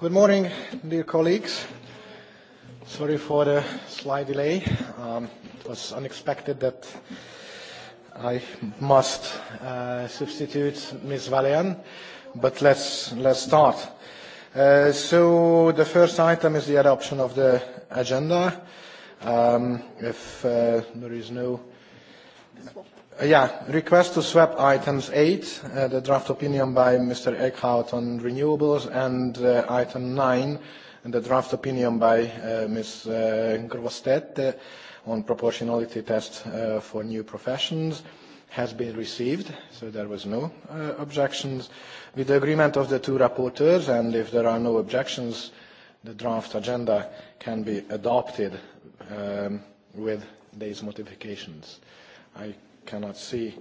Good morning, dear colleagues. Sorry for the slight delay. Um, it was unexpected that I must uh, substitute Ms. Valian, but let's, let's start. Uh, so the first item is the adoption of the agenda. Um, if uh, there is no Yeah, request to swap items 8, uh, the draft opinion by Mr. Eickhout on renewables, and uh, item 9, the draft opinion by uh, Ms. Uh, Grosstedt uh, on proportionality test uh, for new professions has been received, so there was no objections. With the agreement of the two rapporteurs, and if there are no objections, the draft agenda can be adopted um, with these modifications. I cannot see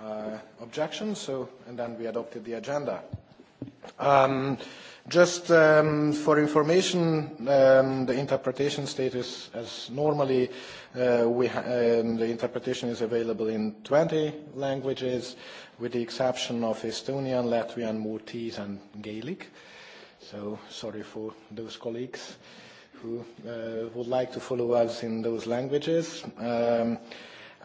uh, objections, so, and then we adopted the agenda. Um, just um, for information, um, the interpretation status as normally, uh, we ha um, the interpretation is available in 20 languages, with the exception of Estonian, Latvian, Maltese, and Gaelic. So sorry for those colleagues who uh, would like to follow us in those languages. Um,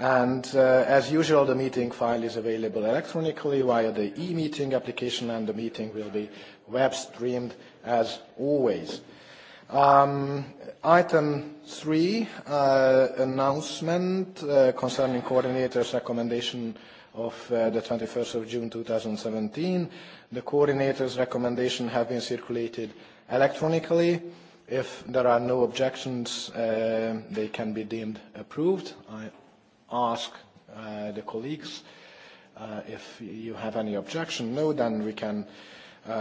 And uh, as usual, the meeting file is available electronically via the e-meeting application, and the meeting will be web streamed as always. Um, item three, uh, announcement uh, concerning coordinator's recommendation of uh, the 21st of June 2017. The coordinator's recommendation have been circulated electronically. If there are no objections, uh, they can be deemed approved. I ask uh, the colleagues uh, if you have any objection. No, then we can uh,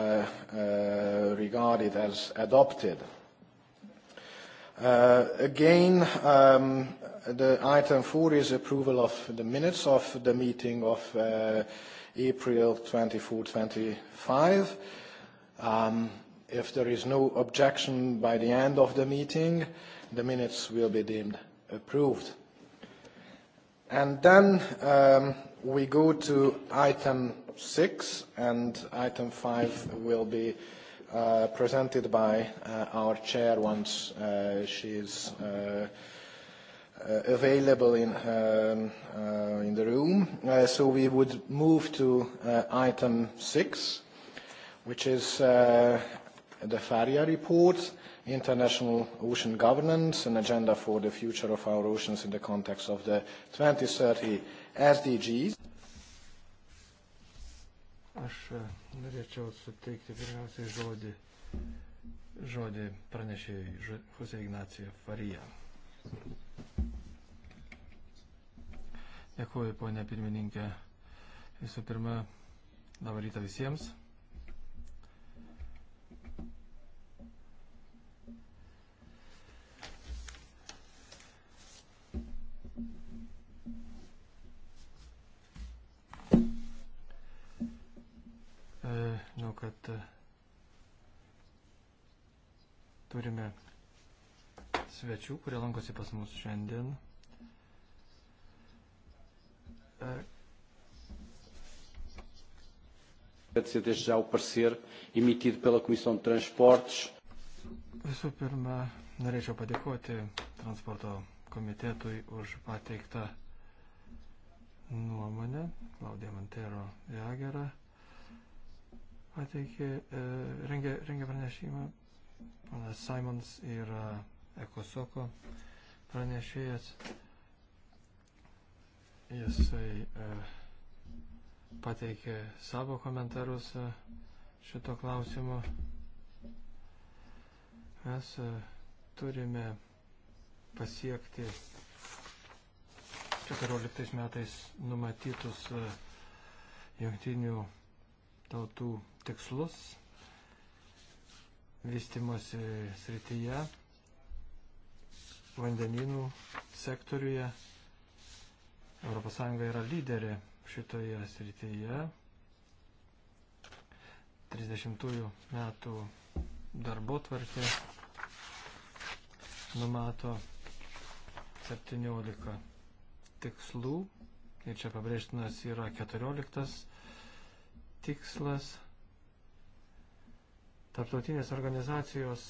uh, regard it as adopted. Uh, again, um, the item four is approval of the minutes of the meeting of uh, April 24, 25. Um, if there is no objection by the end of the meeting, the minutes will be deemed approved. And then um, we go to item six, and item five will be uh, presented by uh, our chair once uh, she is uh, uh, available in, um, uh, in the room. Uh, so we would move to uh, item six, which is uh, the Faria report. Uh, international ocean governance, an agenda for the future of our oceans in the context of the 2030 SDGs. Aš e, norėčiau suteikti pirmiausiai žodį, žodį pranešėjai Jose Ignacija Farija. Dėkuoju, ponė pirmininkė. Visų pirma, labą rytą visiems. E, žinau, kad e, turime svečių, kurie lankosi pas mus šiandien. E, Agradecer desde já o parecer emitido pela Comissão de Transportes. Visų pirma, norėčiau padėkoti transporto komitetui už pateiktą nuomonę, Klaudija Mantero Jagerą. E pateikė, e, rengė, rengė pranešimą. Panas Simons yra Ekosoko pranešėjas. Jisai e, pateikė savo komentarus e, šito klausimu. Mes e, turime pasiekti 14 metais numatytus e, jungtinių tautų tikslus vystimosi srityje, vandeninų sektoriuje. ES yra lyderė šitoje srityje. 30 metų darbo tvarkė numato 17 tikslų ir čia pabrėžtinas yra 14 tikslas. Tarptautinės organizacijos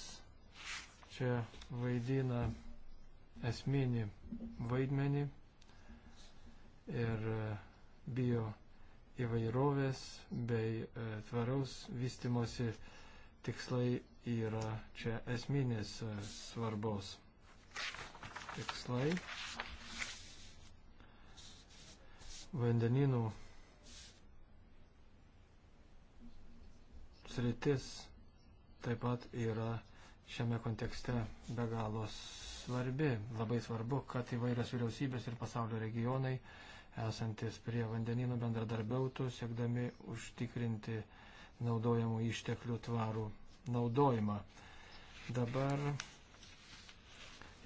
čia vaidina esminį vaidmenį ir e, bio įvairovės bei e, tvaraus vystimosi tikslai yra čia esminės e, svarbos tikslai. Vandeninų rytis taip pat yra šiame kontekste be galo svarbi. Labai svarbu, kad įvairios vyriausybės ir pasaulio regionai esantis prie vandeninų bendradarbiautų, siekdami užtikrinti naudojamų išteklių tvarų naudojimą. Dabar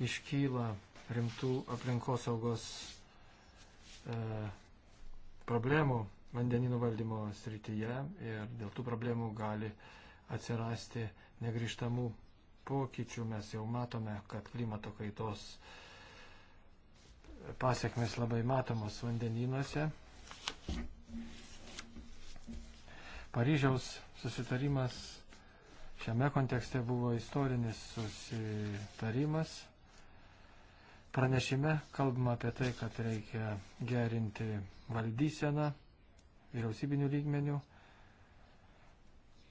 iškyla rimtų aplinkosaugos e, problemų vandeninų valdymo srityje ir dėl tų problemų gali atsirasti negrižtamų pokyčių. Mes jau matome, kad klimato kaitos pasiekmes labai matomos vandenynuose. Paryžiaus susitarimas šiame kontekste buvo istorinis susitarimas. Pranešime kalbama apie tai, kad reikia gerinti valdyseną vyriausybinių lygmenių.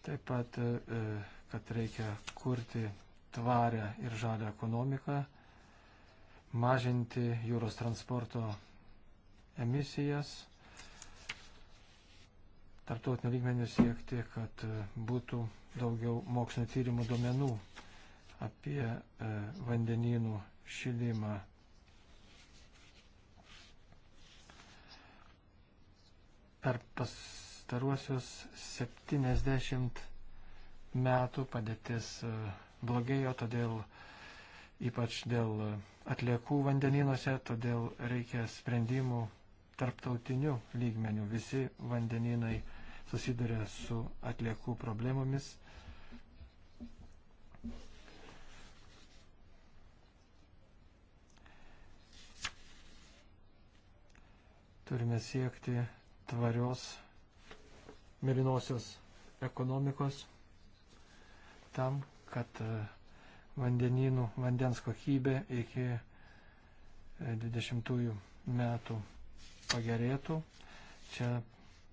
Taip pat, e, kad reikia kurti tvarę ir žalę ekonomiką, mažinti jūros transporto emisijas, tarptautinių lygmenių siekti, kad e, būtų daugiau mokslinio tyrimų duomenų apie e, vandenynų šilimą per pastaruosius 70 metų padėtis e, blogėjo, todėl ypač dėl atliekų vandenynuose, todėl reikia sprendimų tarptautinių lygmenių. Visi vandeninai susiduria su atliekų problemomis. Turime siekti tvarios mėlynosios ekonomikos tam, kad e, vandeninų vandens kokybė iki 20 e, metų pagerėtų. Čia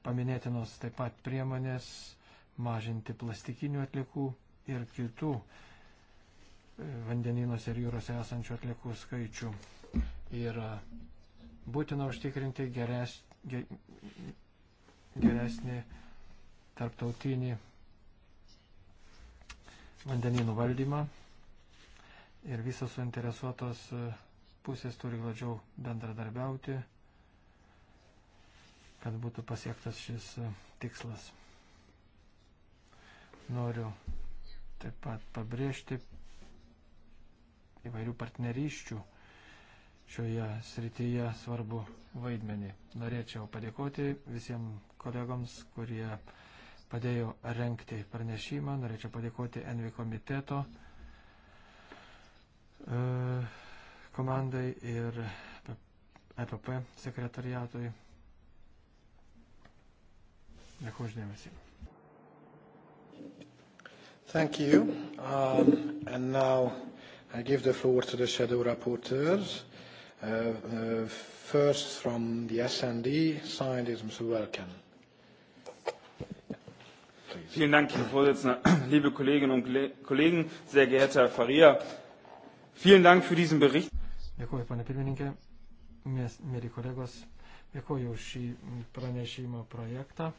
paminėtinos taip pat priemonės mažinti plastikinių atlikų ir kitų e, vandeninuose ir jūrose esančių atlikų skaičių. Ir būtina užtikrinti geres, geresnį tarptautinį vandeninų valdymą ir visos suinteresuotos e, pusės turi gladžiau bendradarbiauti, kad būtų pasiektas šis e, tikslas. Noriu taip pat pabrėžti įvairių partnerysčių šioje srityje svarbu vaidmenį. Norėčiau padėkoti visiems kolegoms, kurie padėjo renkti pranešimą. Norėčiau padėkoti Envi komiteto e, komandai ir EPP sekretariatui. Dėkuoju uždėmesi. Thank you. Um, and now I give the floor to the shadow rapporteurs. Uh, uh, first from the S&D side is Mr. Welken. Please. Vielen Dank, Herr Vorsitzender. Liebe Kolleginnen und Kollegen, sehr geehrter Herr Faria, vielen Dank für diesen Bericht. Dėkuoju, pane pirmininkė, mėly kolegos, dėkuoju už šį pranešimo projektą.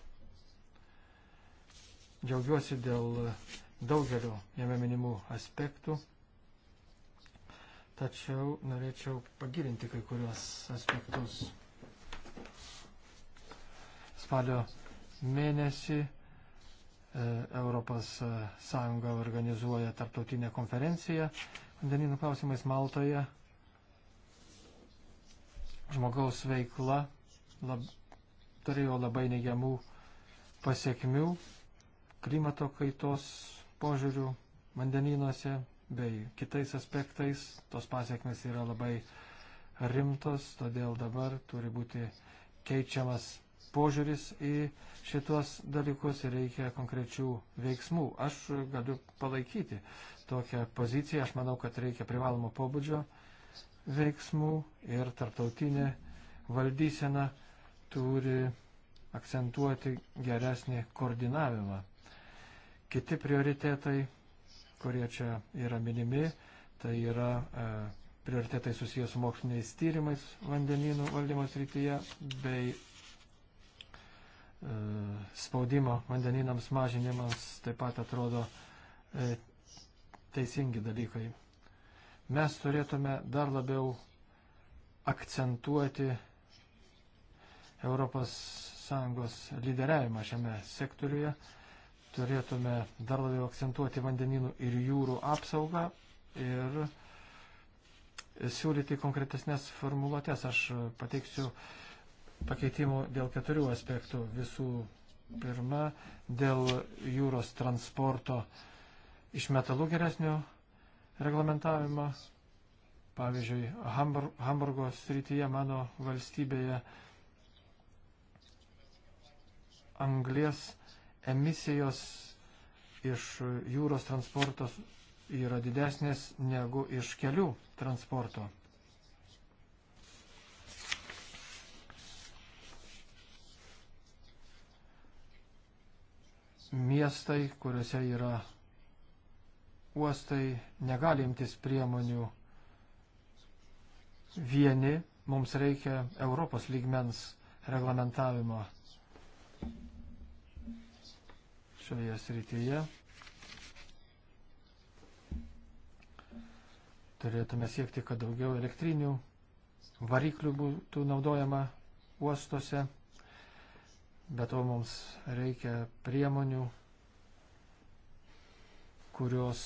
Džiaugiuosi dėl daugelio jame minimų aspektų tačiau norėčiau pagilinti kai kurios aspektus. Spalio mėnesį e, Europos e, Sąjunga organizuoja tarptautinę konferenciją vandeninų klausimais Maltoje. Žmogaus veikla lab, turėjo labai neigiamų pasiekmių klimato kaitos požiūrių vandenynuose, bei kitais aspektais. Tos pasiekmes yra labai rimtos, todėl dabar turi būti keičiamas požiūris į šitos dalykus ir reikia konkrečių veiksmų. Aš galiu palaikyti tokią poziciją, aš manau, kad reikia privalomo pobūdžio veiksmų ir tarptautinė valdysena turi akcentuoti geresnį koordinavimą. Kiti prioritetai kurie čia yra minimi, tai yra e, prioritetai susijęs su moksliniais tyrimais vandenynų valdymo srityje bei e, spaudimo vandeninams mažinimas taip pat atrodo e, teisingi dalykai. Mes turėtume dar labiau akcentuoti Europos Sąjungos lyderiavimą šiame sektoriuje. E, turėtume dar labiau akcentuoti vandeninų ir jūrų apsaugą ir siūlyti konkretesnės formuluotės. Aš pateiksiu pakeitimų dėl keturių aspektų. Visų pirma, dėl jūros transporto iš metalų geresnio reglamentavimo. Pavyzdžiui, Hamburg, Hamburgo srityje mano valstybėje anglės emisijos iš jūros transporto yra didesnės negu iš kelių transporto. Miestai, kuriuose yra uostai, negali imtis priemonių vieni, mums reikia Europos lygmens reglamentavimo šioje srityje. Turėtume siekti, kad daugiau elektrinių variklių būtų naudojama uostuose, bet to mums reikia priemonių, kurios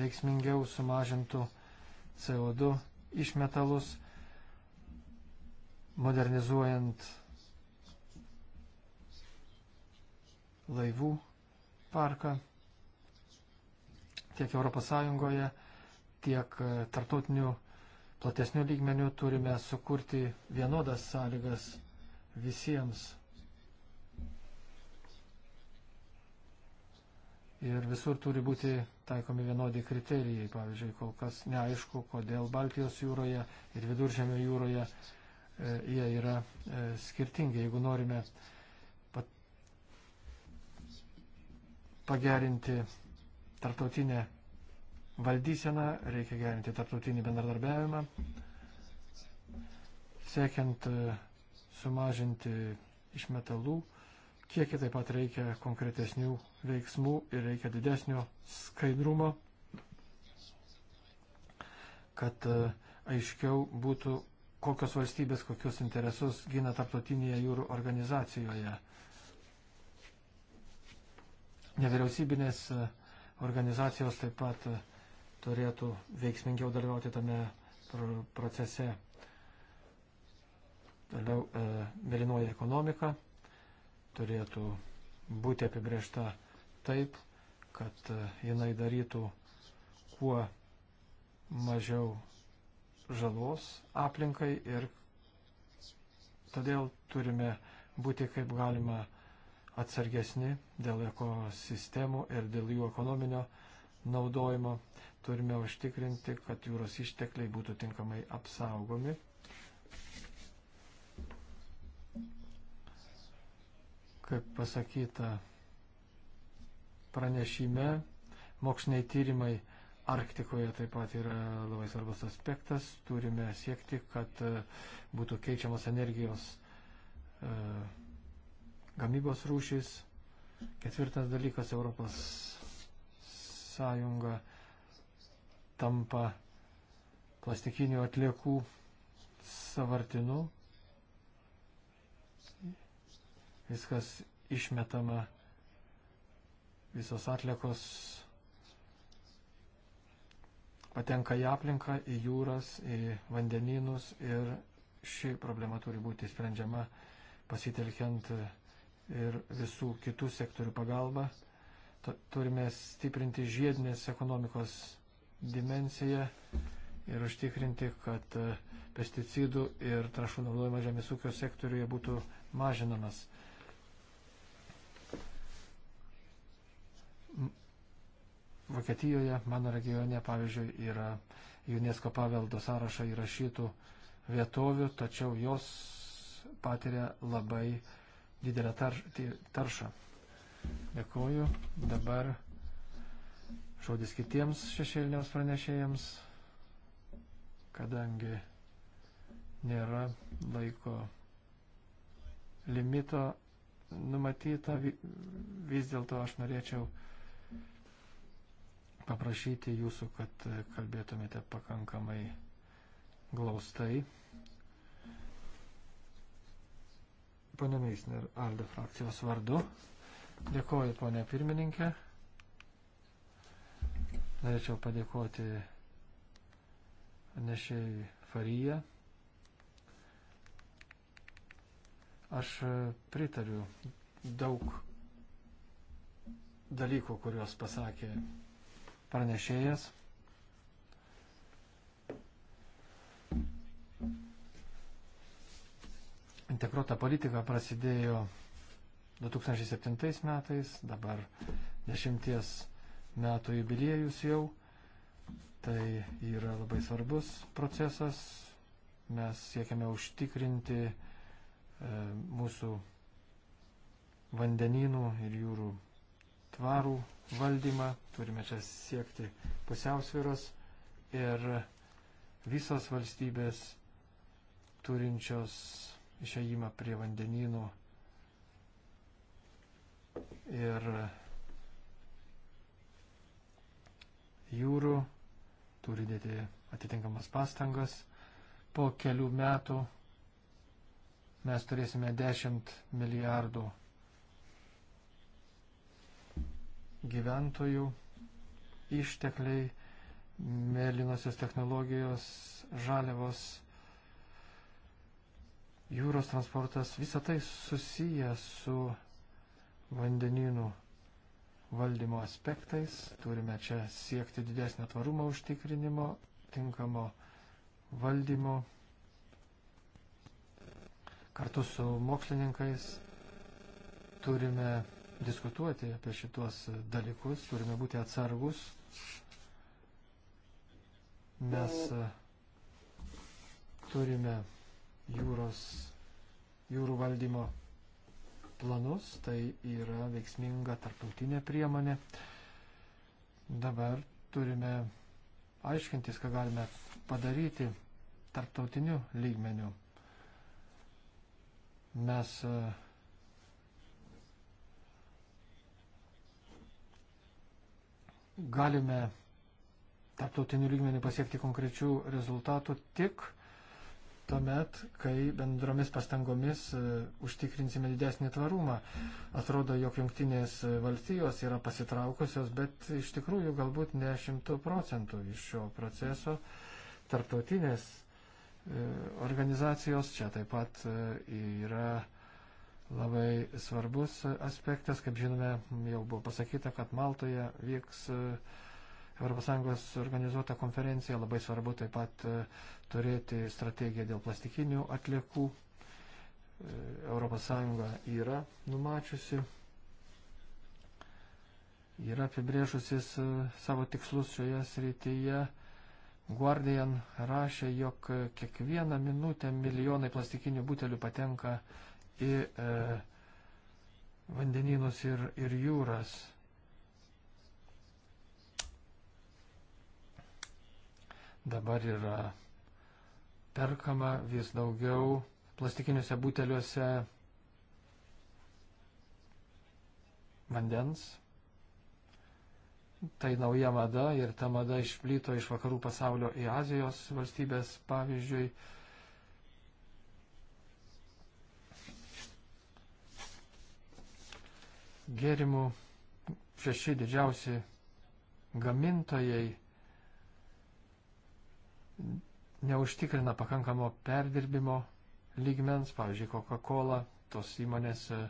veiksmingiau sumažintų CO2 išmetalus, modernizuojant laivų parką tiek ES, tiek e, tartutinių platesnių lygmenių turime sukurti vienodas sąlygas visiems. Ir visur turi būti taikomi vienodi kriterijai. Pavyzdžiui, kol kas neaišku, kodėl Baltijos jūroje ir Viduržėmio jūroje e, jie yra e, skirtingi. Jeigu norime e, pagerinti tarptautinę valdyseną, reikia gerinti tarptautinį bendradarbiavimą, siekiant e, sumažinti iš metalų kiekį taip pat reikia konkretesnių veiksmų ir reikia didesnio skaidrumo, kad e, aiškiau būtų, kokios valstybės kokius interesus gina tarptautinėje jūrų organizacijoje. Nevyriausybinės e, organizacijos taip pat e, turėtų veiksmingiau dalyvauti tame procese. Toliau e, mėlynoji ekonomika turėtų būti apibriešta taip, kad e, jinai darytų kuo mažiau žalos aplinkai ir todėl turime būti kaip galima atsargesni dėl ekosistemų ir dėl jų ekonominio naudojimo. Turime užtikrinti, kad jūros ištekliai būtų tinkamai apsaugomi. Kaip pasakyta pranešime, moksliniai tyrimai Arktikoje taip pat yra labai svarbus aspektas. Turime siekti, kad būtų keičiamas energijos uh, gamybos rūšys. Ketvirtas dalykas Europos sąjunga tampa plastikinių atliekų savartinu. Viskas išmetama, visos atliekos patenka į aplinką, į jūras, į vandenynus ir ši problema turi būti sprendžiama pasitelkiant ir visų kitų sektorių pagalba. Turime stiprinti žiedinės ekonomikos dimensiją ir užtikrinti, kad e, pesticidų ir trašų naudojimas žemės ūkio sektoriuje būtų mažinamas. Vokietijoje, mano regione, pavyzdžiui, yra UNESCO paveldo sąrašą įrašytų vietovių, tačiau jos patiria labai uh, didelę tar tai taršą. Dėkuoju. Dabar žodis kitiems šešėliniams pranešėjams, kadangi nėra laiko limito numatyta, vis dėlto aš norėčiau paprašyti jūsų, kad kalbėtumėte pakankamai glaustai, Pane Meisner, Alde frakcijos vardu. Dėkoju, ponė pirmininkė. Norėčiau padėkoti nešėjai Farija. Aš pritariu daug dalykų, kuriuos pasakė pranešėjas. Integruota politika prasidėjo 2007 metais, dabar dešimties metų jubiliejus jau. Tai yra labai svarbus procesas. Mes siekiame užtikrinti e, mūsų vandenynų ir jūrų tvarų valdymą. Turime čia siekti pusiausviros ir visos valstybės turinčios išėjimą prie vandenynų ir jūrų, turi dėti atitinkamas pastangas. Po kelių metų mes turėsime 10 milijardų gyventojų ištekliai, mėlynosios technologijos, žaliavos jūros transportas, visa tai susiję su vandenynų valdymo aspektais. Turime čia siekti didesnio tvarumo užtikrinimo, tinkamo valdymo kartu su mokslininkais turime diskutuoti apie šitos dalykus, turime būti atsargus. Mes e, turime jūros, jūrų valdymo planus. Tai yra veiksminga tarptautinė priemonė. Dabar turime aiškintis, ką galime padaryti tarptautiniu lygmeniu. Mes e, galime tarptautiniu lygmeniu pasiekti konkrečių rezultatų tik tuomet, kai bendromis pastangomis e, užtikrinsime didesnį tvarumą. Atrodo, jog jungtinės e, valstijos yra pasitraukusios, bet iš tikrųjų galbūt ne šimtų procentų iš šio proceso tarptautinės e, organizacijos čia taip pat yra labai svarbus aspektas. Kaip žinome, jau buvo pasakyta, kad Maltoje vyks uh, ES organizuota konferencija. Labai svarbu taip pat e, turėti strategiją dėl plastikinių atliekų. ES yra numačiusi, yra apibrėžusis savo tikslus šioje srityje. Guardian rašė, jog kiekvieną minutę milijonai plastikinių butelių patenka į e, vandenynus ir, ir jūras. dabar yra perkama vis daugiau plastikiniuose buteliuose vandens. Tai nauja mada ir ta mada išplyto iš vakarų pasaulio į Azijos valstybės, pavyzdžiui. Gėrimų šeši didžiausi gamintojai neužtikrina pakankamo perdirbimo lygmens, pavyzdžiui, Coca-Cola, tos įmonės e,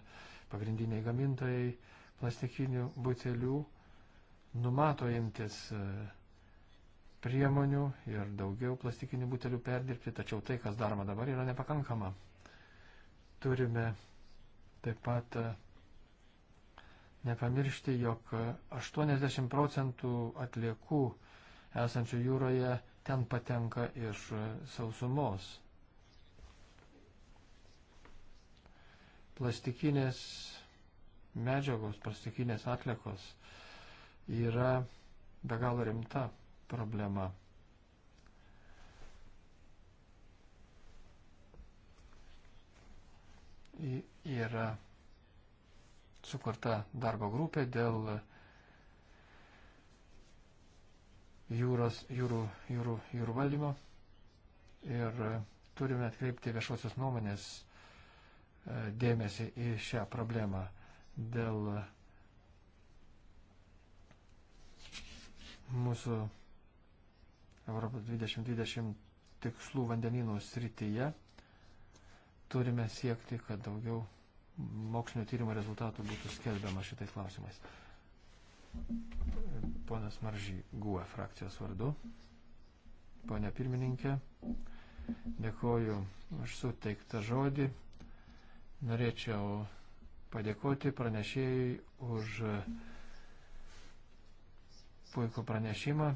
pagrindiniai gamintojai plastikinių butelių numato imtis e, priemonių ir daugiau plastikinių butelių perdirbti, tačiau tai, kas daroma dabar, yra nepakankama. Turime taip pat e, nepamiršti, jog 80 procentų atliekų esančių jūroje ten patenka iš sausumos. Plastikinės medžiagos, plastikinės atlikos yra be galo rimta problema. Yra sukurta darbo grupė dėl jūros, jūrų, jūrų, jūrų valdymo ir e, turime atkreipti viešosios nuomonės e, dėmesį į šią problemą dėl e, mūsų Europos 2020 tikslų vandenynų srityje turime siekti, kad daugiau mokslinio tyrimo rezultatų būtų skelbiama šitais klausimais. Ponas Maržy Guo frakcijos vardu. Pone pirmininkė, dėkoju už suteiktą žodį. Norėčiau padėkoti pranešėjai už puikų pranešimą.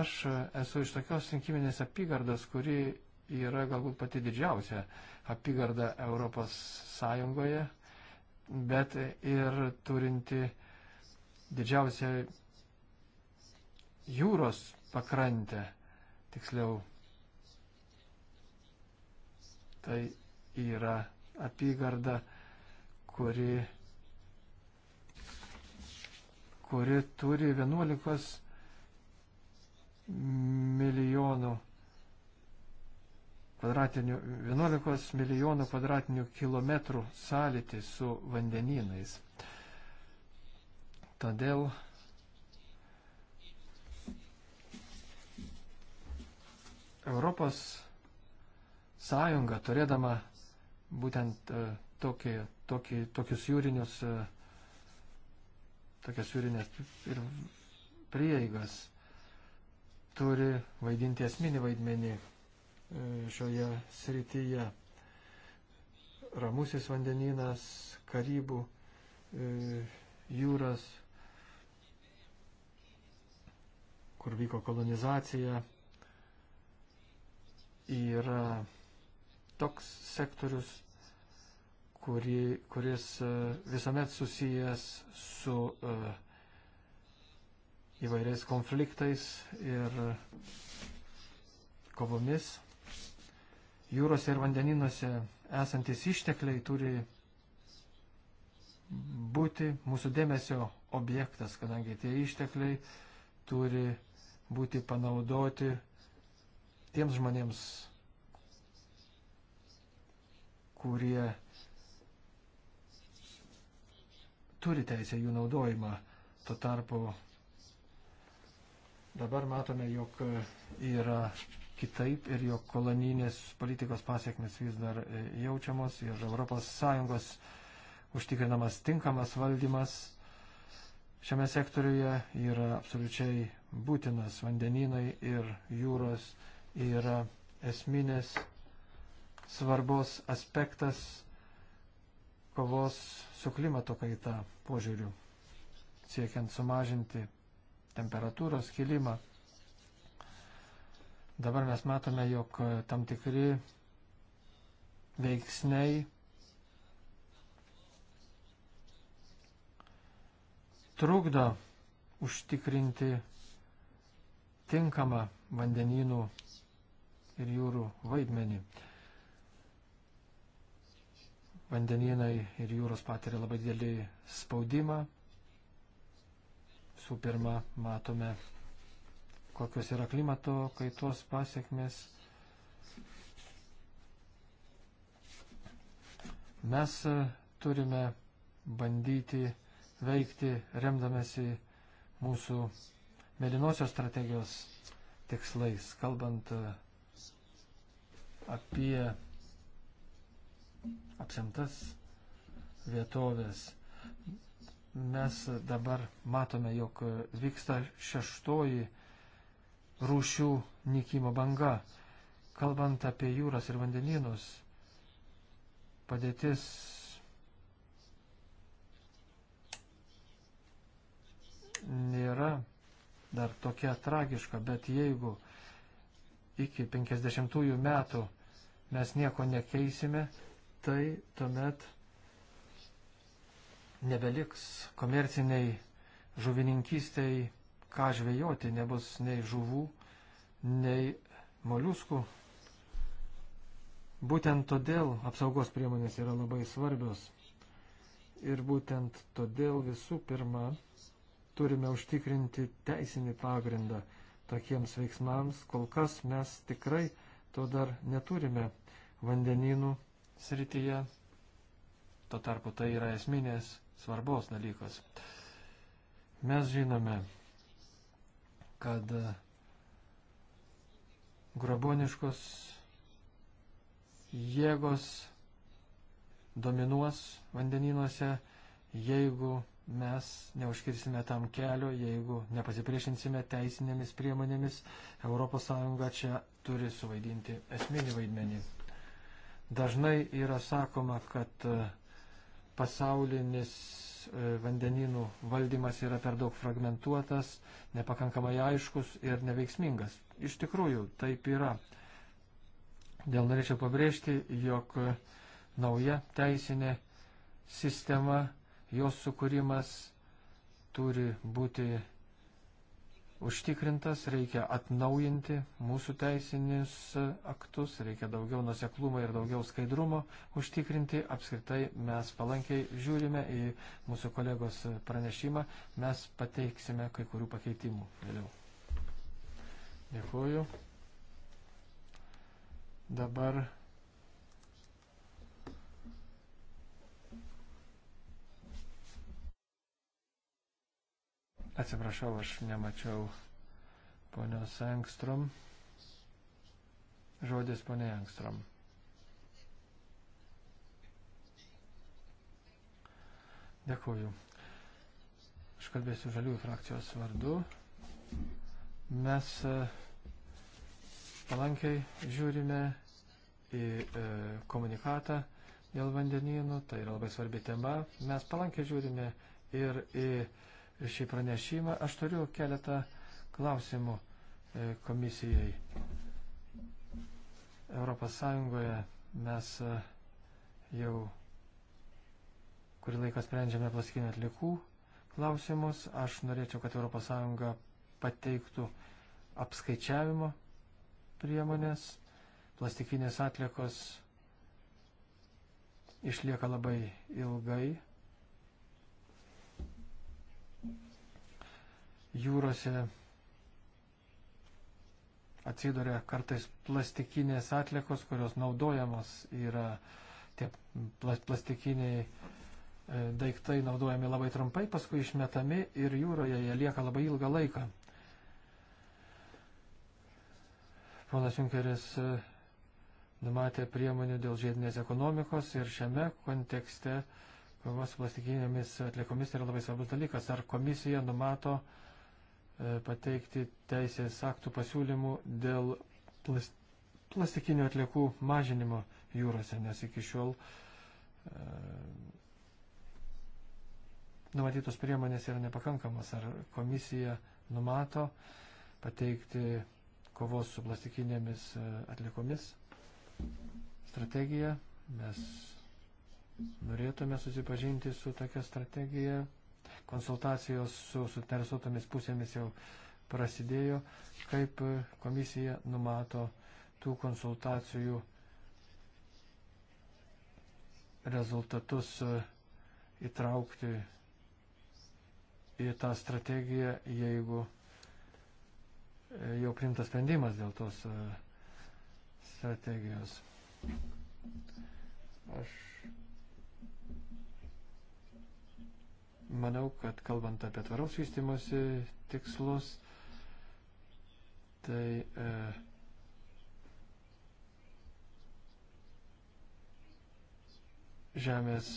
Aš esu iš tokios rinkiminės apygardos, kuri yra galbūt pati didžiausia apygarda Europos Sąjungoje, bet ir turinti didžiausia jūros pakrantė, tiksliau. Tai yra apygarda, kuri, kuri turi 11 milijonų kvadratinių, 11 milijonų kvadratinių kilometrų sąlytį su vandenynais. Todėl Europos Sąjunga, turėdama būtent e, tokį, tokį, tokius jūrinius, e, tokias jūrinės ir prieigas, turi vaidinti esminį vaidmenį e, šioje srityje. Ramusis vandenynas, Karibų jūras, kur vyko kolonizacija, yra toks sektorius, kuri, kuris e, visuomet susijęs su e, įvairiais konfliktais ir kovomis. Jūrose ir vandeninuose esantis ištekliai turi būti mūsų dėmesio objektas, kadangi tie ištekliai turi būti panaudoti tiems žmonėms, kurie turi teisę jų naudojimą. Tuo tarpu dabar matome, jog yra kitaip ir jog kolonijinės politikos pasiekmes vis dar e, jaučiamos ir ES užtikrinamas tinkamas valdymas šiame sektoriuje yra absoliučiai būtinas. Vandeninai ir jūros yra esminės svarbos aspektas kovos su klimato kaita požiūriu, siekiant sumažinti temperatūros kilimą. Dabar mes matome, jog tam tikri veiksniai trukdo užtikrinti tinkamą vandenynų ir jūrų vaidmenį. Vandenynai ir jūros patiria labai didelį spaudimą. Su pirma, matome, kokios yra klimato kaitos pasiekmes. Mes turime bandyti veikti remdamėsi mūsų mėlynosios strategijos tikslais, kalbant e, apie apsimtas vietovės. Mes dabar matome, jog vyksta šeštoji rūšių nykimo banga. Kalbant apie jūras ir vandenynus, padėtis nėra dar tokia tragiška, bet jeigu iki 50 metų mes nieko nekeisime, tai tuomet nebeliks komerciniai žuvininkystiai ką žvejoti, nebus nei žuvų, nei moliuskų. Būtent todėl apsaugos priemonės yra labai svarbios. Ir būtent todėl visų pirma turime užtikrinti teisinį pagrindą tokiems veiksmams. Kol kas mes tikrai to dar neturime vandeninų srityje. Tuo tarpu tai yra esminės svarbos dalykas. Mes žinome, kad graboniškos jėgos dominuos vandeninuose, jeigu mes neužkirsime tam kelio, jeigu nepasipriešinsime teisinėmis priemonėmis. ES čia turi suvaidinti esminį vaidmenį. Dažnai yra sakoma, kad e, pasaulinis e, vandeninų valdymas yra per daug fragmentuotas, nepakankamai aiškus ir neveiksmingas. Iš tikrųjų, taip yra. Dėl norėčiau pabrėžti, jog e, nauja teisinė sistema jos sukūrimas turi būti užtikrintas, reikia atnaujinti mūsų teisinius aktus, reikia daugiau nuseklumo ir daugiau skaidrumo užtikrinti. Apskritai mes palankiai žiūrime į mūsų kolegos pranešimą, mes pateiksime kai kurių pakeitimų vėliau. Dėkuoju. Dabar Atsiprašau, aš nemačiau ponios Engstrom. Žodis ponė Engstrom. Dėkuoju. Aš kalbėsiu žaliųjų frakcijos vardu. Mes e, palankiai žiūrime į e, komunikatą dėl vandenynų. Tai yra labai svarbi tema. Mes palankiai žiūrime ir į šį pranešimą. Aš turiu keletą klausimų e, komisijai. Europos Sąjungoje mes e, jau kurį laiką sprendžiame plastikinių atlikų klausimus. Aš norėčiau, kad ES pateiktų apskaičiavimo priemonės. Plastikinės atlikos išlieka labai ilgai jūrose atsiduria kartais plastikinės atlikos, kurios naudojamos yra tie plastikiniai e, daiktai naudojami labai trumpai, paskui išmetami ir jūroje jie lieka labai ilgą laiką. Ponas Junkeris e, numatė priemonių dėl žiedinės ekonomikos ir šiame kontekste kova su plastikinėmis atliekomis yra labai svarbus dalykas. Ar komisija numato uh, E, pateikti teisės aktų pasiūlymų dėl plastikinių atliekų mažinimo jūrose, nes iki šiol e, numatytos priemonės yra nepakankamos. Ar komisija numato pateikti kovos su plastikinėmis e, atliekomis strategiją? Mes norėtume susipažinti su tokia strategija, konsultacijos su suinteresuotomis pusėmis jau prasidėjo, kaip komisija numato tų konsultacijų rezultatus e, įtraukti į tą strategiją, jeigu e, jau primtas sprendimas dėl tos e, strategijos. Aš manau, kad kalbant apie tvaros vystimosi tikslus, tai e, žemės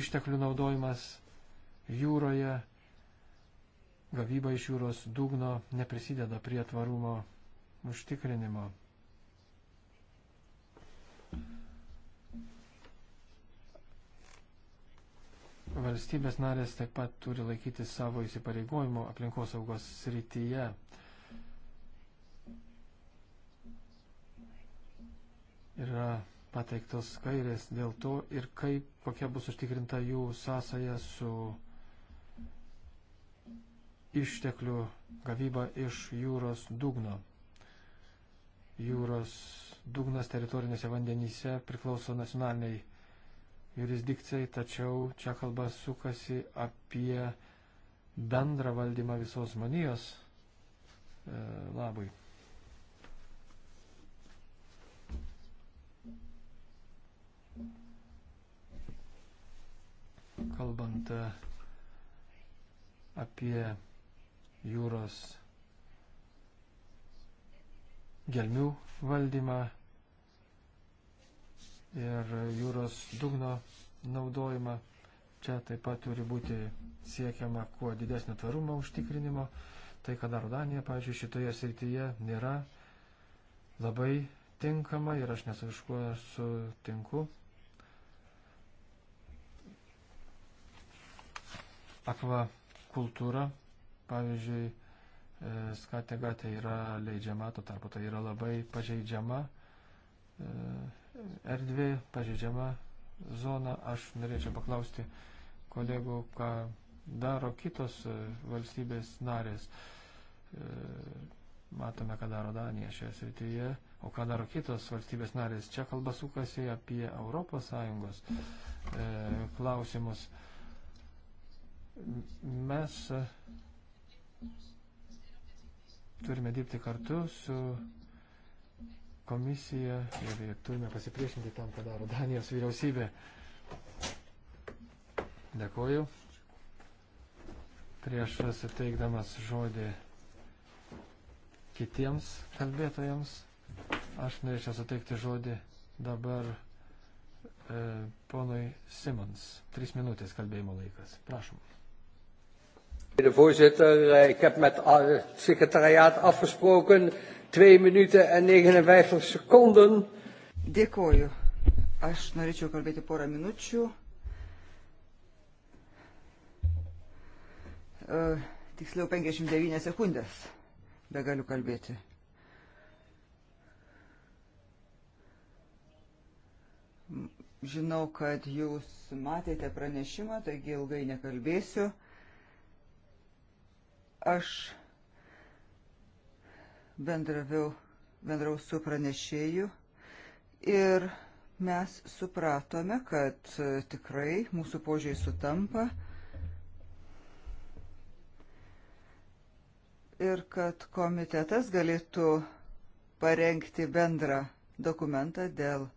išteklių naudojimas jūroje, gavyba iš jūros dugno neprisideda prie tvarumo užtikrinimo. Valstybės narės taip pat turi laikyti savo įsipareigojimų aplinkosaugos srityje. Yra pateiktos kairės dėl to ir kaip, kokia bus užtikrinta jų sąsaja su išteklių gavyba iš jūros dugno. Jūros dugnas teritorinėse vandenyse priklauso nacionaliniai jurisdikcijai, tačiau čia kalba sukasi apie bendrą valdymą visos manijos e, labai. Kalbant e, apie jūros gelmių valdymą, ir jūros dugno naudojimą. Čia taip pat turi būti siekiama kuo didesnio tvarumo užtikrinimo. Tai, ką daro Danija, pavyzdžiui, šitoje srityje nėra labai tinkama ir aš nesu iš kuo sutinku. Akvakultūra, pavyzdžiui, e, skatega tai yra leidžiama, tuo tarpu tai yra labai pažeidžiama e, erdvė, pažeidžiama zona. Aš norėčiau paklausti kolegų, ką daro kitos e, valstybės narės. E, matome, ką daro Danija šioje srityje, o ką daro kitos valstybės narės. Čia kalba sukasi apie ES e, klausimus. Mes turime dirbti kartu su komisija ir, ir turime pasipriešinti tam, ką daro Danijos vyriausybė. Dėkoju. Prieš suteikdamas žodį kitiems kalbėtojams, aš norėčiau suteikti žodį dabar e, ponui Simons. Tris minutės kalbėjimo laikas. Prašom. Voorzitter, eh, ik heb met het secretariaat afgesproken 2 minutę ir 59 sekundų. Dėkoju. Aš norėčiau kalbėti porą minučių. E, tiksliau 59 sekundės. Be galiu kalbėti. Žinau, kad jūs matėte pranešimą, taigi ilgai nekalbėsiu. Aš bendraviau, bendrau su pranešėju ir mes supratome, kad e, tikrai mūsų požiai sutampa ir kad komitetas galėtų parengti bendrą dokumentą dėl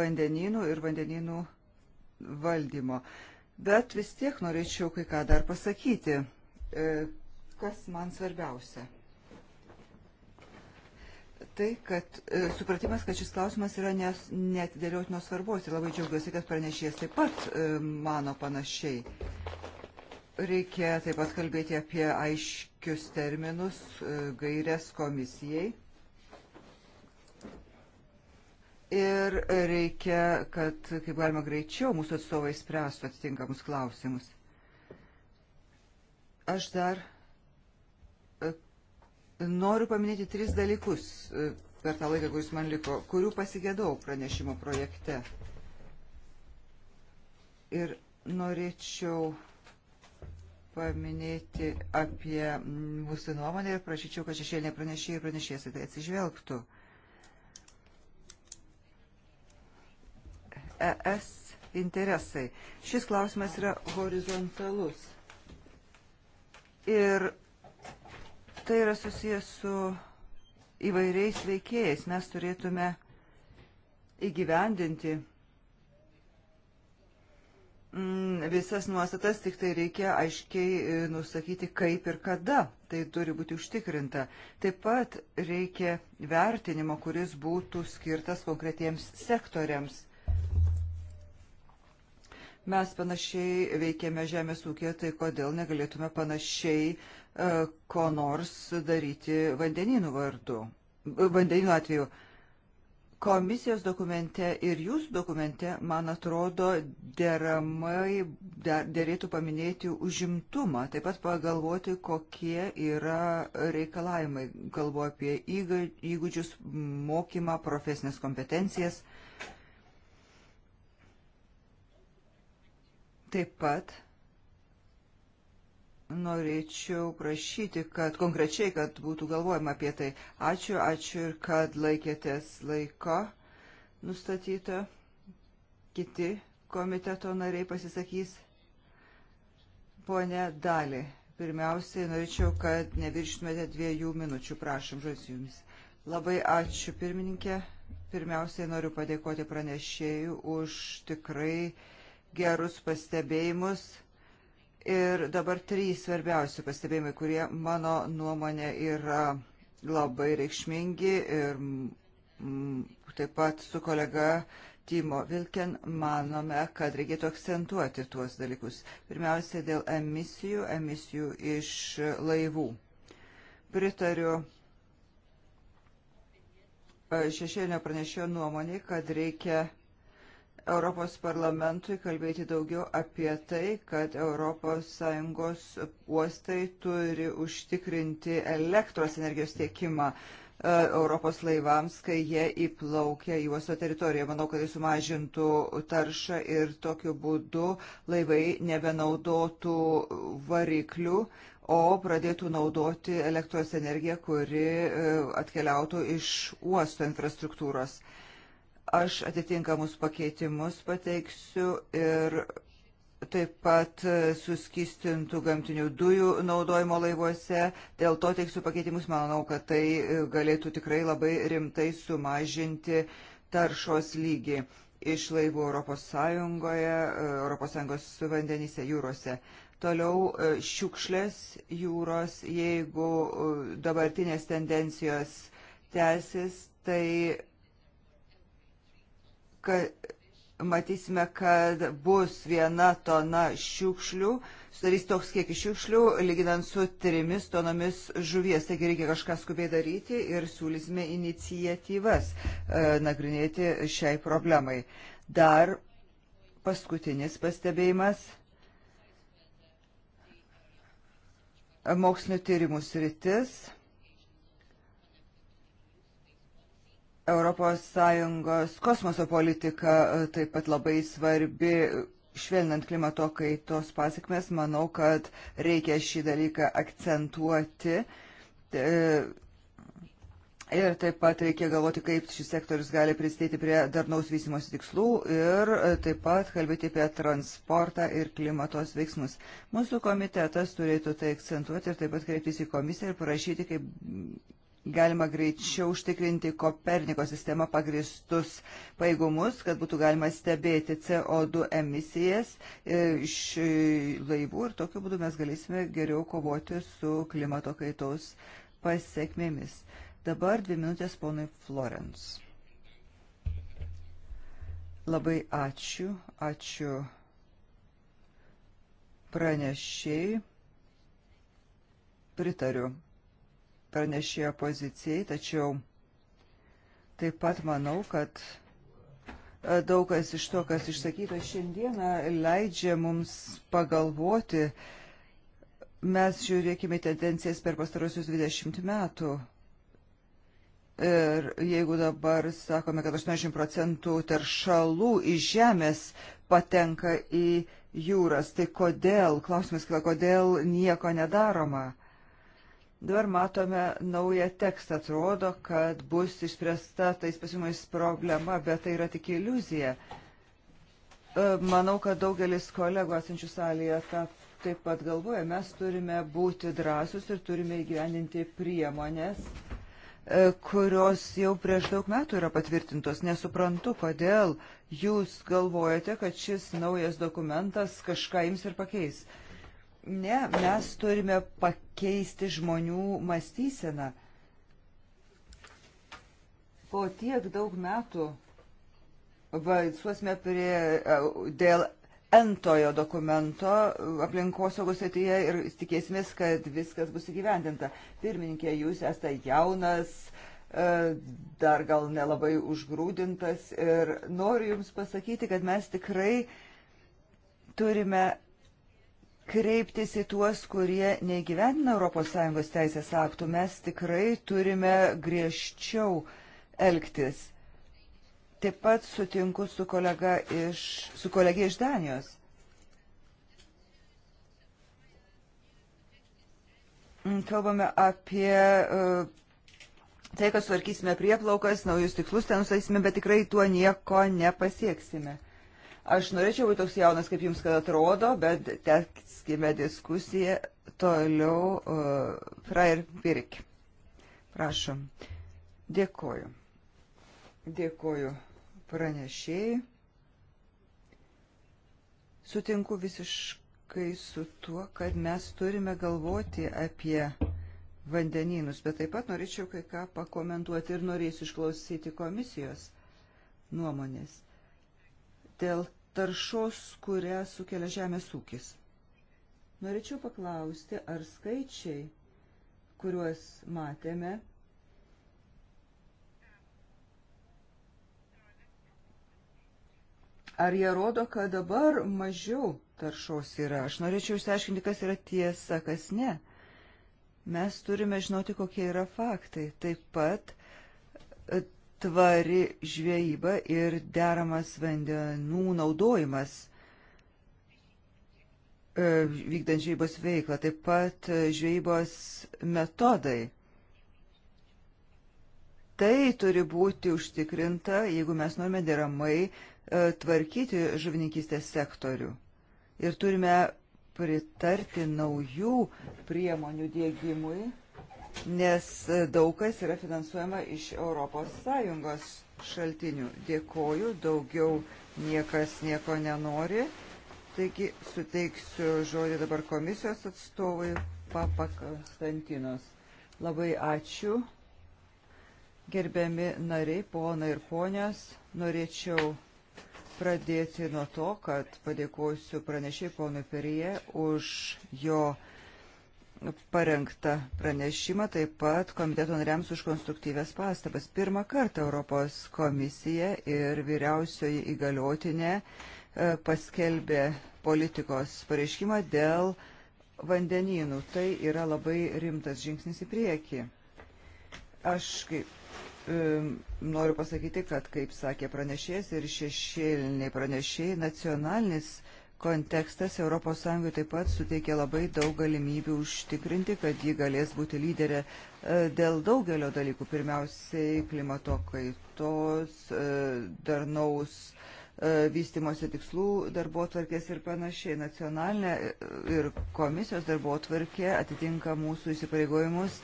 vandenynų ir vandenynų valdymo. Bet vis tiek norėčiau kai ką dar pasakyti, e, kas man svarbiausia tai, kad e, supratimas, kad šis klausimas yra netidėliotinos svarbos ir labai džiaugiuosi, kad pranešėjas taip pat e, mano panašiai. Reikia taip pat kalbėti apie aiškius terminus e, gairias komisijai. Ir reikia, kad kaip galima greičiau mūsų atstovai spręstų atitinkamus klausimus. Aš dar Noriu paminėti tris dalykus e, per tą laiką, kuris man liko, kurių pasigėdau pranešimo projekte. Ir norėčiau paminėti apie mūsų nuomonę ir prašyčiau, kad šešėlinė pranešėjai pranešėsi tai atsižvelgtų. ES interesai. Šis klausimas yra horizontalus. Ir tai yra susijęs su įvairiais veikėjais. Mes turėtume įgyvendinti mm, visas nuostatas, tik tai reikia aiškiai e, nusakyti, kaip ir kada tai turi būti užtikrinta. Taip pat reikia vertinimo, kuris būtų skirtas konkretiems sektoriams. Mes panašiai veikiame žemės ūkė, tai kodėl negalėtume panašiai ko nors daryti vandeninų vardu, vandeninų atveju. Komisijos dokumente ir jūsų dokumente, man atrodo, deramai dėrėtų paminėti užimtumą, taip pat pagalvoti, kokie yra reikalavimai. Kalbu apie įgūdžius, mokymą, profesinės kompetencijas. Taip pat norėčiau prašyti, kad konkrečiai, kad būtų galvojama apie tai. Ačiū, ačiū ir kad laikėtės laiko nustatyto. Kiti komiteto nariai pasisakys. Pone Dali, pirmiausiai norėčiau, kad nevirštumėte dviejų minučių. Prašom, žodis jums. Labai ačiū, pirmininkė. Pirmiausiai noriu padėkoti pranešėjų už tikrai gerus pastebėjimus Ir dabar trys svarbiausi pastebėjimai, kurie mano nuomonė yra labai reikšmingi ir mm, taip pat su kolega Timo Vilken manome, kad reikėtų akcentuoti tuos dalykus. Pirmiausia, dėl emisijų, emisijų iš laivų. Pritariu e, šešėlinio pranešėjo nuomonį, kad reikia Europos parlamentui kalbėti daugiau apie tai, kad ES uostai turi užtikrinti elektros energijos tiekimą e, Europos laivams, kai jie įplaukia į uosto teritoriją. Manau, kad tai sumažintų taršą ir tokiu būdu laivai nebenaudotų variklių, o pradėtų naudoti elektros energiją, kuri e, atkeliautų iš uosto infrastruktūros. Uh, Aš atitinkamus pakeitimus pateiksiu ir taip pat suskistintų gamtinių dujų naudojimo laivuose. Dėl to teiksiu pakeitimus, manau, kad tai galėtų tikrai labai rimtai sumažinti taršos lygį iš laivų Europos Sąjungoje, Europos Sąjungos vandenyse, jūrose. Toliau e, šiukšlės jūros, jeigu e, dabartinės tendencijos tęsis, tai kad matysime, kad bus viena tona šiukšlių, sudarys toks kiekis šiukšlių, lyginant su trimis tonomis žuvies. Taigi reikia kažką skubiai daryti ir siūlysime inicijatyvas e, nagrinėti šiai problemai. Dar paskutinis pastebėjimas. Mokslinio tyrimų sritis. ES kosmoso politika e, taip pat labai svarbi. Švelnant klimato kaitos pasiekmes, manau, kad reikia šį dalyką akcentuoti. E, ir taip pat reikia galvoti, kaip šis sektorius gali prisidėti prie darnaus vystimosi tikslų ir e, taip pat kalbėti apie transportą ir klimatos veiksmus. Mūsų komitetas turėtų tai akcentuoti ir taip pat kreiptis į komisiją ir parašyti, kaip galima greičiau užtikrinti Koperniko sistema pagristus paėgumus, kad būtų galima stebėti CO2 emisijas e, iš laivų ir tokiu būdu mes galėsime geriau kovoti su klimato kaitos pasiekmėmis. Dabar dvi minutės ponui Florence. Labai ačiū, ačiū pranešiai. Pritariu pranešėjo pozicijai, tačiau taip pat manau, kad e, daug kas iš to, kas išsakyta šiandieną, leidžia mums pagalvoti. Mes žiūrėkime tendencijas per pastarosius 20 metų. Ir jeigu dabar sakome, kad 80 procentų teršalų iš žemės patenka į jūras, tai kodėl, klausimas kila, kodėl nieko nedaroma? Dabar matome naują tekstą, atrodo, kad bus išspręsta tais pasimais problema, bet tai yra tik iliuzija. E, manau, kad daugelis kolegų esančių salėje tą taip pat galvoja. Mes turime būti drąsus ir turime įgyvendinti priemonės, e, kurios jau prieš daug metų yra patvirtintos. Nesuprantu, kodėl jūs galvojate, kad šis naujas dokumentas kažką ims ir pakeis. Ne, mes turime pakeisti žmonių mąstyseną. Po tiek daug metų balsuosime prie, e, dėl entojo dokumento aplinkosaugos ateityje ir tikėsimės, kad viskas bus įgyvendinta. Pirmininkė, jūs esate jaunas, e, dar gal nelabai užgrūdintas ir noriu Jums pasakyti, kad mes tikrai turime kreiptis į tuos, kurie neįgyvendina ES teisės aktų. Mes tikrai turime griežčiau elgtis. Taip pat sutinku su, kolega iš, su kolegė iš Danijos. Kalbame apie uh, tai, kad sutvarkysime prieplaukas, naujus tikslus ten nustatysime, bet tikrai tuo nieko nepasieksime. Aš norėčiau būti toks jaunas, kaip jums kad atrodo, bet teskime diskusiją toliau. Uh, Frair Pirk. Prašom. Dėkoju. Dėkoju pranešėjai. Sutinku visiškai su tuo, kad mes turime galvoti apie vandenynus, bet taip pat norėčiau kai ką pakomentuoti ir norėsiu išklausyti komisijos nuomonės dėl taršos, kurią sukelia žemės ūkis. Norėčiau paklausti, ar skaičiai, kuriuos matėme, ar jie rodo, kad dabar mažiau taršos yra. Aš norėčiau išsiaiškinti, kas yra tiesa, kas ne. Mes turime žinoti, kokie yra faktai. Taip pat tvari žvejyba ir deramas vandenų naudojimas e, vykdant žvejybos veiklą, taip pat e, žvejybos metodai. Tai turi būti užtikrinta, jeigu mes norime deramai e, tvarkyti žuvininkystės sektorių. Ir turime pritarti naujų priemonių dėgymui nes daug kas yra finansuojama iš ES šaltinių. Dėkoju, daugiau niekas nieko nenori. Taigi suteiksiu žodį dabar komisijos atstovui Papakonstantinos. Labai ačiū. Gerbiami nariai, ponai ir ponios, norėčiau pradėti nuo to, kad padėkosiu pranešiai ponui Perie už jo parengtą pranešimą, taip pat komiteto nariams už konstruktyvės pastabas. Pirmą kartą Europos komisija ir vyriausioji įgaliotinė e, paskelbė politikos pareiškimą dėl vandenynų. Tai yra labai rimtas žingsnis į priekį. Aš kaip e, noriu pasakyti, kad, kaip sakė pranešėjas ir šešėliniai pranešėjai, nacionalinis uh, kontekstas ES taip pat suteikė labai daug galimybių užtikrinti, kad ji galės būti lyderė e, dėl daugelio dalykų. Pirmiausiai klimato kaitos, e, darnaus e, vystimosi tikslų darbo tvarkės ir panašiai. Nacionalinė ir komisijos darbo tvarkė atitinka mūsų įsipareigojimus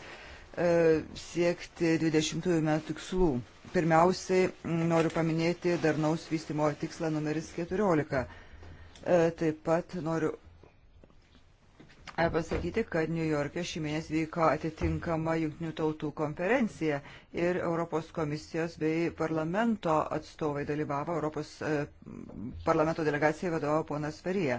siekti 20 metų tikslų. Pirmiausiai noriu paminėti darnaus vystimo tikslą numeris 14 E, taip pat noriu e, pasakyti, kad New York'e šį mėnesį vyko atitinkama jungtinių tautų konferencija ir Europos komisijos bei parlamento atstovai dalyvavo, Europos e, parlamento delegacijai vadovavo ponas Ferija.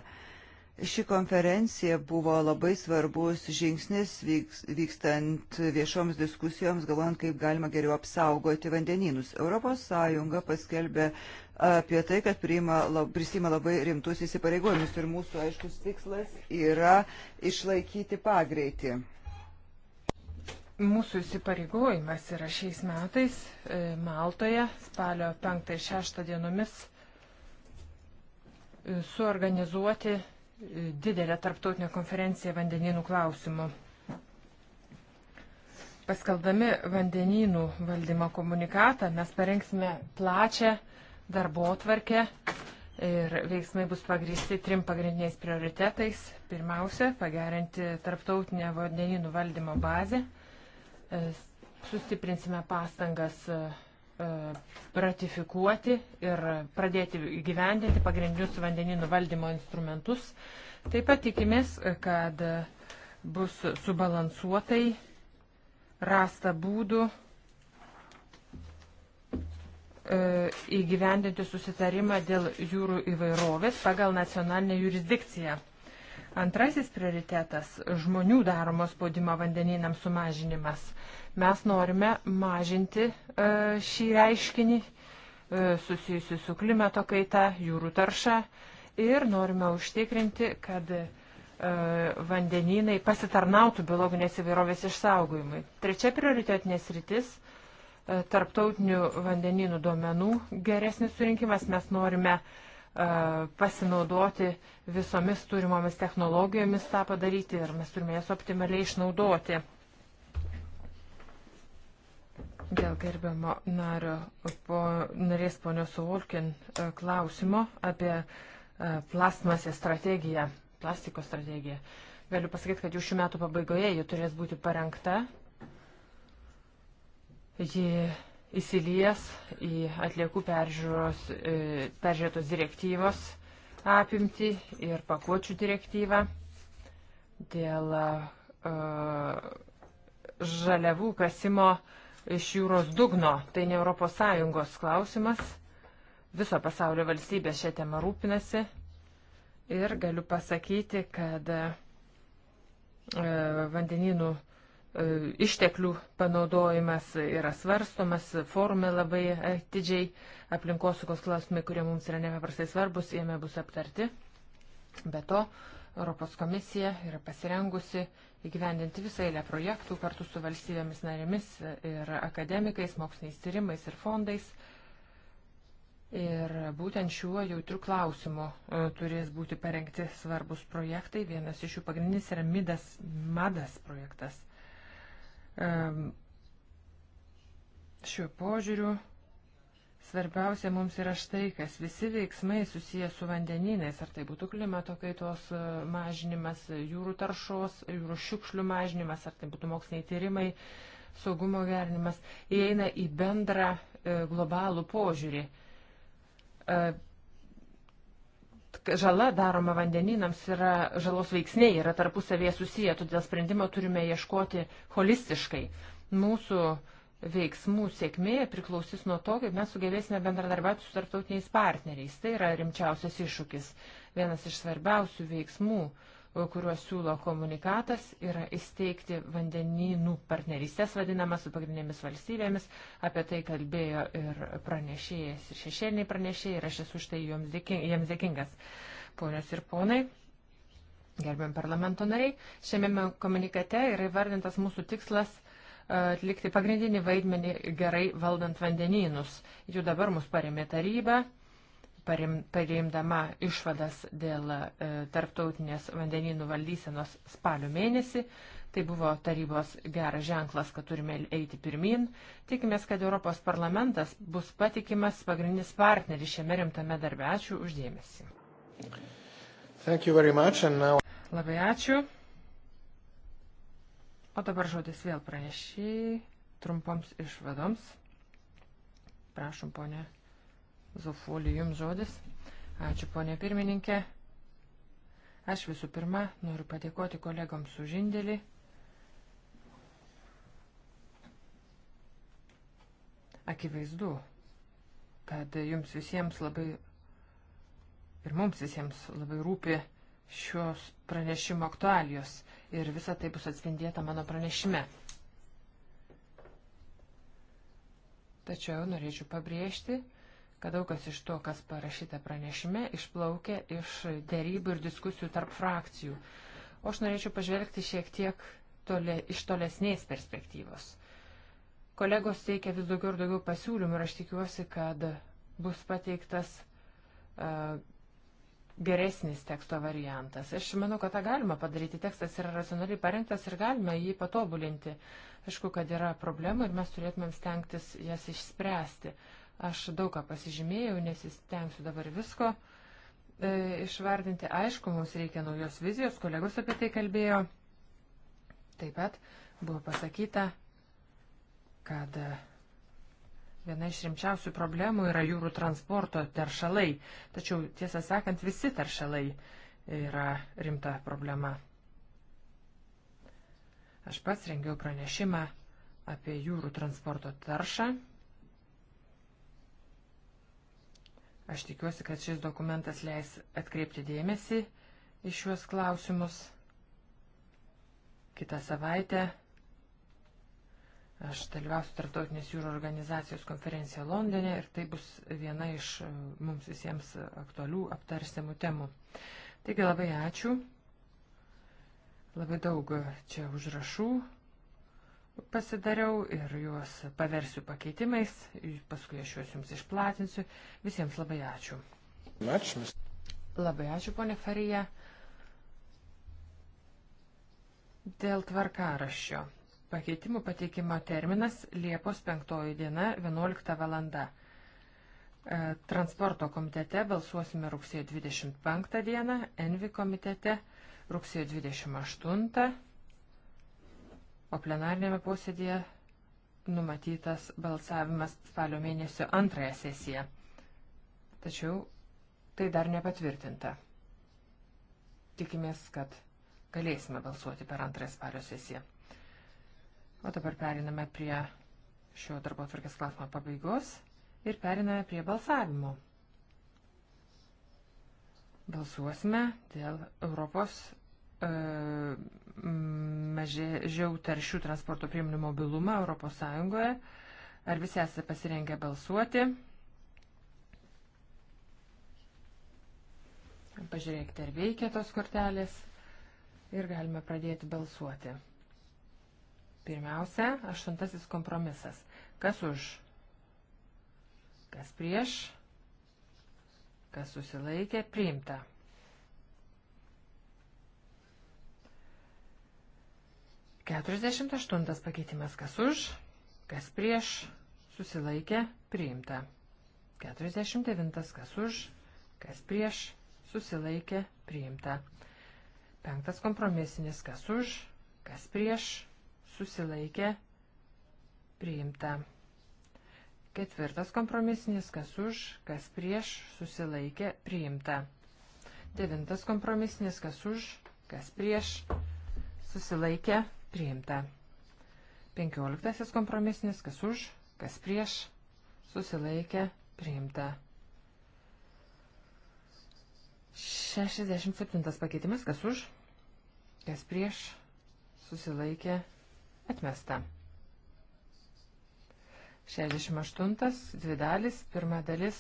Ši konferencija buvo labai svarbus žingsnis vykstant viešoms diskusijoms, galvojant, kaip galima geriau apsaugoti vandenynus. Europos Sąjunga paskelbė apie tai, kad priima, prisima labai rimtus įsipareigojimus ir mūsų aiškus tikslas yra išlaikyti pagreitį. Mūsų įsipareigojimas yra šiais metais e, Maltoje spalio 5-6 dienomis e, suorganizuoti e, didelę tarptautinę konferenciją vandeninų klausimų. Paskeldami vandenynų valdymo komunikatą mes parengsime plačią darbo tvarkę ir veiksmai bus pagrįsti trim pagrindiniais prioritetais. Pirmiausia, pagerinti tarptautinę vandeninų valdymo bazę. E, sustiprinsime pastangas e, e, ratifikuoti ir pradėti gyvendinti pagrindinius vandeninų valdymo instrumentus. Taip pat tikimės, kad bus subalansuotai rasta būdų E, įgyvendinti susitarimą dėl jūrų įvairovės pagal nacionalinę jurisdikciją. Antrasis prioritetas - žmonių daromos spaudimo vandeninams sumažinimas. Mes norime mažinti e, šį reiškinį e, susijusi su klimato kaita, jūrų tarša ir norime užtikrinti, kad vandenynai pasitarnautų biologinės įvairovės išsaugojimui. Trečia prioritetinė sritis E, tarptautinių vandenynų duomenų geresnis surinkimas. Mes norime e, pasinaudoti visomis turimomis technologijomis tą padaryti ir mes turime jas optimaliai išnaudoti. Dėl gerbiamo nario, po, narės ponios Volkin e, klausimo apie plastmasę strategiją, plastiko strategiją. Galiu pasakyti, kad jau šių metų pabaigoje ji turės būti parengta Ji įsilies į atliekų e, peržiūrėtos direktyvos apimti ir pakuočių direktyvą dėl uh, žaliavų kasimo iš jūros dugno. Tai ne ES klausimas. Viso pasaulio valstybė šią temą rūpinasi. Ir galiu pasakyti, kad uh, e, vandeninų uh, E, išteklių panaudojimas yra svarstomas, forume labai atidžiai aplinkosaugos klausimai, kurie mums yra nepaprastai svarbus, jame bus aptarti. Be to, Europos komisija yra pasirengusi įgyvendinti visą eilę projektų kartu su valstybėmis narėmis ir akademikais, moksliniais tyrimais ir fondais. Ir būtent šiuo jautriu klausimu e, turės būti parengti svarbus projektai. Vienas iš jų pagrindinis yra Midas Madas projektas – šiuo požiūriu svarbiausia mums yra štai, kas visi veiksmai susiję su vandenynais, ar tai būtų klimato kaitos e, mažinimas, jūrų taršos, jūrų šiukšlių mažinimas, ar tai būtų moksliniai tyrimai, saugumo gerinimas, įeina į bendrą e, globalų požiūrį. E, žala daroma vandeninams yra, žalos veiksniai yra tarpusavėje susiję, todėl sprendimo turime ieškoti holistiškai. Mūsų veiksmų sėkmė priklausys nuo to, kaip mes sugebėsime bendradarbiauti su tarptautiniais partneriais. Tai yra rimčiausias iššūkis, vienas iš svarbiausių veiksmų. Uh, kuriuos siūlo komunikatas, yra įsteigti vandenynų partnerystės vadinamas su pagrindinėmis valstybėmis. Apie tai kalbėjo ir pranešėjas, ir šešėliniai pranešėjai, ir aš esu už tai jiems dėkingas. Ponios ir ponai, gerbiam parlamento nariai, šiame komunikate yra įvardintas mūsų tikslas e, atlikti pagrindinį vaidmenį gerai valdant vandenynus. Jų dabar mus paremė taryba pareimdama išvadas dėl e, tarptautinės vandeninų valdysenos spalio mėnesį. Tai buvo tarybos geras ženklas, kad turime eiti pirmin. Tikimės, kad Europos parlamentas bus patikimas pagrindinis partneris šiame rimtame darbe. Ačiū uždėmesi. Now... Labai ačiū. O dabar žodis vėl pranešiai trumpoms išvadoms. Prašom, ponė Zofolį, jums žodis. Ačiū, ponė pirmininkė. Aš visų pirma noriu padėkoti kolegoms už indėlį. Akivaizdu, kad jums visiems labai ir mums visiems labai rūpi šios pranešimo aktualijos ir visa tai bus atspindėta mano pranešime. Tačiau norėčiau pabrėžti, kad daug kas iš to, kas parašyta pranešime, išplaukia iš dėrybų ir diskusijų tarp frakcijų. O aš norėčiau pažvelgti šiek tiek tole, iš tolesnės perspektyvos. Kolegos teikia vis daugiau ir daugiau pasiūlymų ir aš tikiuosi, kad bus pateiktas uh, geresnis teksto variantas. Aš manau, kad tą galima padaryti. Tekstas yra racionaliai parengtas ir galime jį patobulinti. Aišku, kad yra problemų ir mes turėtumėm stengtis jas išspręsti. Aš daug ką pasižymėjau, nesistengsiu dabar visko e, išvardinti. Aišku, mums reikia naujos vizijos, kolegos apie tai kalbėjo. Taip pat buvo pasakyta, kad viena iš rimčiausių problemų yra jūrų transporto teršalai. Tačiau, tiesą sakant, visi teršalai yra rimta problema. Aš pats rengiau pranešimą apie jūrų transporto taršą Aš tikiuosi, kad šis dokumentas leis atkreipti dėmesį į šiuos klausimus. Kita savaitė aš dalyvausiu Tartautinės jūro organizacijos konferenciją Londone ir tai bus viena iš e, mums visiems aktualių aptarsimų temų. Taigi labai ačiū. Labai daug e, čia užrašų pasidariau ir juos paversiu pakeitimais, paskui aš juos jums išplatinsiu. Visiems labai ačiū. Ačiū. Labai ačiū, ponė Farija. Dėl tvarkaraščio. Pakeitimų pateikimo terminas Liepos 5 diena 11 valanda. E, transporto komitete balsuosime rugsėjo 25 dieną, Envi komitete rugsėjo 28 o plenarnėme posėdėje numatytas balsavimas spalio mėnesio antrąją sesiją. Tačiau tai dar nepatvirtinta. Tikimės, kad galėsime balsuoti per antrąją spalio sesiją. O dabar periname prie šio darbo tvarkės klausimo pabaigos ir periname prie balsavimo. Balsuosime dėl Europos E, mažiau taršių transporto priemonių mobilumą ES. Ar visi esate pasirengę balsuoti? Pažiūrėkite, ar veikia tos kortelės ir galime pradėti balsuoti. Pirmiausia, aštuntasis kompromisas. Kas už? Kas prieš? Kas susilaikė? Priimta. 48 pakeitimas kas už, kas prieš, susilaikė, priimta. 49 kas už, kas prieš, susilaikė, priimta. Penktas kompromisinis kas už, kas prieš, susilaikė, priimta. Ketvirtas kompromisinis, kas už, kas prieš, susilaikė, priimta. Devintas kompromisinis, kas už, kas prieš, susilaikė, priimta. 15 kompromisinis, kas už, kas prieš, susilaikė, priimta. 67 pakeitimas, kas už, kas prieš, susilaikė, atmesta. 68, dvi dalis, pirma dalis,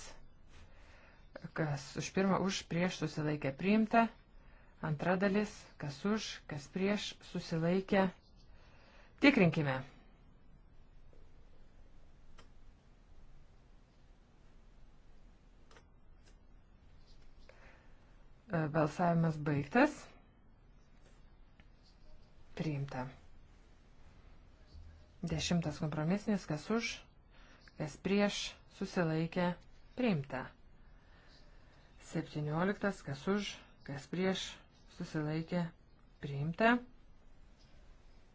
kas už pirmą už prieš susilaikė priimta, antra dalis, kas už, kas prieš susilaikė Tikrinkime. E, balsavimas baigtas. Priimta. Dešimtas kompromisinis, kas už, kas prieš, susilaikė, priimta. Septynioliktas, kas už, kas prieš, susilaikė, priimta.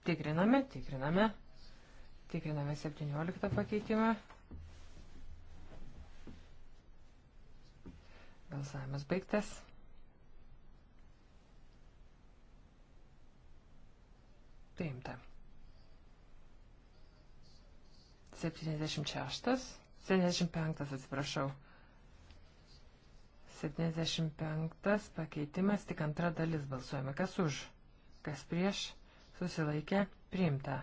Tikriname, tikriname. Tikriname 17 pakeitimą. Balsavimas baigtas. Priimta. 76. 75 atsiprašau. 75 pakeitimas, tik antra dalis balsuojame. Kas už? Kas prieš? susilaikė, priimta.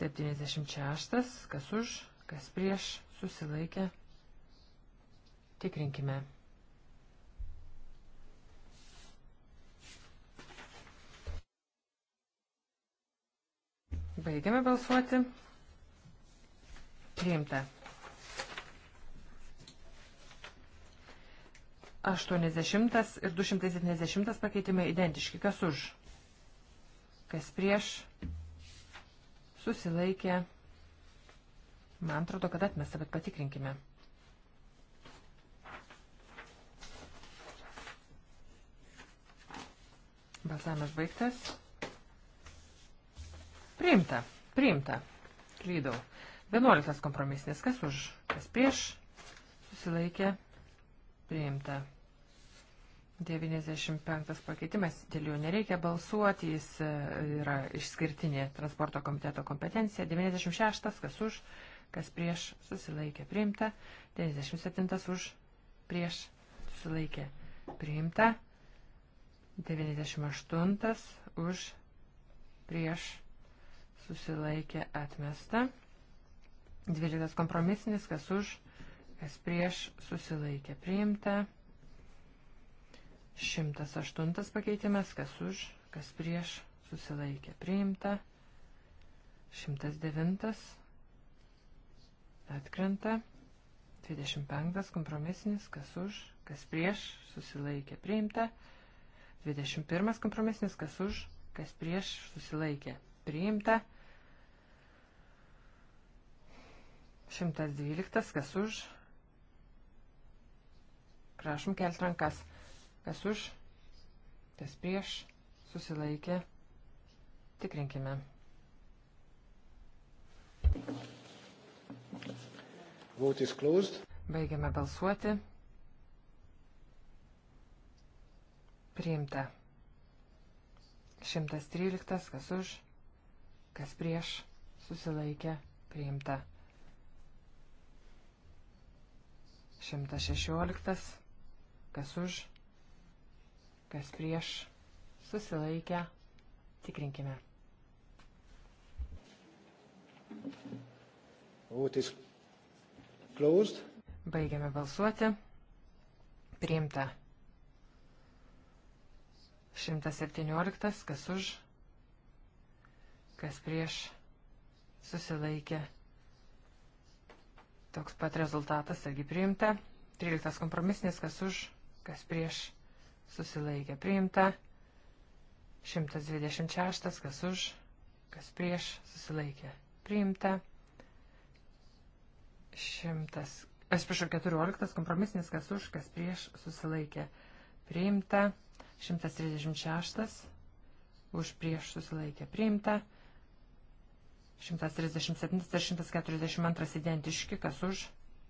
76, kas už, kas prieš, susilaikė, tikrinkime. Baigiame balsuoti. Priimta. 80 ir 270 pakeitimai identiški. Kas už? kas prieš, susilaikė. Man atrodo, kad atmesta, bet patikrinkime. Balsavimas baigtas. Priimta, priimta. Klydau. 11 kompromisinis. Kas už, kas prieš, susilaikė. Priimta. 95 pakeitimas, dėl jų nereikia balsuoti, jis e, yra išskirtinė transporto komiteto kompetencija. 96, kas už, kas prieš, susilaikė priimta. 97 už, prieš, susilaikė priimta. 98 už, prieš, susilaikė atmesta. 12 kompromisinis, kas už, kas prieš, susilaikė priimta. 108 pakeitimas, kas už, kas prieš, susilaikė priimta. 109 atkrenta. 25 kompromisinis, kas už, kas prieš, susilaikė priimta. 21 kompromisinis, kas už, kas prieš, susilaikė priimta. 112, kas už. Prašom kelti rankas. Kas už, kas prieš, susilaikė. Tikrinkime. Vote is closed. Baigiame balsuoti. Priimta. 113. Kas už, kas prieš, susilaikė. Priimta. 116. Kas už, kas prieš, susilaikę, tikrinkime. Votis closed. Baigiame balsuoti. Priimta. 117, kas už, kas prieš, susilaikė. Toks pat rezultatas, argi priimta. 13 kompromisinis, kas už, kas prieš, susilaikė priimta. 126, kas už, kas prieš, susilaikė priimta. 100, atsiprašau, 14 kompromisinis, kas už, kas prieš, susilaikė priimta. 136, už prieš susilaikė priimta. 137 ir 142 identiški, kas už,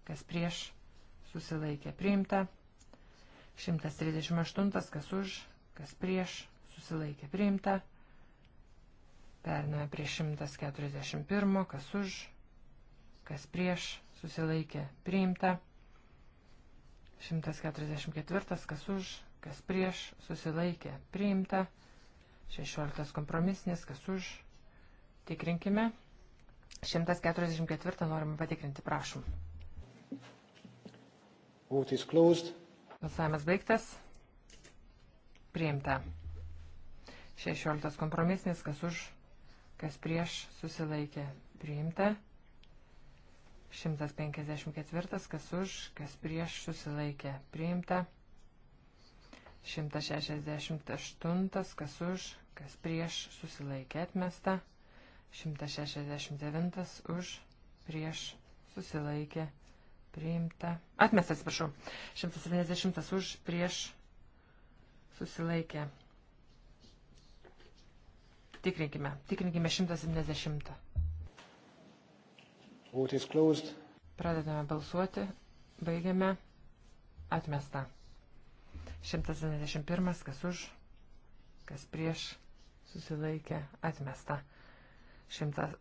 kas prieš susilaikė priimta. 138, kas už, kas prieš, susilaikė priimta. Periname prie 141, kas už, kas prieš, susilaikė priimta. 144, kas už, kas prieš, susilaikė priimta. 16 kompromisinis, kas už, tikrinkime. 144 norime patikrinti, prašom. Vote is closed. Balsavimas baigtas. Priimta. 16 kompromisinis, kas už, kas prieš, susilaikė. Priimta. 154, kas už, kas prieš, susilaikė. Priimta. 168, kas už, kas prieš, susilaikė. Atmesta. 169 už, prieš, susilaikė. Priimta priimta. Atmestas, atsiprašau. 170 už prieš susilaikę. Tikrinkime. Tikrinkime 170. Vote is closed. Pradedame balsuoti. Baigiame. Atmesta. 171. Kas už, kas prieš susilaikė. Atmesta. 118.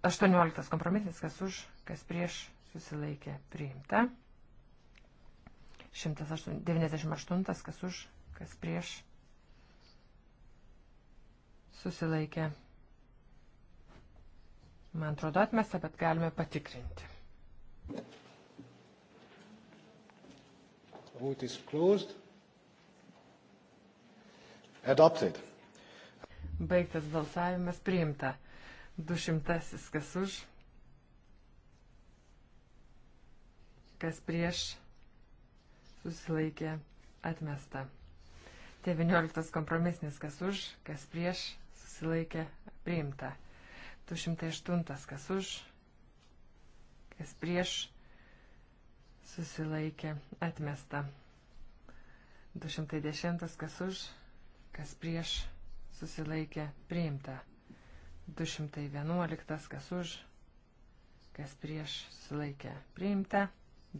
Kompromisinis. Kas už, kas prieš susilaikė. Priimta. 198, kas už, kas prieš, susilaikė. Man atrodo atmesta, bet galime patikrinti. Vote is closed. Adopted. Baigtas balsavimas priimta. 200 kas už, kas prieš susilaikė atmesta. 19 kompromisnis, kas už, kas prieš, susilaikė priimta. 208 kas už, kas prieš, susilaikė atmesta. 210 kas už, kas prieš, susilaikė priimta. 211 kas už, kas prieš, susilaikė priimta.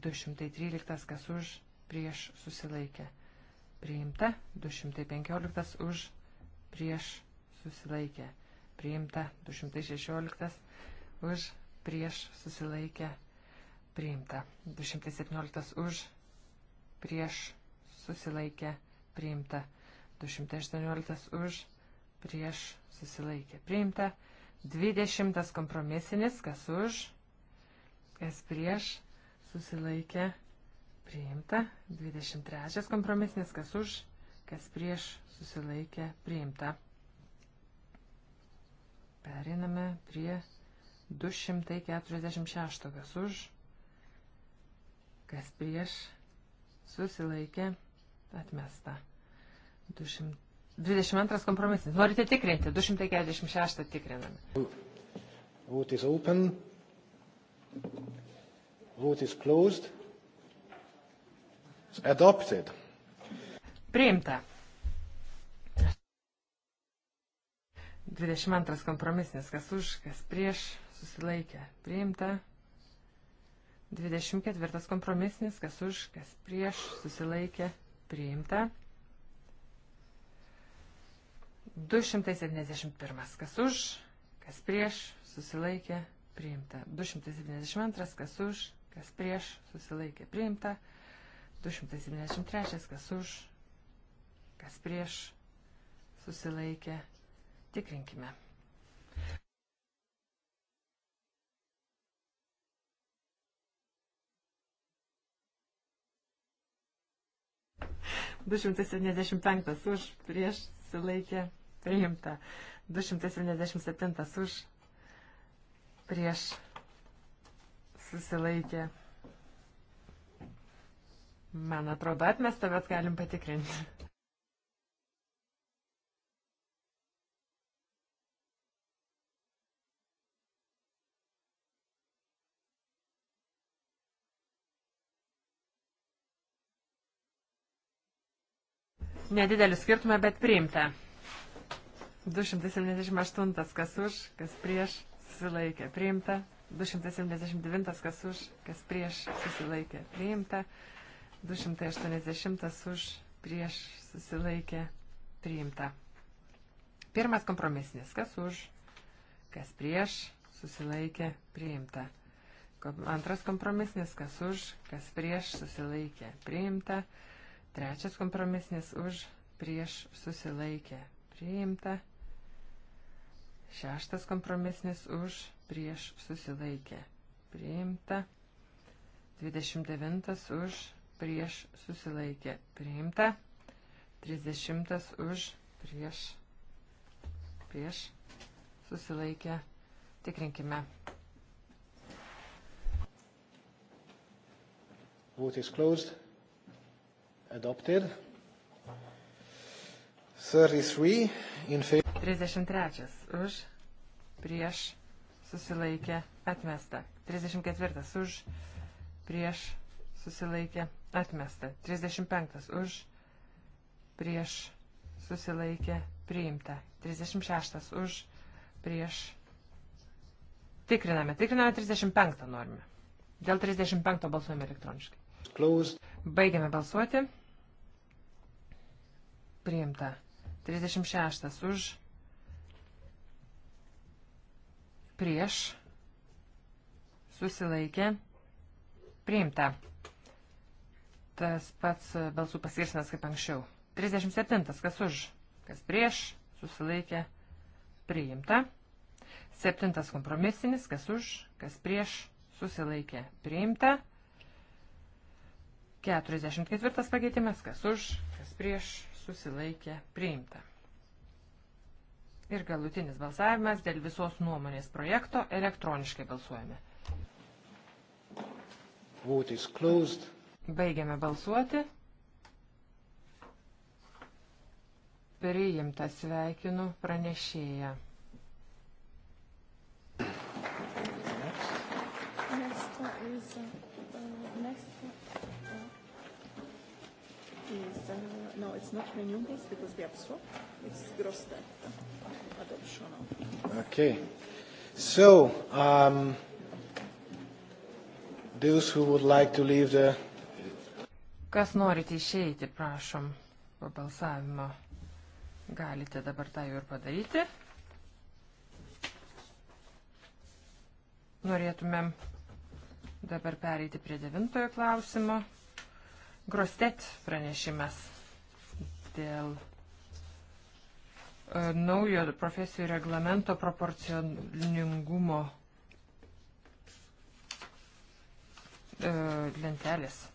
213 kas už, prieš susilaikę. Priimta 215 už prieš susilaikę. Priimta 216 už prieš susilaikę. Priimta 217 už prieš susilaikę. Priimta 218 už prieš susilaikę. Priimta 20 kompromisinis, kas už, kas prieš susilaikę priimta. 23 kompromisinis, kas už, kas prieš susilaikė, priimta. Periname prie 246, kas už, kas prieš susilaikė, atmesta. 200, 22 kompromisinis. Norite tikrinti? 246 tikriname. Vote is open. Vote is closed. Adopted. Priimta. 22 kompromisinis, kas už, kas prieš, susilaikė. Priimta. 24 kompromisinis, kas už, kas prieš, susilaikė. Priimta. 271, kas už, kas prieš, susilaikė. Priimta. 272, kas už, kas prieš, susilaikė. Priimta. 273, kas už, kas prieš, susilaikė, tikrinkime. Du šimtai septyniasdešimt penktas už, prieš, susilaikė, priimta. Du šimtai septyniasdešimt septintas už, prieš, susilaikė, priimta Man atrodo atmesta, bet galim patikrinti. Nedidelį skirtumą, bet priimta. 278 kas už, kas prieš, susilaikė, priimta. 279 kas už, kas prieš, susilaikė, priimta. 280 už prieš susilaikė priimta. Pirmas kompromisinis. Kas už, kas prieš susilaikė priimta. Antras kompromisnis, kas už, kas prieš susilaikė priimta. Trečias kompromisnis už, prieš susilaikė priimta. Šeštas kompromisnis už, prieš susilaikė priimta. 29 už, prieš susilaikė priimta, 30 už prieš, prieš susilaikė. Tikrinkime. Vote is closed. Adopted. 33 in favor. 33 už prieš susilaikė atmesta. 34 už prieš susilaikė, atmesta. 35 už, prieš, susilaikė, priimta. 36 už, prieš. Tikriname, tikriname 35 norime. Dėl 35 balsuojame elektroniškai. Closed. Baigiame balsuoti. Priimta. 36 už, prieš, susilaikė, priimta tas pats balsų paskirstimas kaip anksčiau. 37. Kas už, kas prieš, susilaikė, priimta. 7. Kompromisinis, kas už, kas prieš, susilaikė, priimta. 44. Pakeitimas, kas už, kas prieš, susilaikė, priimta. Ir galutinis balsavimas dėl visos nuomonės projekto elektroniškai balsuojame. Vote is closed. Baigiame balsuoti. Priimta sveikinu pranešėją. Is, uh, next is uh, uh, uh no, it's not renewables because we have swap. It's gross debt adoption. Of. Okay. So, um, those who would like to leave the Kas norite išeiti, prašom, po balsavimo. Galite dabar tą jau ir padaryti. Norėtumėm dabar pereiti prie devintojo klausimo. Grostet pranešimas dėl e, naujo profesijų reglamento proporcioningumo e, lentelės.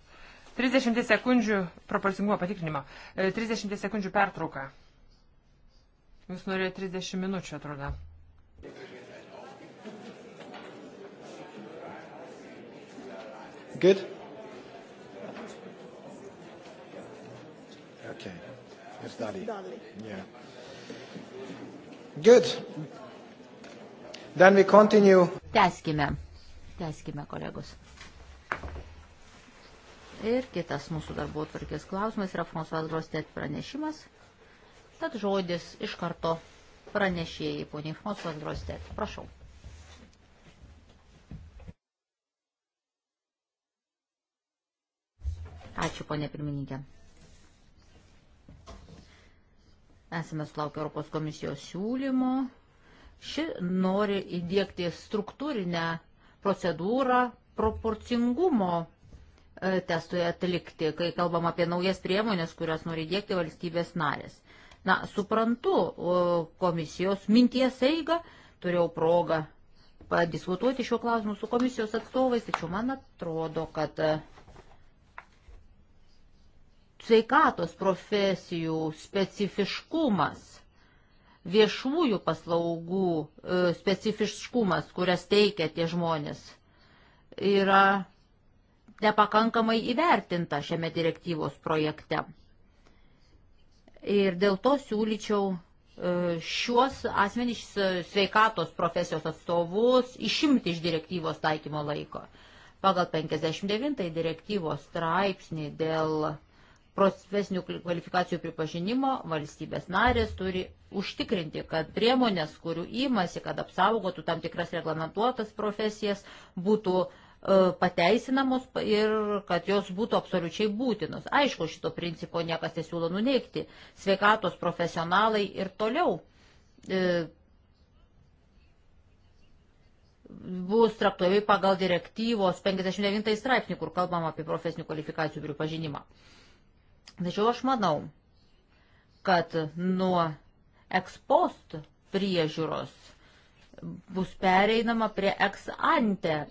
30 sekundžių proporcingumo patikrinimo. 30 e, sekundžių pertrauka. Jūs norėjote 30 minučių, atrodo. Good? Okay. It's Dali. Dali. Yeah. Good. Then we continue. Tęskime. Tęskime, kolegos. Ir kitas mūsų darbo tvarkės klausimas yra François Grostet pranešimas. Tad žodis iš karto pranešėjai, poniai François Grostet. Prašau. Ačiū, ponė pirmininkė. Esame sulaukę Europos komisijos siūlymo. Ši nori įdėkti struktūrinę procedūrą proporcingumo testui atlikti, kai kalbam apie naujas priemonės, kurias nori dėkti valstybės narės. Na, suprantu komisijos minties eigą, turėjau progą padiskutuoti šiuo klausimu su komisijos atstovais, tačiau man atrodo, kad e, sveikatos profesijų specifiškumas, viešųjų paslaugų e, specifiškumas, kurias teikia tie žmonės, yra nepakankamai įvertinta šiame direktyvos projekte. Ir dėl to siūlyčiau e, šiuos asmenys e, sveikatos profesijos atstovus išimti iš direktyvos taikymo laiko. Pagal 59 direktyvos straipsnį dėl profesinių kvalifikacijų pripažinimo valstybės narės turi užtikrinti, kad priemonės, kurių įmasi, kad apsaugotų tam tikras reglamentuotas profesijas, būtų uh, E, pateisinamos ir kad jos būtų absoliučiai būtinos. Aišku, šito principo niekas nesiūlo nuneikti. Sveikatos profesionalai ir toliau e, bus traktuojami pagal direktyvos 59 straipsnį, kur kalbam apie profesinių kvalifikacijų pripažinimą. Tačiau aš manau, kad nuo ekspost priežiūros bus pereinama prie ex ante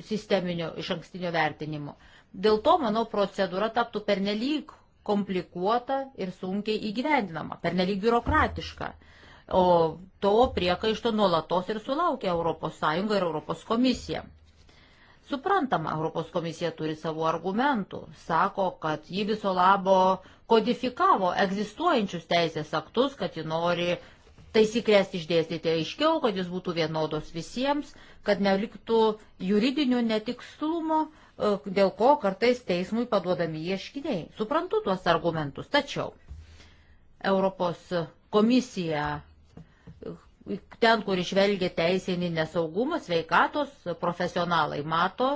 sisteminio iš ankstinio vertinimo. Dėl to, manau, procedūra taptų pernelyg komplikuota ir sunkiai įgyvendinama, pernelyg biurokratiška. O to priekaišto nuolatos ir sulaukia ES ir ES komisija. Suprantama, Europos komisija turi savo argumentų. Sako, kad ji viso labo kodifikavo egzistuojančius teisės aktus, kad ji nori taisyklės išdėstyti aiškiau, kad jis būtų vienodos visiems, kad neliktų juridinių netikslumo, e, dėl ko kartais teismui paduodami ieškiniai. Suprantu tuos argumentus, tačiau Europos komisija e, ten, kur išvelgia teisinį nesaugumą, sveikatos profesionalai mato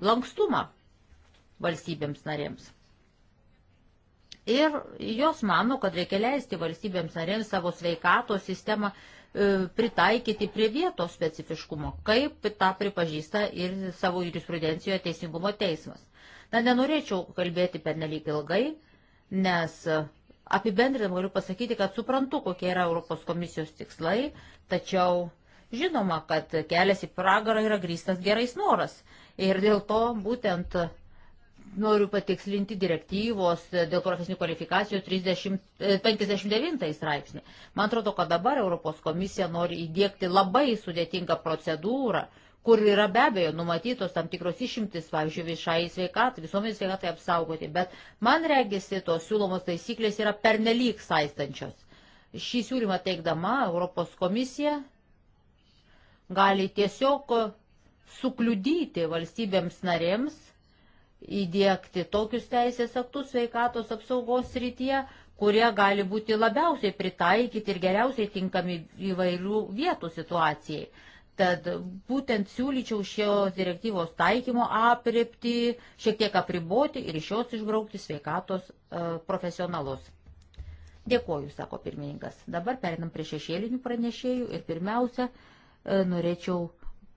lankstumą valstybėms narėms. Ir jos mano, kad reikia leisti valstybėms narėms savo sveikatos sistemą e, pritaikyti prie vietos specifiškumo, kaip tą pripažįsta ir savo jurisprudencijoje Teisingumo teismas. Na, nenorėčiau kalbėti per nelik ilgai, nes e, apibendrinam galiu pasakyti, kad suprantu, kokie yra Europos komisijos tikslai, tačiau žinoma, kad kelias į pragarą yra grįstas gerais noras. Ir dėl to būtent Noriu patikslinti direktyvos e, dėl profesinių kvalifikacijų 30, 59 e, straipsnį. Man atrodo, kad dabar Europos komisija nori įdėkti labai sudėtingą procedūrą, kur yra be abejo numatytos tam tikros išimtis, pavyzdžiui, viešai sveikatai, visuomenės sveikatai apsaugoti. Bet man regisi, tos siūlomos taisyklės yra pernelyg saistančios. Šį siūlymą teikdama Europos komisija gali tiesiog sukliudyti valstybėms narėms įdėkti tokius teisės aktus sveikatos apsaugos srityje, kurie gali būti labiausiai pritaikyti ir geriausiai tinkami įvairių vietų situacijai. Tad būtent siūlyčiau šios direktyvos taikymo apripti, šiek tiek apriboti ir iš jos išbraukti sveikatos e, profesionalus. Dėkoju, sako pirmininkas. Dabar perinam prie šešėlinių pranešėjų ir pirmiausia, e, norėčiau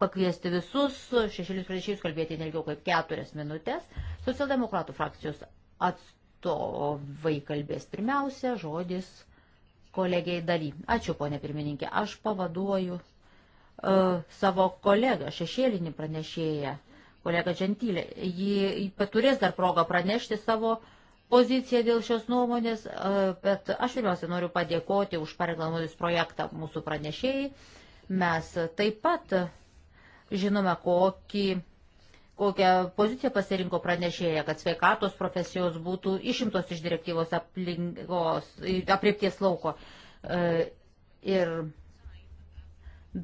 pakviesti visus šešėlius pranešėjus kalbėti nelgiau kaip keturias minutės. Socialdemokratų frakcijos atstovai kalbės pirmiausia, žodis kolegiai daly. Ačiū, ponė pirmininkė, aš pavaduoju uh, savo kolegą, šešėlinį pranešėją, kolegą Džentylę. Ji paturės dar progą pranešti savo poziciją dėl šios nuomonės, uh, bet aš pirmiausia noriu padėkoti už pareklamuotis projektą mūsų pranešėjai. Mes taip pat uh, Žinome, kokį, kokią poziciją pasirinko pranešėja, kad sveikatos profesijos būtų išimtos iš direktyvos aplinkos, apriepties lauko. E, ir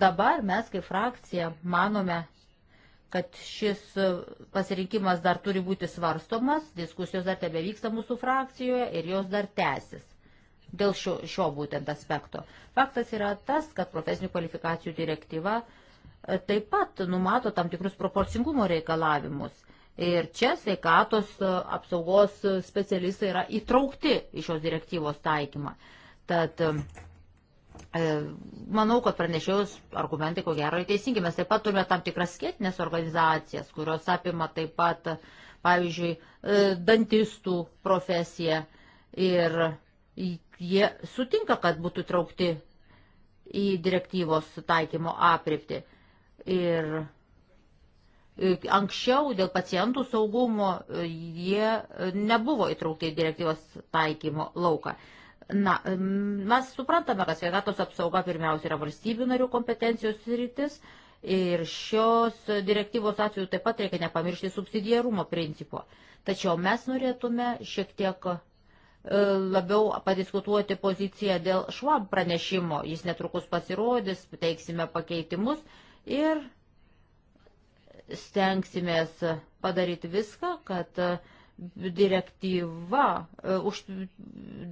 dabar mes kaip frakcija manome, kad šis pasirinkimas dar turi būti svarstomas, diskusijos dar tebe vyksta mūsų frakcijoje ir jos dar tęsis. Dėl šio, šio būtent aspekto. Faktas yra tas, kad profesinių kvalifikacijų direktyva taip pat numato tam tikrus proporcingumo reikalavimus. Ir čia sveikatos e, apsaugos specialistai yra įtraukti į šios direktyvos taikymą. Tad e, e, manau, kad pranešėjus argumentai ko gero yra teisingi. Mes taip pat turime tam tikras skėtinės organizacijas, kurios apima taip pat, pavyzdžiui, dantistų profesiją. Ir jie sutinka, kad būtų traukti į direktyvos taikymo apripti. Ir e, anksčiau dėl pacientų saugumo e, jie e, nebuvo įtraukti į direktyvos taikymo lauką. Na, mes suprantame, kad sveikatos apsauga pirmiausia yra valstybių narių kompetencijos rytis ir šios direktyvos atveju taip pat reikia nepamiršti subsidijarumo principo. Tačiau mes norėtume šiek tiek labiau padiskutuoti poziciją dėl švab pranešimo. Jis netrukus pasirodys, teiksime pakeitimus ir stengsimės padaryti viską, kad e, direktyva, e, už,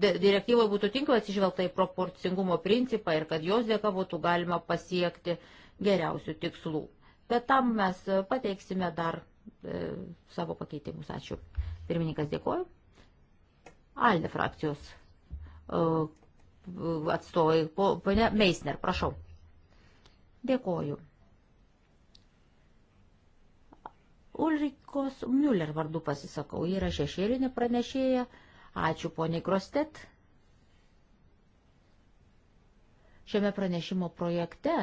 direktyva būtų tinkamai atsižvelgta į proporcingumo principą ir kad jos dėka būtų galima pasiekti geriausių tikslų. Bet tam mes pateiksime dar e, savo pakeitimus. Ačiū. Pirmininkas dėkoju. Alde frakcijos e, atstovai. Pane Meisner, prašau. Dėkoju. Ulrikos Müller vardu pasisakau, yra šešėlinė pranešėja. Ačiū poniai Krostet. Šiame pranešimo projekte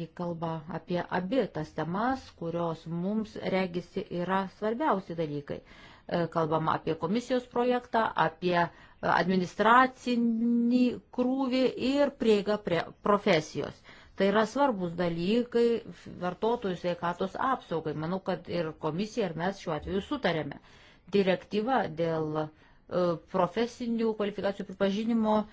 ji kalba apie abi tas temas, kurios mums regisi yra svarbiausi dalykai. E, kalbama apie komisijos projektą, apie administracinį krūvį ir prieigą prie profesijos. Tai yra svarbus dalykai vartotojų sveikatos apsaugai. Manau, kad ir komisija, ir mes šiuo atveju sutarėme. Direktyva dėl e, profesinių kvalifikacijų pripažinimo e,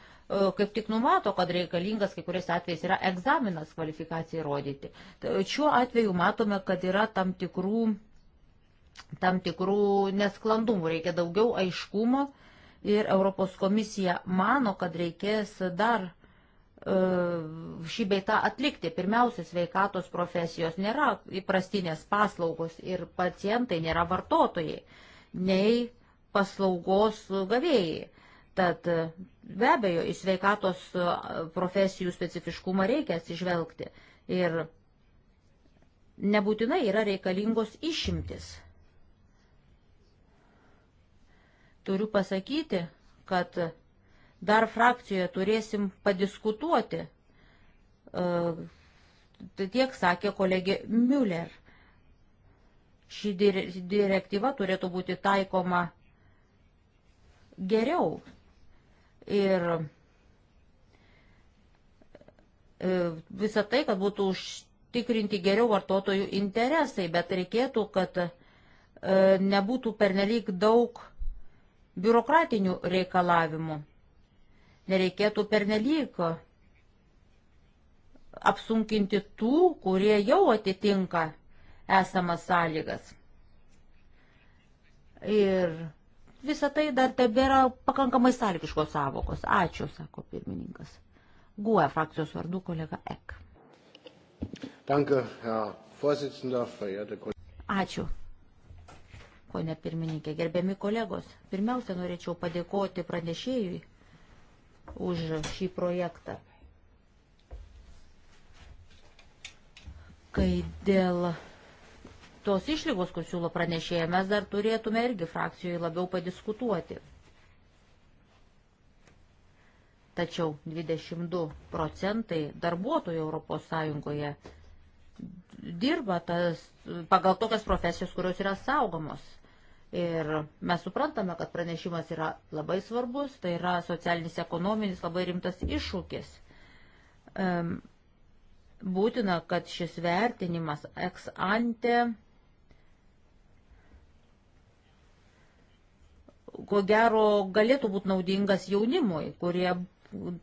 kaip tik numato, kad reikalingas kai kuriais atvejais yra egzaminas kvalifikacijai rodyti. Tai šiuo atveju matome, kad yra tam tikrų, tam tikrų nesklandumų, reikia daugiau aiškumo ir Europos komisija mano, kad reikės dar E, šį beitą atlikti. Pirmiausia, sveikatos profesijos nėra įprastinės paslaugos ir pacientai nėra vartotojai, nei paslaugos gavėjai. Tad be abejo, į sveikatos profesijų specifiškumą reikia atsižvelgti ir nebūtinai yra reikalingos išimtis. Turiu pasakyti, kad dar frakcijoje turėsim padiskutuoti. E, tai tiek sakė kolegė Müller. Ši direktyva turėtų būti taikoma geriau. Ir e, visą tai, kad būtų užtikrinti geriau vartotojų interesai, bet reikėtų, kad e, nebūtų pernelyg daug biurokratinių reikalavimų. Nereikėtų pernelyg apsunkinti tų, kurie jau atitinka esamas sąlygas. Ir visa tai dar tebėra pakankamai sąlygiškos savokos. Ačiū, sako pirmininkas. GUE frakcijos vardu kolega Ek. Danke, Herr Vorsitzender, verehrte Kollegen. Ačiū. Pone pirmininkė, gerbiami kolegos, pirmiausia norėčiau padėkoti pranešėjui už šį projektą. Kai dėl tos išlygos, kur siūlo pranešėja, mes dar turėtume irgi frakcijoje labiau padiskutuoti. Tačiau 22 procentai darbuotojų ES dirba tas, pagal tokias profesijas, kurios yra saugomos. Ir mes suprantame, kad pranešimas yra labai svarbus, tai yra socialinis, ekonominis labai rimtas iššūkis. Um, būtina, kad šis vertinimas ex ante ko gero galėtų būti naudingas jaunimui, kurie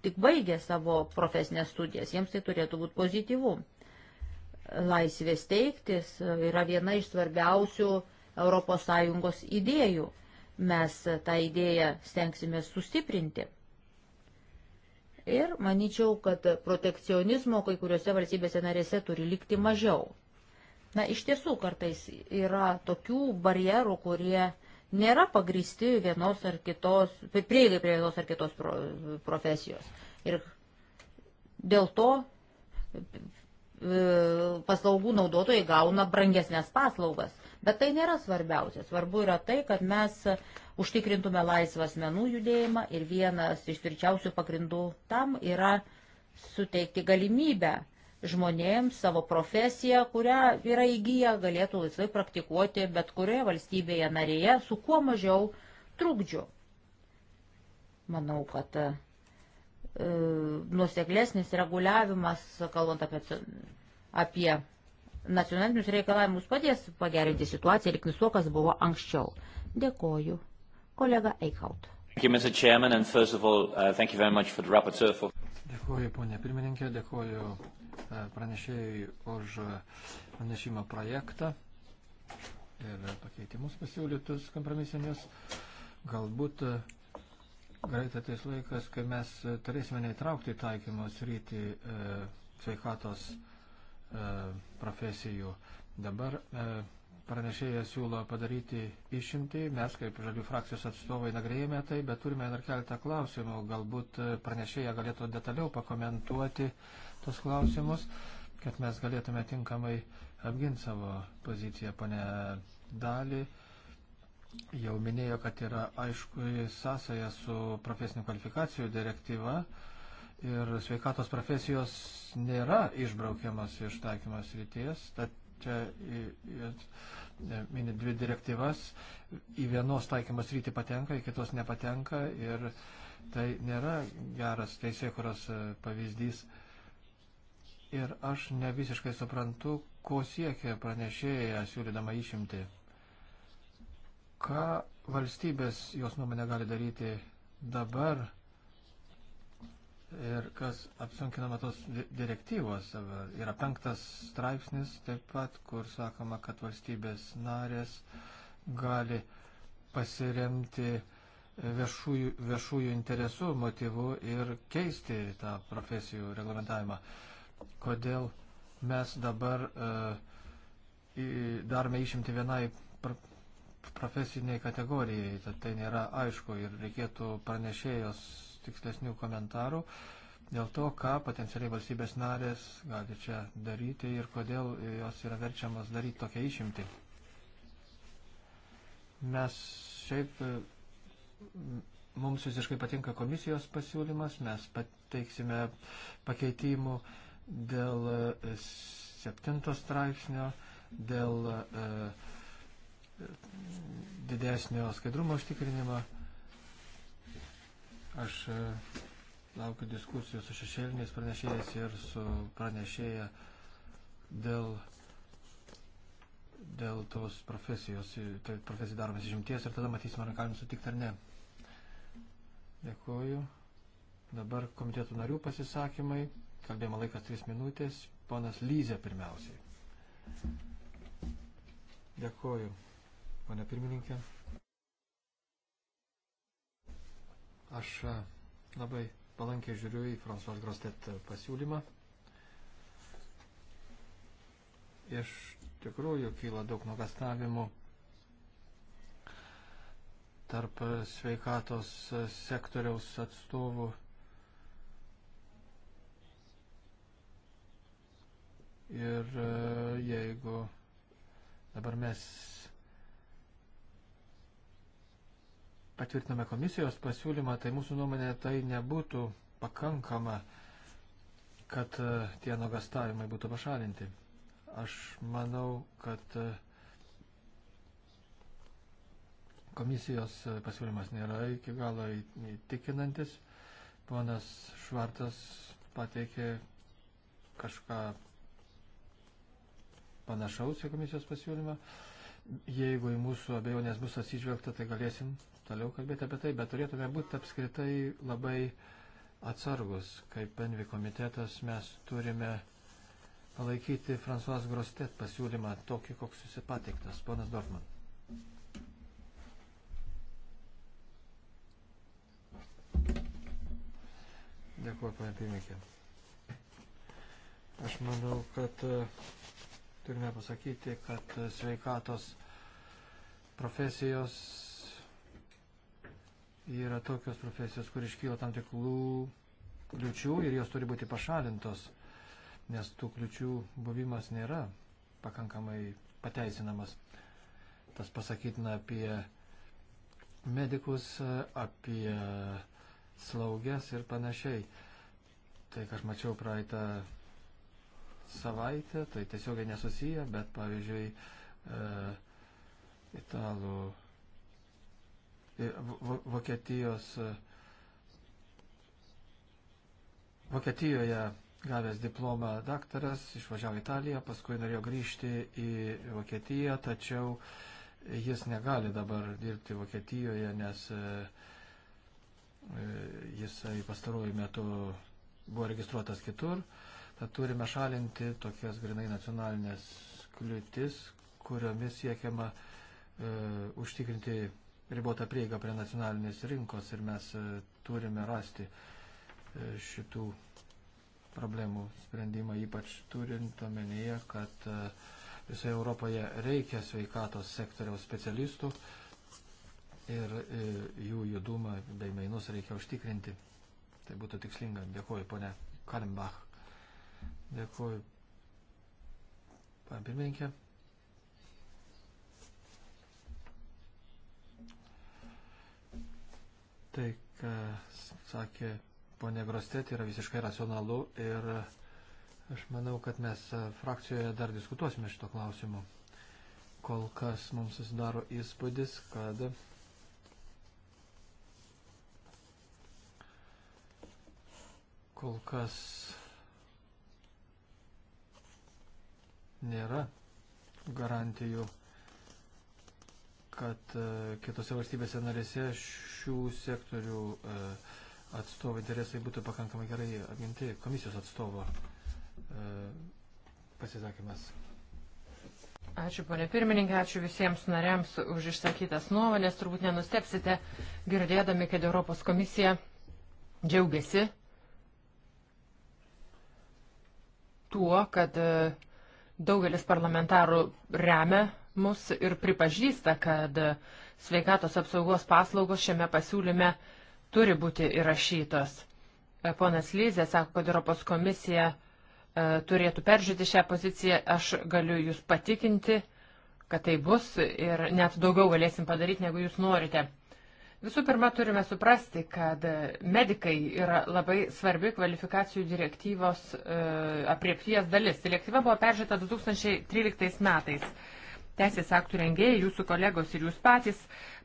tik baigė savo profesinės studijas. Jiems tai turėtų būti pozityvu. Laisvės teiktis yra viena iš svarbiausių uh, ES idėjų. Mes tą idėją stengsime sustiprinti. Ir manyčiau, kad protekcionizmo kai kuriuose valstybėse narėse turi likti mažiau. Na, iš tiesų kartais yra tokių barjerų, kurie nėra pagristi vienos ar kitos, prieigai prie vienos ar kitos pro, profesijos. Ir dėl to e, paslaugų naudotojai gauna brangesnės paslaugas. Bet tai nėra svarbiausia. Svarbu yra tai, kad mes užtikrintume laisvą asmenų judėjimą ir vienas iš tvirčiausių pagrindų tam yra suteikti galimybę žmonėms savo profesiją, kurią yra įgyję, galėtų laisvai praktikuoti bet kurioje valstybėje narėje su kuo mažiau trukdžių. Manau, kad e, nuoseklesnis reguliavimas, kalbant apie, apie nacionalinius reikalavimus padės pagerinti situaciją ir knisu, kas buvo anksčiau. Dėkoju. Kolega Eikaut. Uh, dėkoju, ponė pirmininkė, dėkoju uh, pranešėjai už uh, pranešimo projektą ir pakeitimus pasiūlytus kompromisinius. Galbūt greitai ateis laikas, kai mes turėsime neįtraukti taikymo srity e, sveikatos. E, E, profesijų. Dabar e, pranešėjas siūlo padaryti išimtį, mes kaip žalių frakcijos atstovai nagrėjame tai, bet turime dar keletą klausimų, galbūt e, pranešėja galėtų detaliau pakomentuoti tos klausimus, kad mes galėtume tinkamai apginti savo poziciją, pane Dali. Jau minėjo, kad yra aišku sąsaja su profesinių kvalifikacijų direktyva. Uh, ir sveikatos profesijos nėra išbraukiamas iš taikymas ryties. Tad čia e, mini dvi direktyvas, į vienos taikymas rytį patenka, į kitos nepatenka ir tai nėra geras teisėkuros e, pavyzdys. Ir aš ne visiškai suprantu, ko siekia pranešėja siūlydama išimti. Ką valstybės jos nuomonė gali daryti dabar, Ir kas apsunkinama tos direktyvos, yra penktas straipsnis taip pat, kur sakoma, kad valstybės narės gali pasiremti viešųjų, viešųjų interesų motyvų ir keisti tą profesijų reglamentavimą. Kodėl mes dabar e, darome išimti vienai profesiniai kategorijai, tad tai nėra aišku ir reikėtų pranešėjos tikslesnių komentarų dėl to, ką potencialiai valstybės narės gali čia daryti ir kodėl jos yra verčiamas daryti tokią išimtį. Mes šiaip, mums visiškai patinka komisijos pasiūlymas, mes pateiksime pakeitimų dėl e, septinto straipsnio, dėl e, didesnio skaidrumo užtikrinimą. Aš e, laukiu diskusijų su šešėliniais pranešėjais ir su pranešėja dėl, dėl tos profesijos, e, tai profesijų daromas išimties ir tada matysime, ar galim sutikti ar ne. Dėkuoju. Dabar komitetų narių pasisakymai. Kalbėjimo laikas 3 minutės. Ponas Lyzė pirmiausiai. Dėkuoju pane pirmininkė. Aš e, labai palankiai žiūriu į François Grostet pasiūlymą. Iš tikrųjų kyla daug nugastavimų tarp sveikatos sektoriaus atstovų Ir e, jeigu dabar mes patvirtiname komisijos pasiūlymą, tai mūsų nuomonė tai nebūtų pakankama, kad e, tie nuogastavimai būtų pašalinti. Aš manau, kad e, komisijos e, pasiūlymas nėra iki galo įtikinantis. Ponas Švartas pateikė kažką panašaus į komisijos pasiūlymą. Jeigu į mūsų abejonės bus atsižvelgta, tai galėsim toliau kalbėti apie tai, bet turėtume būti apskritai labai atsargus. Kaip Envi komitetas mes turime palaikyti Fransuas Grostet pasiūlymą tokį, koks jūs pateiktas. Ponas Dortman. Dėkuoju, ponė Pimikė. Aš manau, kad e, turime pasakyti, kad e, sveikatos profesijos yra tokios profesijos, kur iškyla tam tikrų kliučių ir jos turi būti pašalintos, nes tų kliučių buvimas nėra pakankamai pateisinamas. Tas pasakytina apie medikus, apie slaugės ir panašiai. Tai, ką aš mačiau praeitą savaitę, tai tiesiogiai nesusiję, bet pavyzdžiui, e, italų Vokietijos, Vokietijoje gavęs diplomą daktaras, išvažiavo į Italiją, paskui norėjo grįžti į Vokietiją, tačiau jis negali dabar dirbti Vokietijoje, nes e, e, jisai pastaruoju metu buvo registruotas kitur. Tad turime šalinti tokias grinai nacionalinės kliūtis, kuriomis siekiama e, užtikrinti ribota prieiga prie nacionalinės rinkos ir mes e, turime rasti e, šitų problemų sprendimą, ypač turint omenyje, kad e, visoje Europoje reikia sveikatos sektoriaus specialistų ir jų judumą bei mainus reikia užtikrinti. Tai būtų tikslinga. Dėkuoju, ponė Kalimbach. Dėkuoju, pan pirmininkė. Tai, ką sakė ponė Grostet, yra visiškai racionalu ir aš manau, kad mes frakcijoje dar diskutuosime šito klausimu. Kol kas mums susidaro įspūdis, kad kol kas nėra garantijų kad e, kitose valstybėse narėse šių sektorių e, atstovai interesai būtų pakankamai gerai apginti. Komisijos atstovo e, pasisakymas. Ačiū, ponė pirmininkė, ačiū visiems nariams už išsakytas nuomonės. Turbūt nenustepsite, girdėdami, kad Europos komisija džiaugiasi tuo, kad daugelis parlamentarų remia mus ir pripažįsta, kad sveikatos apsaugos paslaugos šiame pasiūlyme turi būti įrašytos. E, ponas Lyzė sako, kad Europos komisija e, turėtų peržiūrėti šią poziciją. Aš galiu jūs patikinti, kad tai bus ir net daugiau galėsim padaryti, negu jūs norite. Visų pirma, turime suprasti, kad medikai yra labai svarbi kvalifikacijų direktyvos e, apriepties dalis. Direktyva buvo peržiūrėta 2013 metais teisės aktų rengėjai, jūsų kolegos ir jūs patys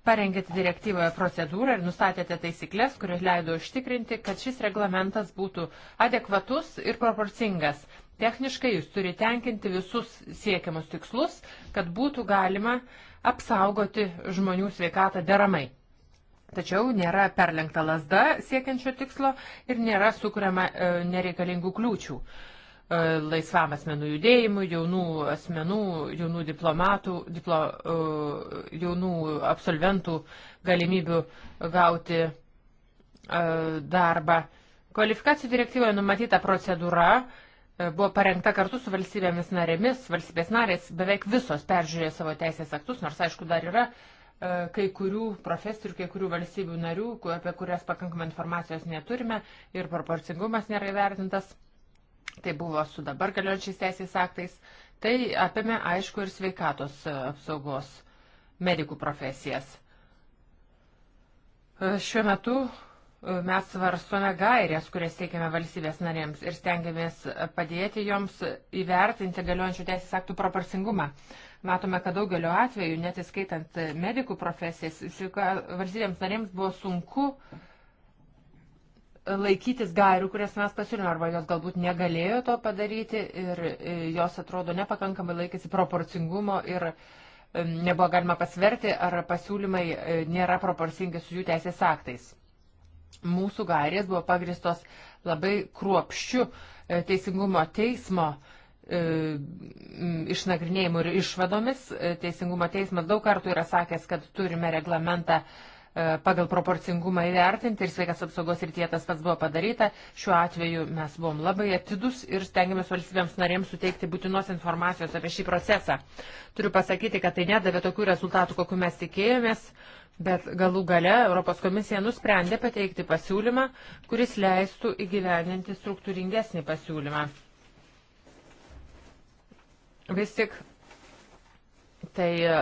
parengėte direktyvoje procedūrą ir nustatėte taisyklės, kurios leido užtikrinti, kad šis reglamentas būtų adekvatus ir proporcingas. Techniškai jis turi tenkinti visus siekiamus tikslus, kad būtų galima apsaugoti žmonių sveikatą deramai. Tačiau nėra perlengta lasda siekiančio tikslo ir nėra sukuriama e, nereikalingų kliūčių. E, E, laisvam asmenų judėjimui, jaunų asmenų, jaunų diplomatų, diplo, e, jaunų absolventų galimybių gauti e, darbą. Kvalifikacijų direktyvoje numatyta procedūra buvo parengta kartu su valstybėmis narėmis. Valstybės narės beveik visos peržiūrėjo savo teisės aktus, nors aišku dar yra kai kurių profesijų ir kai kurių valstybių narių, apie kurias pakankamai informacijos neturime ir proporcingumas nėra įvertintas tai buvo su dabar galiojančiais teisės aktais, tai apėmė aišku ir sveikatos e, apsaugos medikų profesijas. E, šiuo metu e, mes svarstome gairias, kurias teikiame valstybės narėms ir stengiamės padėti joms įvertinti galiojančių teisės aktų proporcingumą. Matome, kad daugeliu atveju, net įskaitant medikų profesijas, valstybėms narėms buvo sunku uh, laikytis gairių, kurias mes pasiūlėme, arba jos galbūt negalėjo to padaryti ir e, jos atrodo nepakankamai laikėsi proporcingumo ir e, nebuvo galima pasverti, ar pasiūlymai e, nėra proporcingi su jų teisės aktais. Mūsų gairės buvo pagristos labai kruopščių teisingumo teismo išnagrinėjimų ir išvadomis. Teisingumo teismas daug kartų yra sakęs, kad turime reglamentą uh, E, pagal proporcingumą įvertinti ir sveikas apsaugos rytyje tas pats buvo padaryta. Šiuo atveju mes buvom labai atidus ir stengiamės valstybėms narėms suteikti būtinos informacijos apie šį procesą. Turiu pasakyti, kad tai nedavė tokių rezultatų, kokiu mes tikėjomės. Bet galų gale Europos komisija nusprendė pateikti pasiūlymą, kuris leistų įgyveninti struktūringesnį pasiūlymą. Vis tik tai e,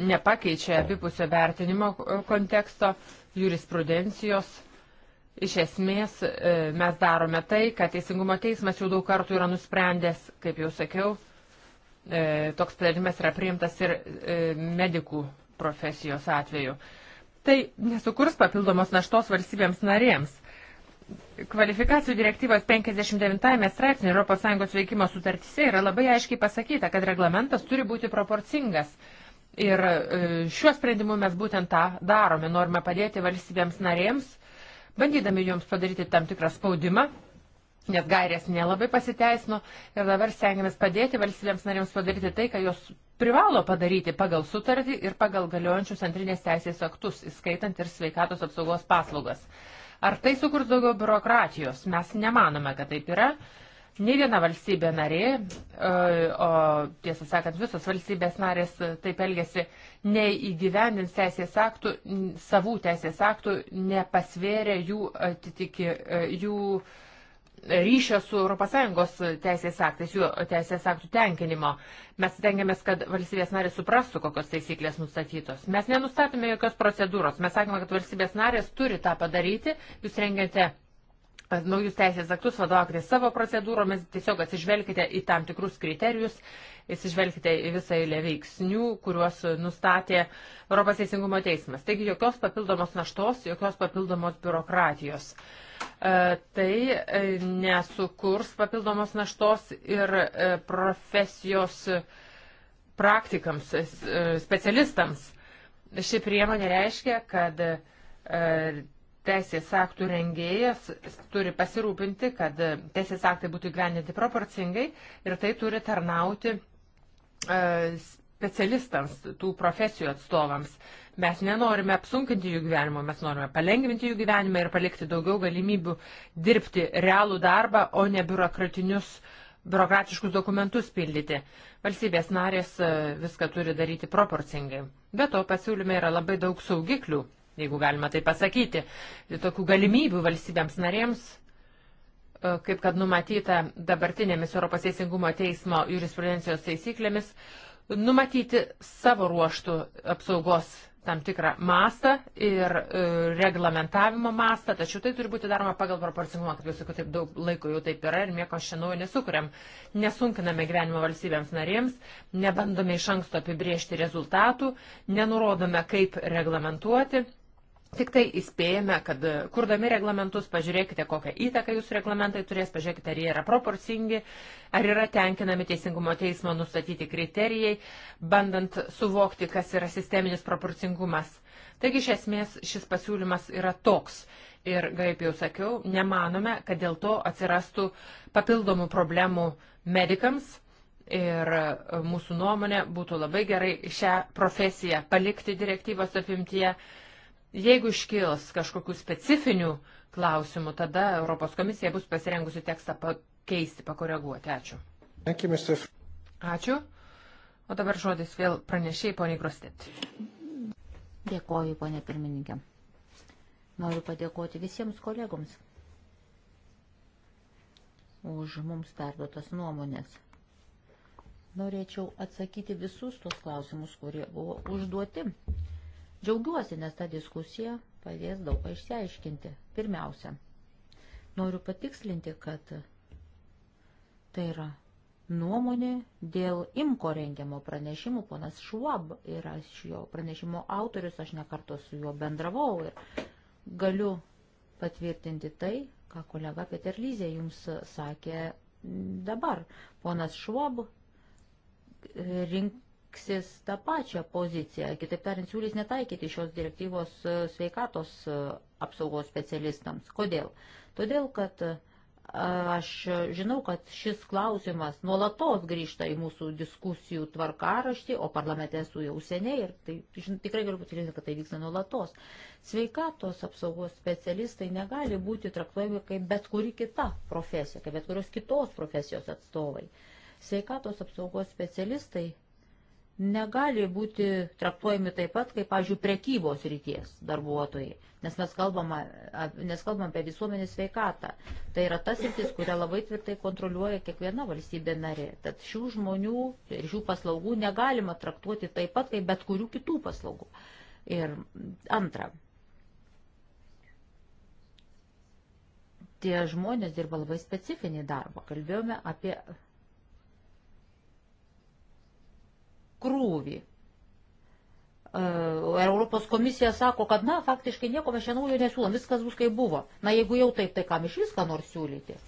nepakeičia abipusio vertinimo konteksto, jurisprudencijos. Iš esmės e, mes darome tai, kad Teisingumo teismas jau daug kartų yra nusprendęs, kaip jau sakiau, e, toks sprendimas yra priimtas ir e, medikų profesijos atveju. Tai nesukurs papildomos naštos valstybėms narėms. Kvalifikacijų direktyvos 59 straipsnė ES veikimo sutartyse yra labai aiškiai pasakyta, kad reglamentas turi būti proporcingas. Ir e, šiuo sprendimu mes būtent tą darome. Norime padėti valstybėms narėms, bandydami joms padaryti tam tikrą spaudimą, nes gairės nelabai pasiteisino. Ir dabar stengiamės padėti valstybėms narėms padaryti tai, ką jos privalo padaryti pagal sutartį ir pagal galiojančius antrinės teisės aktus, įskaitant ir sveikatos apsaugos paslaugas. Ar tai sukurs daugiau biurokratijos? Mes nemanome, kad taip yra. Ne viena valstybė narė, e, o tiesą sakant, visos valstybės narės taip elgesi, neįgyvendins teisės aktų, savų teisės aktų, nepasvėrė jų, atitiki, e, jų uh, ryšio su ES teisės aktais, jų teisės aktų tenkinimo. Mes tengiamės, kad valstybės narės suprastų, kokios taisyklės nustatytos. Mes nenustatome jokios procedūros. Mes sakome, kad valstybės narės turi tą padaryti. Jūs rengiate e, naujus teisės aktus, vadovaukite savo procedūromis, tiesiog atsižvelkite į tam tikrus kriterijus, atsižvelkite į visą eilę veiksnių, kuriuos nustatė Europos Teisingumo teismas. Taigi jokios papildomos naštos, jokios papildomos biurokratijos. Uh, E, tai e, nesukurs papildomos naštos ir e, profesijos praktikams, specialistams. Ši priemonė reiškia, kad teisės aktų rengėjas turi pasirūpinti, kad teisės aktai būtų įgyvendinti proporcingai ir tai turi tarnauti specialistams, tų profesijų atstovams. Mes nenorime apsunkinti jų gyvenimo, mes norime palengvinti jų gyvenimą ir palikti daugiau galimybių dirbti realų darbą, o ne biurokratinius, biurokratiškus dokumentus pildyti. Valstybės narės e, viską turi daryti proporcingai. Be to pasiūlyme yra labai daug saugiklių, jeigu galima tai pasakyti, tokių galimybių valstybėms narėms e, kaip kad numatyta dabartinėmis Europos Teisingumo teismo jurisprudencijos taisyklėmis, uh, numatyti savo ruoštų apsaugos tam tikrą mastą ir e, reglamentavimo mastą, tačiau tai turi būti daroma pagal proporcingumą, kaip jūs sakote, taip daug laiko jau taip yra ir nieko šiandien nesukuriam, nesunkiname gyvenimo valstybėms narėms, nebandome iš anksto apibriežti rezultatų, nenurodome, kaip reglamentuoti Tik tai įspėjame, kad e, kurdami reglamentus, pažiūrėkite, kokią įtaką jūsų reglamentai turės, pažiūrėkite, ar jie yra proporcingi, ar yra tenkinami teisingumo teismo nustatyti kriterijai, bandant suvokti, kas yra sisteminis proporcingumas. Taigi, iš esmės, šis pasiūlymas yra toks. Ir, kaip jau sakiau, nemanome, kad dėl to atsirastų papildomų problemų medikams. Ir e, mūsų nuomonė būtų labai gerai šią profesiją palikti direktyvos apimtyje Jeigu iškils kažkokių specifinių klausimų, tada Europos komisija bus pasirengusi tekstą pakeisti, pakoreguoti. Ačiū. Ačiū. O dabar žodis vėl pranešiai, poniai Grostit. Dėkoju, ponė pirmininkė. Noriu padėkoti visiems kolegoms už mums perduotas nuomonės. Norėčiau atsakyti visus tos klausimus, kurie buvo užduoti. Džiaugiuosi, nes ta diskusija padės daug ką išsiaiškinti. Pirmiausia, noriu patikslinti, kad tai yra nuomonė dėl imko rengiamo pranešimų. Ponas Šuab yra šio pranešimo autorius, aš nekarto su juo bendravau ir galiu patvirtinti tai, ką kolega Peterlyzė jums sakė dabar. Ponas Šuab rink, laiksis tą pačią poziciją, kitaip tariant, siūlys netaikyti šios direktyvos e, sveikatos e, apsaugos specialistams. Kodėl? Todėl, kad e, aš žinau, kad šis klausimas nuolatos grįžta į mūsų diskusijų tvarkaraštį, o parlamente esu jau seniai ir tai, žin, tikrai galiu patvirtinti, kad tai vyksta nuolatos. Sveikatos apsaugos specialistai negali būti traktuojami kaip bet kuri kita profesija, kaip bet kurios kitos profesijos atstovai. Sveikatos apsaugos specialistai negali būti traktuojami taip pat, kaip, pavyzdžiui, prekybos ryties darbuotojai, nes mes kalbame, nes kalbame apie visuomenės sveikatą. Tai yra tas rytis, kurią labai tvirtai kontroliuoja kiekviena valstybė narė. Tad šių žmonių ir šių paslaugų negalima traktuoti taip pat, kaip bet kurių kitų paslaugų. Ir antra. Tie žmonės dirba labai specifinį darbą. Kalbėjome apie krūvį. E, Europos komisija sako, kad, na, faktiškai nieko mes čia naujo nesiūlom, viskas bus kaip buvo. Na, jeigu jau taip, tai kam iš viską nors siūlyti?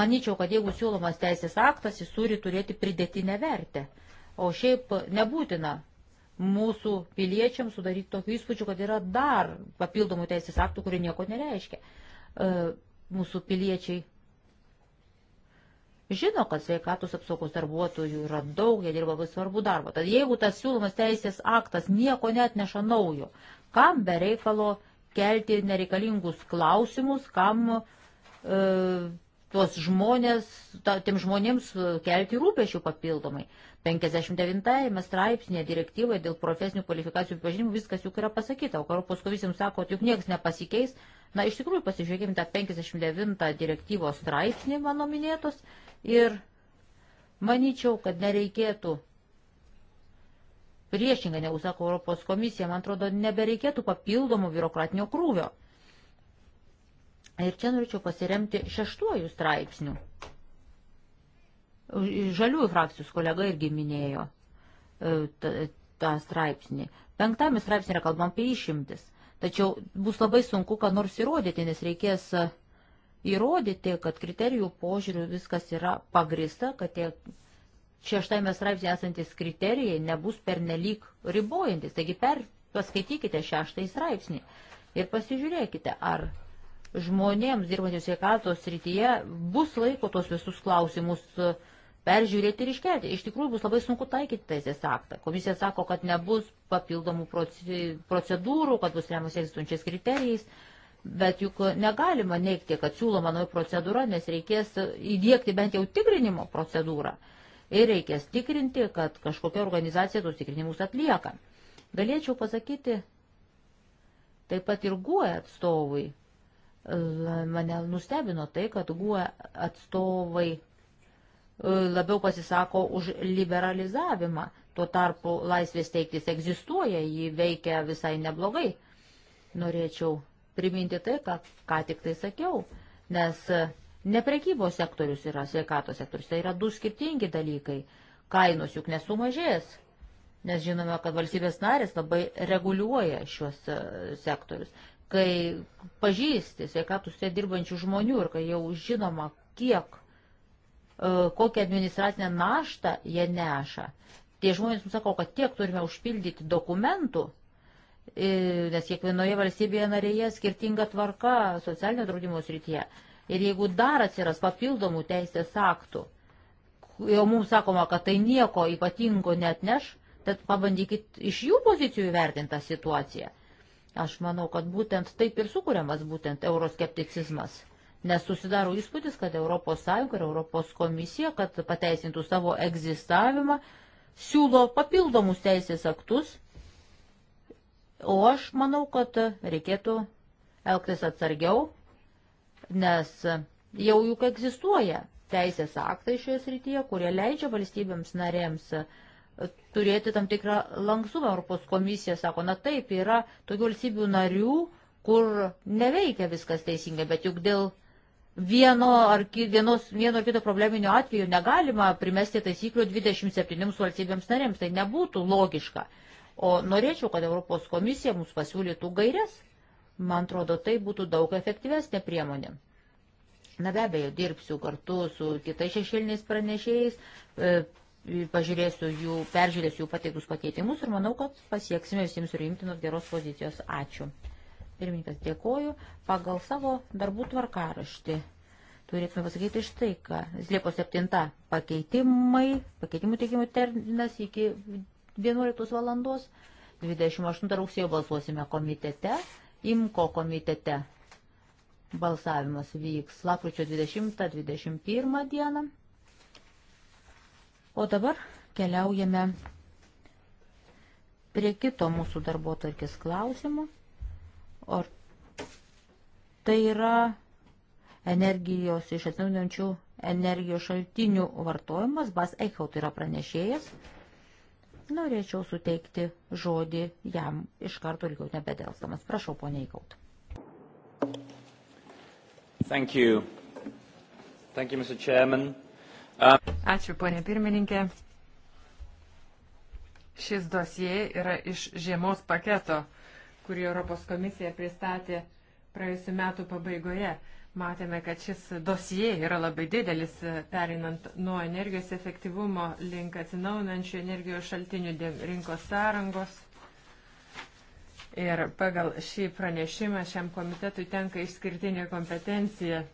Maničiau, kad jeigu siūlomas teisės aktas, jis turi turėti pridėtinę vertę. O šiaip nebūtina mūsų piliečiams sudaryti tokių įspūdžių, kad yra dar papildomų teisės aktų, kurie nieko nereiškia. E, mūsų piliečiai žino, kad sveikatos apsaugos darbuotojų yra daug, jie dirba labai svarbu darbą. Tad jeigu tas siūlomas teisės aktas nieko net neša naujo, kam be reikalo kelti nereikalingus klausimus, kam e, tuos žmonės, ta, tiem žmonėms kelti rūpešių papildomai. 59 straipsnėje direktyvoje dėl profesinių kvalifikacijų pažinimų viskas juk yra pasakyta, o Europos komisija jums sako, juk niekas nepasikeis. Na, iš tikrųjų, pasižiūrėkime tą 59 direktyvos straipsnį mano minėtos ir manyčiau, kad nereikėtų priešingai, negu sako Europos komisija, man atrodo, nebereikėtų papildomų biurokratinio krūvio. Ir čia norėčiau pasiremti šeštuoju straipsniu, Žaliųjų frakcijos kolega irgi minėjo e, tą straipsnį. Penktame straipsnė yra kalbama apie išimtis. Tačiau bus labai sunku, ką nors įrodyti, nes reikės e, įrodyti, kad kriterijų požiūrių viskas yra pagrista, kad tie šeštame straipsnė esantis kriterijai nebus pernelyg ribojantis. Taigi per, paskaitykite šeštąjį straipsnį ir pasižiūrėkite, ar žmonėms dirbantys sveikatos srityje bus laiko tos visus klausimus uh, peržiūrėti ir iškelti. Iš tikrųjų bus labai sunku taikyti teisės aktą. Komisija sako, kad nebus papildomų procedūrų, kad bus remiamas egzistuojančiais kriterijais, bet juk negalima neikti, kad siūloma nauja procedūra, nes reikės įdėkti bent jau tikrinimo procedūrą ir reikės tikrinti, kad kažkokia organizacija tuos tikrinimus atlieka. Galėčiau pasakyti taip pat ir GUE atstovui. E, mane nustebino tai, kad GUE atstovai E, labiau pasisako už liberalizavimą. Tuo tarpu laisvės teiktis egzistuoja, jį veikia visai neblogai. Norėčiau priminti tai, ką, ką tik tai sakiau, nes ne prekybos sektorius yra sveikatos sektorius, tai yra du skirtingi dalykai. Kainos juk nesumažės, nes žinome, kad valstybės narės labai reguliuoja šiuos e, sektorius. Kai pažįsti sveikatus čia dirbančių žmonių ir kai jau žinoma, kiek E, kokią administracinę naštą jie neša. Tie žmonės mums sako, kad tiek turime užpildyti dokumentų, e, nes kiekvienoje valstybėje narėje skirtinga tvarka socialinio draudimo srityje. Ir jeigu dar atsiras papildomų teisės aktų, jau mums sakoma, kad tai nieko ypatingo net neš, tad pabandykit iš jų pozicijų įvertinti tą situaciją. Aš manau, kad būtent taip ir sukūriamas būtent euroskepticizmas. Nes susidaro įspūdis, kad ES ir ES komisija, kad pateisintų savo egzistavimą, siūlo papildomus teisės aktus. O aš manau, kad reikėtų elgtis atsargiau, nes jau juk egzistuoja teisės aktai šioje srityje, kurie leidžia valstybėms narėms turėti tam tikrą lankstumą. Europos komisija sako, na taip, yra tokių valstybių narių, kur neveikia viskas teisingai, bet juk dėl vieno ar vienos, vieno ar kito probleminio atveju negalima primesti taisyklių 27 valstybėms narėms. Tai nebūtų logiška. O norėčiau, kad Europos komisija mums pasiūlytų gairias. Man atrodo, tai būtų daug efektyvesnė priemonė. Na be abejo, dirbsiu kartu su kitais šešėliniais pranešėjais, e, pažiūrėsiu jų, peržiūrėsiu jų pateiktus pakeitimus ir manau, kad pasieksime visiems rimtinos geros pozicijos. Ačiū. Pirmininkas dėkoju. Pagal savo darbų tvarkaraštį turėtume pasakyti štai, kad Liepos 7 pakeitimai, pakeitimų teikimų terminas iki 11 valandos, 28 rugsėjo balsuosime komitete, IMKO komitete balsavimas vyks lapkričio 20-21 dieną. O dabar keliaujame prie kito mūsų darbo tvarkės klausimų. Ar tai yra energijos iš atsinaujančių energijos šaltinių vartojimas, Bas Eichhaut tai yra pranešėjas. Norėčiau suteikti žodį jam iš karto ilgiau nebedelstamas. Prašau, ponia Eichhaut. Thank you. Thank you, Mr. Chairman. Um... Ačiū, ponia pirmininkė. Šis dosie yra iš žiemos paketo kurį Europos komisija pristatė praėjusiu metu pabaigoje. Matėme, kad šis dosie yra labai didelis, perinant nuo energijos efektyvumo link atsinaunančių energijos šaltinių rinkos sąrangos. Ir pagal šį pranešimą šiam komitetui tenka išskirtinė kompetencija,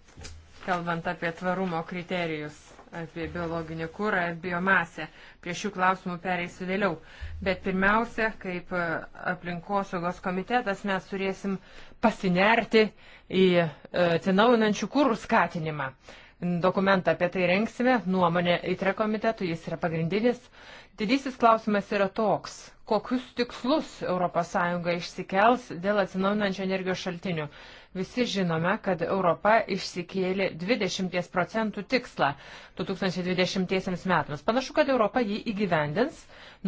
kalbant apie tvarumo kriterijus apie biologinį kūrą ir biomasę. Prie šių klausimų pereisiu vėliau. Bet pirmiausia, kaip e, aplinkosaugos komitetas, mes turėsim pasinerti į e, atsinaujinančių kūrų skatinimą. Dokumentą apie tai renksime, nuomonė įtre komitetų, jis yra pagrindinis. Didysis klausimas yra toks, kokius tikslus ES išsikels dėl atsinaujinančio energijos šaltinių. Visi žinome, kad Europa išsikėlė 20 procentų tikslą 2020 metams. Panašu, kad Europa jį įgyvendins,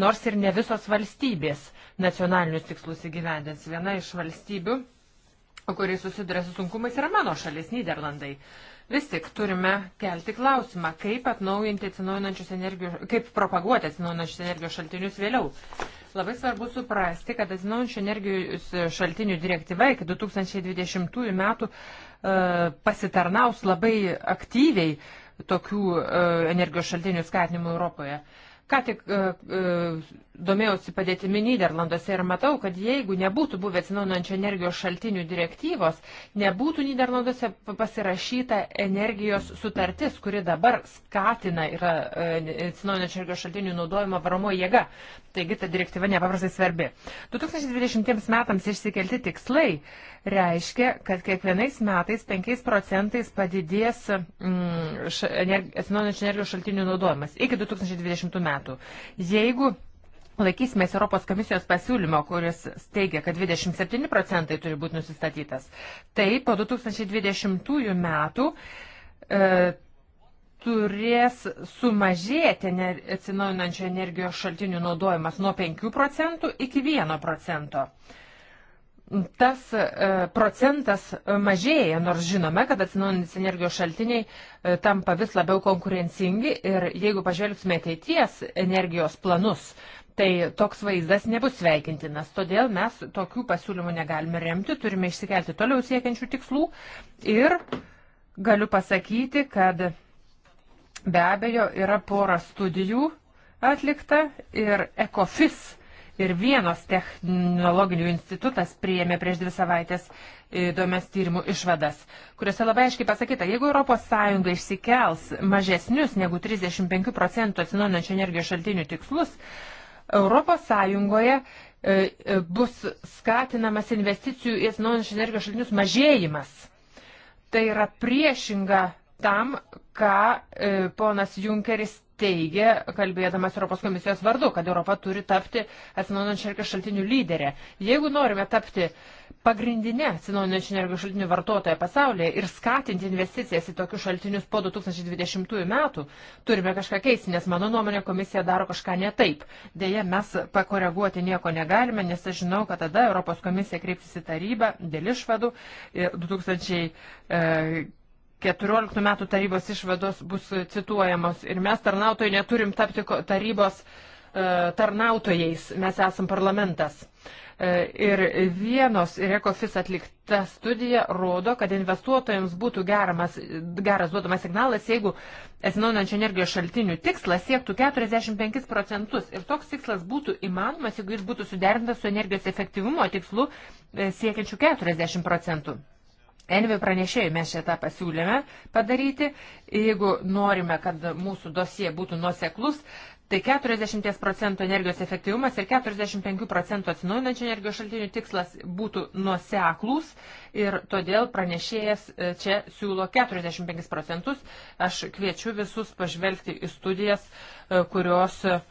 nors ir ne visos valstybės nacionalinius tikslus įgyvendins. Viena iš valstybių, kuri susiduria su sunkumais, yra mano šalis, Niderlandai. Vis tik turime kelti klausimą, kaip atnaujinti atsinaujinančius energijos, kaip propaguoti atsinaujinančius energijos šaltinius vėliau. Labai svarbu suprasti, kad atsinaujančių energijos šaltinių direktyva iki 2020 metų e, pasitarnaus labai aktyviai tokių e, energijos šaltinių skatinimų Europoje. Ką tik e, domėjausi padėtimi Niderlanduose ir matau, kad jeigu nebūtų buvę atsinaunančio energijos šaltinių direktyvos, nebūtų Niderlanduose pasirašyta energijos sutartis, kuri dabar skatina yra e, atsinaunančio energijos šaltinių naudojimo varomo jėga. Taigi ta direktyva nepaprastai svarbi. 2020 metams išsikelti tikslai reiškia, kad kiekvienais metais 5 procentais padidės mm, atsinaunančio energijos šaltinių naudojimas iki 2020 metų. Jeigu laikysimės Europos komisijos pasiūlymo, kuris teigia, kad 27 procentai turi būti nusistatytas, tai po 2020 metų e, turės sumažėti atsinaujinančio energijos šaltinių naudojimas nuo 5 procentų iki 1 procento. Tas e, procentas mažėja, nors žinome, kad atsinaujinantis energijos šaltiniai e, tampa vis labiau konkurencingi ir jeigu pažvelgsime ateities energijos planus, tai toks vaizdas nebus sveikintinas. Todėl mes tokių pasiūlymų negalime remti, turime išsikelti toliau siekiančių tikslų ir galiu pasakyti, kad be abejo yra pora studijų atlikta ir ECOFIS ir vienos technologinių institutas priėmė prieš dvi savaitės įdomias tyrimų išvadas, kuriuose labai aiškiai pasakyta, jeigu ES išsikels mažesnius negu 35 procentų atsinaujančio energijos šaltinių tikslus, Europos Sąjungoje e, e, bus skatinamas investicijų į atsinaujančius energijos šaltinius mažėjimas. Tai yra priešinga tam, ką e, ponas Junkeris teigia, kalbėdamas Europos komisijos vardu, kad Europa turi tapti atsinaujančių energijos šaltinių lyderė. Jeigu norime tapti pagrindinė atsinaujinančių energijos šaltinių vartotoja pasaulyje ir skatinti investicijas į tokius šaltinius po 2020 metų, turime kažką keisti, nes mano nuomonė komisija daro kažką ne taip. Deja, mes pakoreguoti nieko negalime, nes aš žinau, kad tada Europos komisija kreipsis į tarybą dėl išvadų 2000. E, 14 e, metų tarybos išvados bus cituojamos ir mes tarnautojai neturim tapti tarybos e, tarnautojais, mes esam parlamentas. Uh, E, ir vienos ir ekofis atlikta studija rodo, kad investuotojams būtų geramas, geras duodamas signalas, jeigu atsinaujinančio energijos šaltinių tikslas siektų 45 procentus. Ir toks tikslas būtų įmanomas, jeigu jis būtų suderintas su energijos efektyvumo tikslu e, siekiančiu 40 procentų. Envi pranešėjai mes šitą pasiūlėme padaryti. Jeigu norime, kad mūsų dosie būtų nuoseklus, Tai 40 procentų energijos efektyvumas ir 45 procentų atsinaujinančių energijos šaltinių tikslas būtų nuoseklus ir todėl pranešėjas e, čia siūlo 45 procentus. Aš kviečiu visus pažvelgti į studijas, e, kurios uh,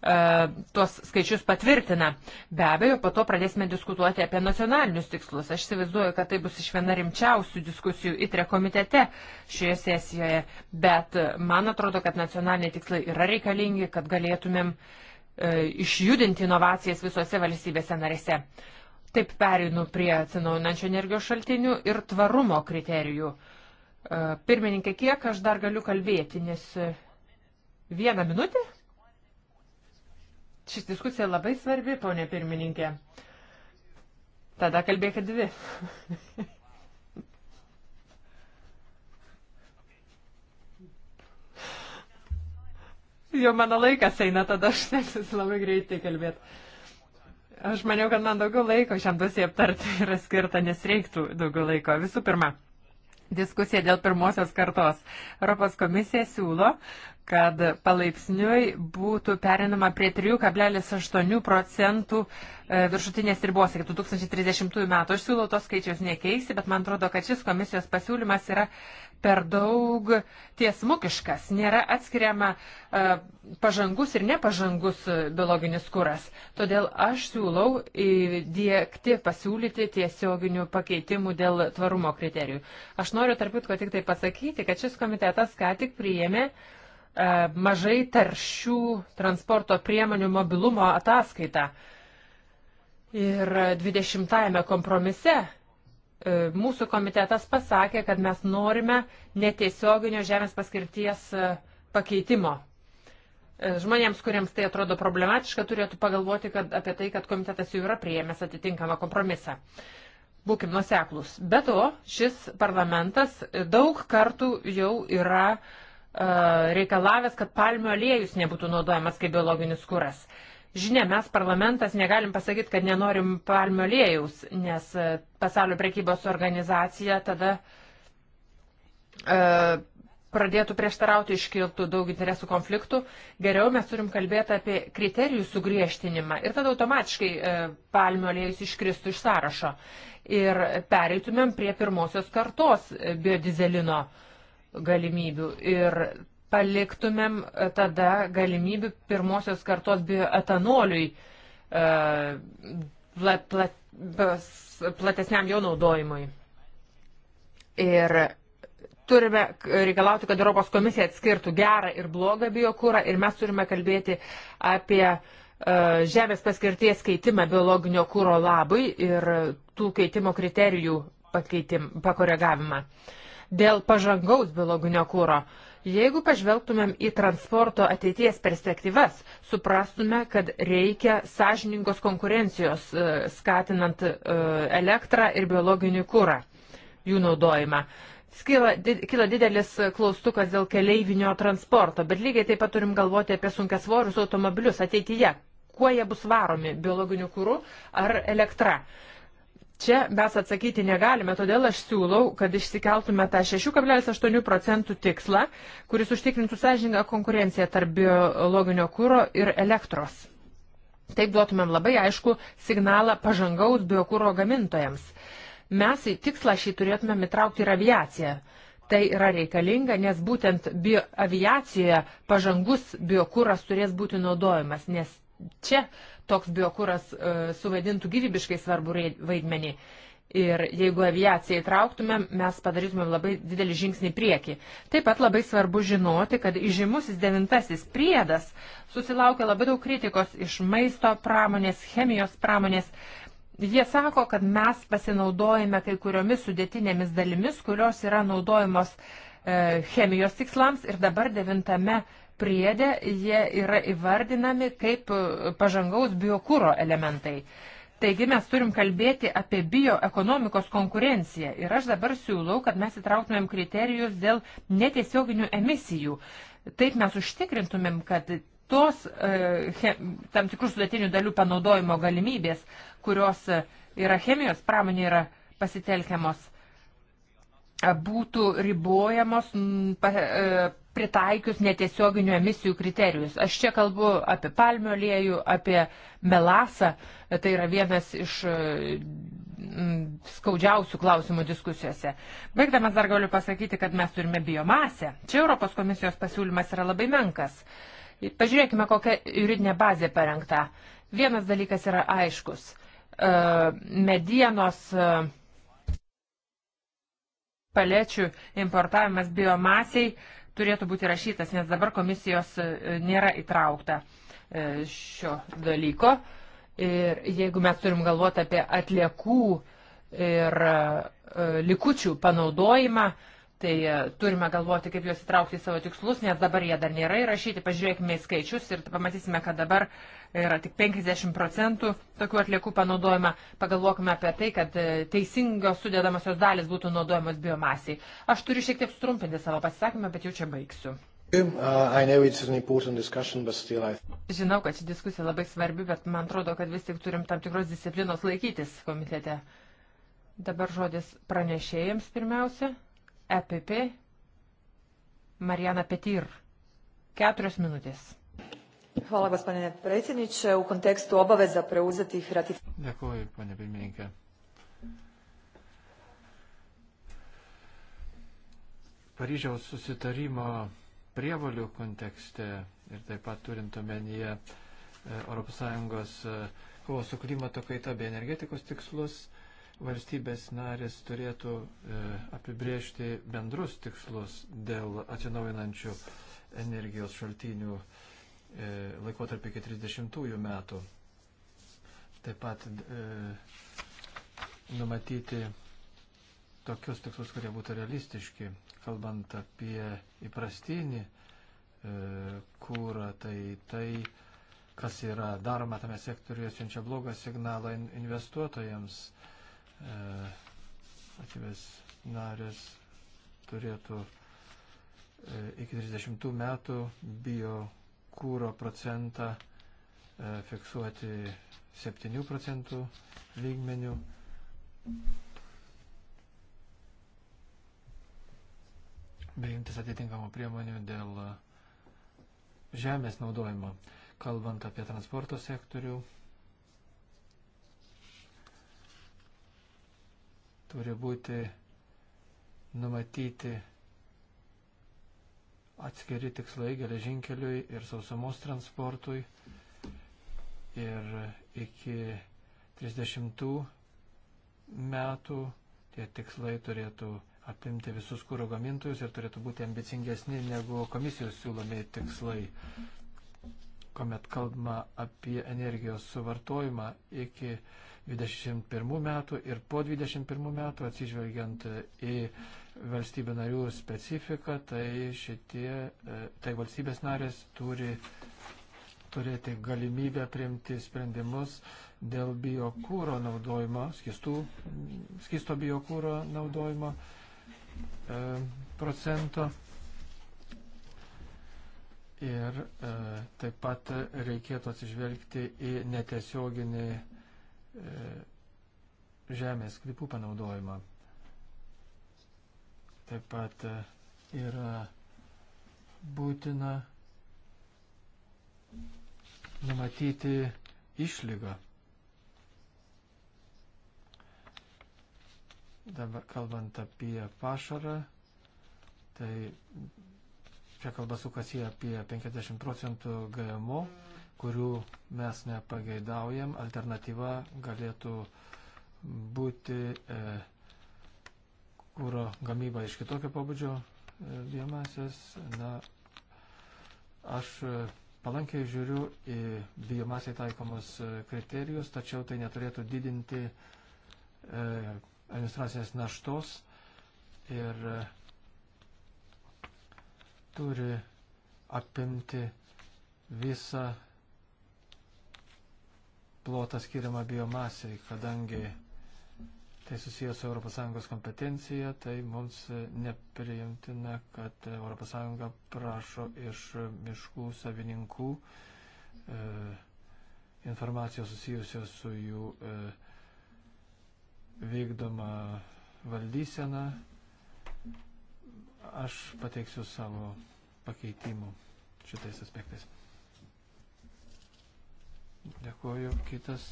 E, tuos skaičius patvirtina. Be abejo, po to pradėsime diskutuoti apie nacionalinius tikslus. Aš įsivaizduoju, kad tai bus iš viena rimčiausių diskusijų ITRE komitete šioje sesijoje, bet man atrodo, kad nacionaliniai tikslai yra reikalingi, kad galėtumėm e, išjudinti inovacijas visose valstybėse narėse. Taip perinu prie atsinaujinančių energijos šaltinių ir tvarumo kriterijų. E, pirmininkė, kiek aš dar galiu kalbėti, nes e, vieną minutę? Šis diskusija labai svarbi, ponė pirmininkė. Tada kalbėkit dvi. Jau mano laikas eina, tada aš stengsiuosi labai greitai kalbėti. Aš maniau, kad man daugiau laiko šiam dosiai aptarti yra skirta, nes reiktų daugiau laiko. Visų pirma, diskusija dėl pirmosios kartos. Europos komisija siūlo, kad palaipsniui būtų perinama prie 3,8 procentų e, viršutinės ribos iki 2030 metų. Aš siūlau tos skaičius nekeisti, bet man atrodo, kad šis komisijos pasiūlymas yra per daug tiesmukiškas. Nėra atskiriama e, pažangus ir nepažangus biologinis kuras. Todėl aš siūlau įdėkti, pasiūlyti tiesioginių pakeitimų dėl tvarumo kriterijų. Aš noriu tarp kitko tik tai pasakyti, kad šis komitetas ką tik priėmė uh, E, mažai taršių transporto priemonių mobilumo ataskaitą. Ir 20-ame kompromise e, mūsų komitetas pasakė, kad mes norime netiesioginio žemės paskirties e, pakeitimo. Žmonėms, kuriems tai atrodo problematiška, turėtų pagalvoti kad, apie tai, kad komitetas jau yra prieėmęs atitinkamą kompromisą. Būkim nuseklus. Be to, šis parlamentas daug kartų jau yra uh, E, reikalavęs, kad palmių aliejus nebūtų naudojamas kaip biologinis kuras. Žinia, mes parlamentas negalim pasakyti, kad nenorim palmių aliejus, nes e, pasaulio prekybos organizacija tada e, pradėtų prieštarauti iškiltų daug interesų konfliktų. Geriau mes turim kalbėti apie kriterijų sugriežtinimą ir tada automatiškai e, palmių aliejus iškristų iš sąrašo ir pereitumėm prie pirmosios kartos e, biodizelino. E, galimybių ir paliktumėm tada galimybių pirmosios kartos bioetanoliui plat, e, plat, platesniam jo naudojimui. Ir turime reikalauti, kad Europos komisija atskirtų gerą ir blogą biokūrą ir mes turime kalbėti apie e, žemės paskirties keitimą biologinio kūro labui ir tų keitimo kriterijų pakeitim, pakoregavimą. Uh, dėl pažangaus biologinio kūro. Jeigu pažvelgtumėm į transporto ateities perspektyvas, suprastume, kad reikia sąžiningos konkurencijos e, skatinant e, elektrą ir biologinį kūrą, jų naudojimą. Skila, did, kila didelis klaustukas dėl keleivinio transporto, bet lygiai taip pat turim galvoti apie sunkiasvorius automobilius ateityje. Kuo jie bus varomi - biologiniu kūru ar elektra? Uh, Čia mes atsakyti negalime, todėl aš siūlau, kad išsikeltume tą 6,8 procentų tikslą, kuris užtikrintų sąžiningą konkurenciją tarp biologinio kūro ir elektros. Taip duotumėm labai aišku signalą pažangaus biokūro gamintojams. Mes į tikslą šį turėtumėm įtraukti ir aviaciją. Tai yra reikalinga, nes būtent bio, aviacijoje pažangus biokūras turės būti naudojamas, nes čia toks biokuras e, suvaidintų gyvybiškai svarbu vaidmenį. Ir jeigu aviaciją įtrauktumėm, mes padarytumėm labai didelį žingsnį priekį. Taip pat labai svarbu žinoti, kad įžymusis devintasis priedas susilaukia labai daug kritikos iš maisto pramonės, chemijos pramonės. Jie sako, kad mes pasinaudojame kai kuriomis sudėtinėmis dalimis, kurios yra naudojamos e, chemijos tikslams ir dabar devintame priedė jie yra įvardinami kaip e, pažangaus biokūro elementai. Taigi mes turim kalbėti apie bioekonomikos konkurenciją. Ir aš dabar siūlau, kad mes įtrauktumėm kriterijus dėl netiesioginių emisijų. Taip mes užtikrintumėm, kad tos e, tam tikrų sudėtinių dalių panaudojimo galimybės, kurios e, yra chemijos pramonė, yra pasitelkiamos, e, būtų ribojamos. Pa, e, pritaikius netiesioginių emisijų kriterijus. Aš čia kalbu apie palmių aliejų, apie melasą. Tai yra vienas iš e, skaudžiausių klausimų diskusijose. Baigdamas dar galiu pasakyti, kad mes turime biomasę. Čia Europos komisijos pasiūlymas yra labai menkas. Pažiūrėkime, kokia juridinė bazė parengta. Vienas dalykas yra aiškus. E, medienos e, palečių importavimas biomasiai turėtų būti rašytas, nes dabar komisijos e, nėra įtraukta e, šio dalyko. Ir jeigu mes turim galvoti apie atliekų ir e, likučių panaudojimą, tai turime galvoti, kaip juos įtraukti į savo tikslus, nes dabar jie dar nėra įrašyti. Pažiūrėkime į skaičius ir pamatysime, kad dabar uh, yra tik 50 procentų tokių atliekų panaudojama. Pagalvokime apie tai, kad e, teisingos sudėdamosios dalis būtų naudojamos biomasiai. Aš turiu šiek tiek sutrumpinti savo pasisakymą, bet jau čia baigsiu. Uh, Žinau, kad ši diskusija labai svarbi, bet man atrodo, kad vis tik turim tam tikros disciplinos laikytis komitete. Dabar žodis pranešėjams pirmiausia. EPP Marijana Petir. Keturios minutės. Hvala, gospodine predsjedniče. U kontekstu obaveza preuzetih ratifikacija... Dėkuoju, ponė pirmininkė. Paryžiaus susitarimo prievalių kontekste ir taip pat turint omenyje ES e, kovos su klimato kaita bei energetikos tikslus, valstybės narės turėtų e, apibriežti bendrus tikslus dėl atsinaujinančių energijos šaltinių E, laikotarpį iki 30 metų. Taip pat e, numatyti tokius tikslus, kurie būtų realistiški, kalbant apie įprastinį e, kūrą, tai tai, kas yra daroma tame sektoriuje, siunčia blogą signalą in, investuotojams. E, Akivės narės turėtų e, iki 30 metų bio kūro procentą e, fiksuoti 7 procentų lygmenių. bei imtis atitinkamų priemonių dėl žemės naudojimo. Kalbant apie transporto sektorių, turi būti numatyti atskiri tikslai geležinkeliui ir sausumos transportui. Ir iki 30 metų tie tikslai turėtų apimti visus kūro gamintojus ir turėtų būti ambicingesni negu komisijos siūlomi tikslai kuomet kalbama apie energijos suvartojimą iki 21 metų ir po 21 metų, atsižvelgiant į valstybių narių specifiką, tai, šitie, e, tai valstybės narės turi turėti galimybę priimti sprendimus dėl biokūro naudojimo, skistų, skisto biokūro naudojimo e, procento. Ir e, taip pat reikėtų atsižvelgti į netiesioginį e, žemės klipų panaudojimą. Taip pat e, yra būtina numatyti išlygą. Dabar kalbant apie pašarą, tai Čia kalba sukasi apie 50 procentų GMO, kurių mes nepageidaujam. Alternatyva galėtų būti e, kūro gamyba iš kitokio pabudžio e, biomasės. Na, aš e, palankiai žiūriu į biomasai taikomus e, kriterijus, tačiau tai neturėtų didinti e, administracinės naštos ir e, turi apimti visą plotą skiriamą biomasiai, kadangi tai susijęs su ES kompetencija, tai mums nepriimtina, kad ES prašo iš miškų savininkų e, informacijos susijusios su jų e, vykdoma valdysena, Aš pateiksiu savo pakeitimų šitais aspektais. Dėkuoju. Kitas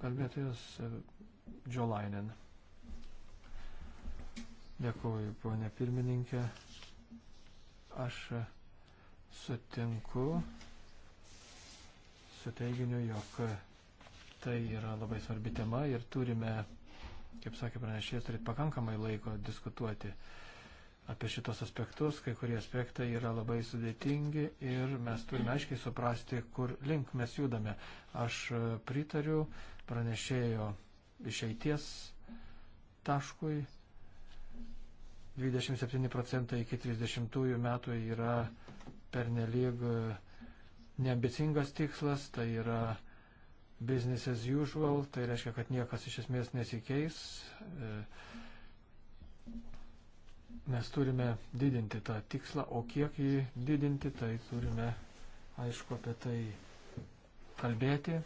kalbėtojas Džolainen. E, Dėkuoju, ponė pirmininkė. Aš sutinku su teiginiu, jog tai yra labai svarbi tema ir turime, kaip sakė pranešėjas, turėti pakankamai laiko diskutuoti. Uh, apie šitos aspektus. Kai kurie aspektai yra labai sudėtingi ir mes turime aiškiai suprasti, kur link mes judame. Aš e, pritariu pranešėjo išeities taškui. 27 procentai iki 30 metų yra pernelyg e, neambicingas tikslas, tai yra business as usual, tai reiškia, kad niekas iš esmės nesikeis. E, mes turime didinti tą tikslą, o kiek jį didinti, tai turime aišku apie tai kalbėti,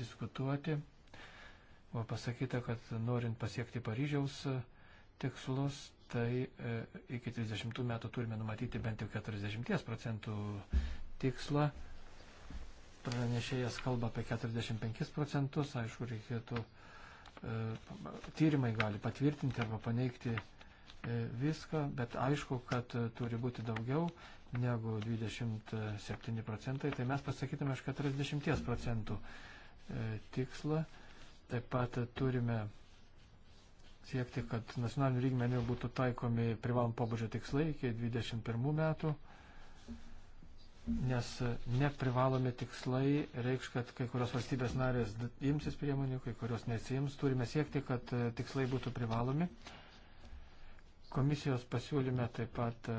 diskutuoti. Buvo pasakyta, kad norint pasiekti Paryžiaus tikslus, tai e, iki 30 metų turime numatyti bent jau 40 procentų tikslą. Pranešėjas kalba apie 45 procentus, aišku, reikėtų, e, tyrimai gali patvirtinti arba paneigti E, viską, bet aišku, kad e, turi būti daugiau negu 27 procentai, tai mes pasakytume iš 40 procentų e, tikslą. Taip pat turime siekti, kad nacionalinių lygmenių būtų taikomi privalom pobūdžio tikslai iki 21 metų, nes neprivalomi tikslai reikš, kad kai kurios valstybės narės imsis priemonių, kai kurios nesijims. Turime siekti, kad tikslai būtų privalomi. Uh, Komisijos pasiūlyme taip pat e,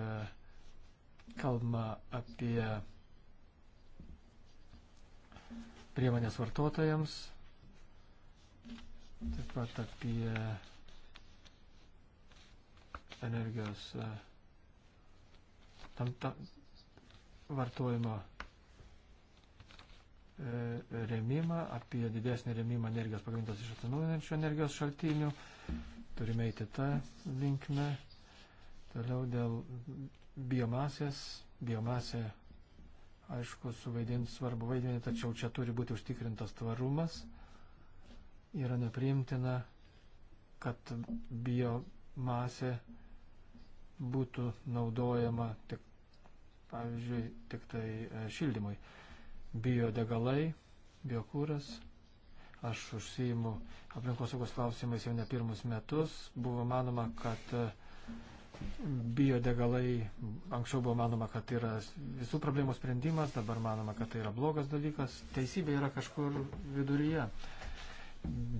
kalbama apie priemonės vartotojams, taip pat apie energijos e, tam, tam, vartojimo e, remimą, apie didesnį remimą energijos pagamintos iš atsinaujinančių energijos šaltinių turime eiti tą linkmę. Toliau dėl biomasės. Biomasė, aišku, suvaidins svarbu vaidmenį, tačiau čia turi būti užtikrintas tvarumas. Yra nepriimtina, kad biomasė būtų naudojama tik, pavyzdžiui, tik tai e, šildymui. Biodegalai, biokūras Aš užsijimu aplinkosaugos klausimais jau ne pirmus metus. Buvo manoma, kad e, biodegalai, anksčiau buvo manoma, kad tai yra visų problemų sprendimas, dabar manoma, kad tai yra blogas dalykas. Teisybė yra kažkur viduryje.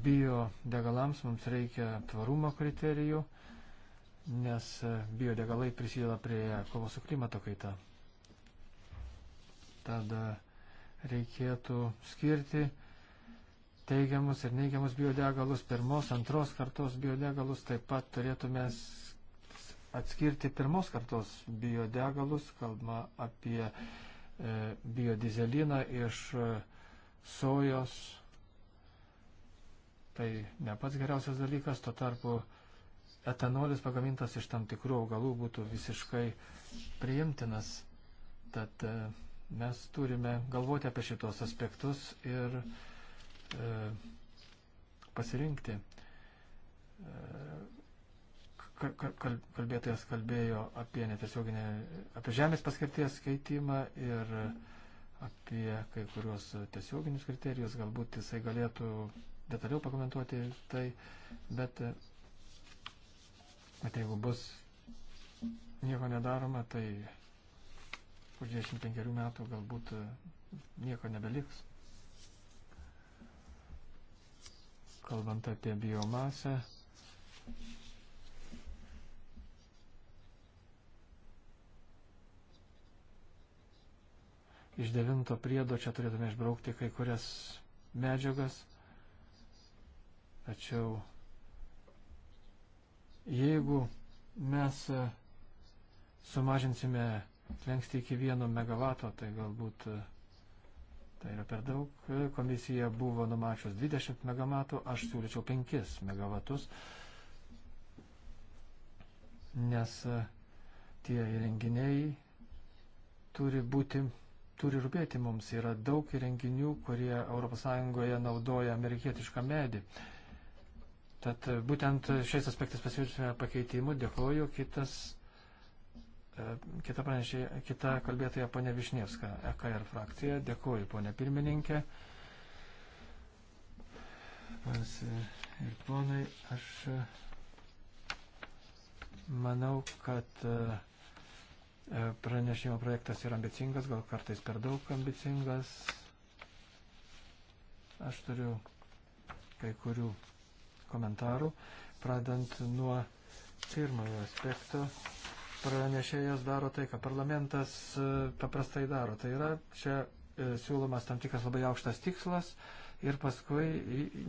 Biodegalams mums reikia tvarumo kriterijų, nes e, biodegalai prisideda prie kovos su klimato kaita tada reikėtų skirti teigiamus ir neigiamus biodegalus, pirmos, antros kartos biodegalus, taip pat turėtume atskirti pirmos kartos biodegalus, kalbama apie e, biodizeliną iš e, sojos. Tai ne pats geriausias dalykas, tuo tarpu etanolis pagamintas iš tam tikrų augalų būtų visiškai priimtinas. Tad e, mes turime galvoti apie šitos aspektus ir e, E, pasirinkti. E, kalbėtojas kalbėjo apie netiesioginę, apie žemės paskirties keitimą ir apie kai kuriuos tiesioginius kriterijus, galbūt jisai galėtų detaliau pakomentuoti tai, bet, bet jeigu bus nieko nedaroma, tai po 25 metų galbūt nieko nebeliks. kalbant apie biomasę. Iš devinto priedo čia turėtume išbraukti kai kurias medžiagas, tačiau jeigu mes e, sumažinsime slengsti iki vieno megavato, tai galbūt uh, Tai yra per daug. Komisija buvo numačius 20 MW, aš siūlyčiau 5 MW, nes e, tie įrenginiai turi būti, turi rūpėti mums. Yra daug įrenginių, kurie ES naudoja amerikietišką medį. Tad e, būtent šiais aspektais pasiūlysime pakeitimų. Dėkuoju. Kitas E, kita, pranešė, kita kalbėtoja ponė Višnievska, EKR frakcija. Dėkuoju, ponė pirmininkė. Pas ir ponai, aš e, manau, kad e, pranešimo projektas yra ambicingas, gal kartais per daug ambicingas. Aš turiu kai kurių komentarų, pradant nuo pirmojo aspekto pranešėjas daro tai, ką parlamentas e, paprastai daro. Tai yra čia e, siūlomas tam tikras labai aukštas tikslas ir paskui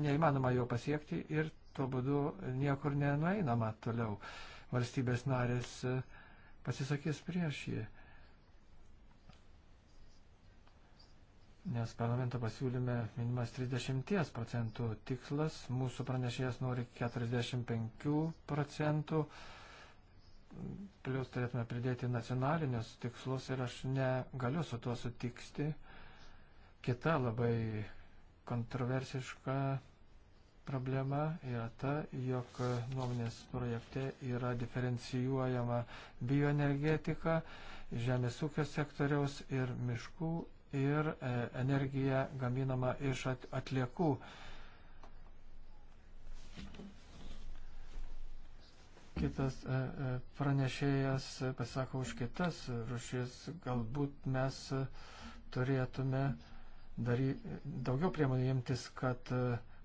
neįmanoma jo pasiekti ir tuo būdu niekur nenueinama toliau. Valstybės narės e, pasisakys prieš jį. Nes parlamento pasiūlyme minimas 30 procentų tikslas, mūsų pranešėjas nori 45 procentų plus turėtume pridėti nacionalinius tikslus ir aš negaliu su tuo sutiksti. Kita labai kontroversiška problema yra ta, jog nuomonės projekte yra diferencijuojama bioenergetika, žemės ūkio sektoriaus ir miškų ir e, energija gaminama iš atliekų. kitas e, e, pranešėjas e, pasako už kitas rušis, galbūt mes turėtume dary, daugiau priemonių imtis, kad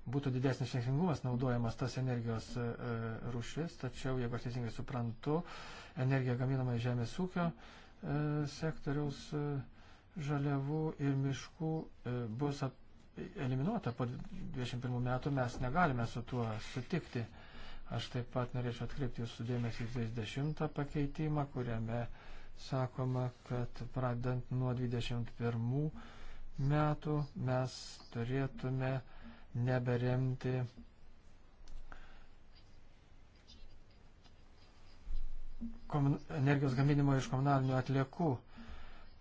būtų didesnis veiksmingumas naudojamas tas energijos rušis, tačiau, jeigu aš teisingai suprantu, energija gaminama iš žemės ūkio sektoriaus žaliavų ir miškų bus eliminuota po 21 metų, mes negalime su tuo sutikti. Aš taip pat norėčiau atkreipti jūsų dėmesį į 30 pakeitimą, kuriame sakoma, kad pradant nuo 21 metų mes turėtume neberemti energijos gaminimo iš komunalinių atliekų.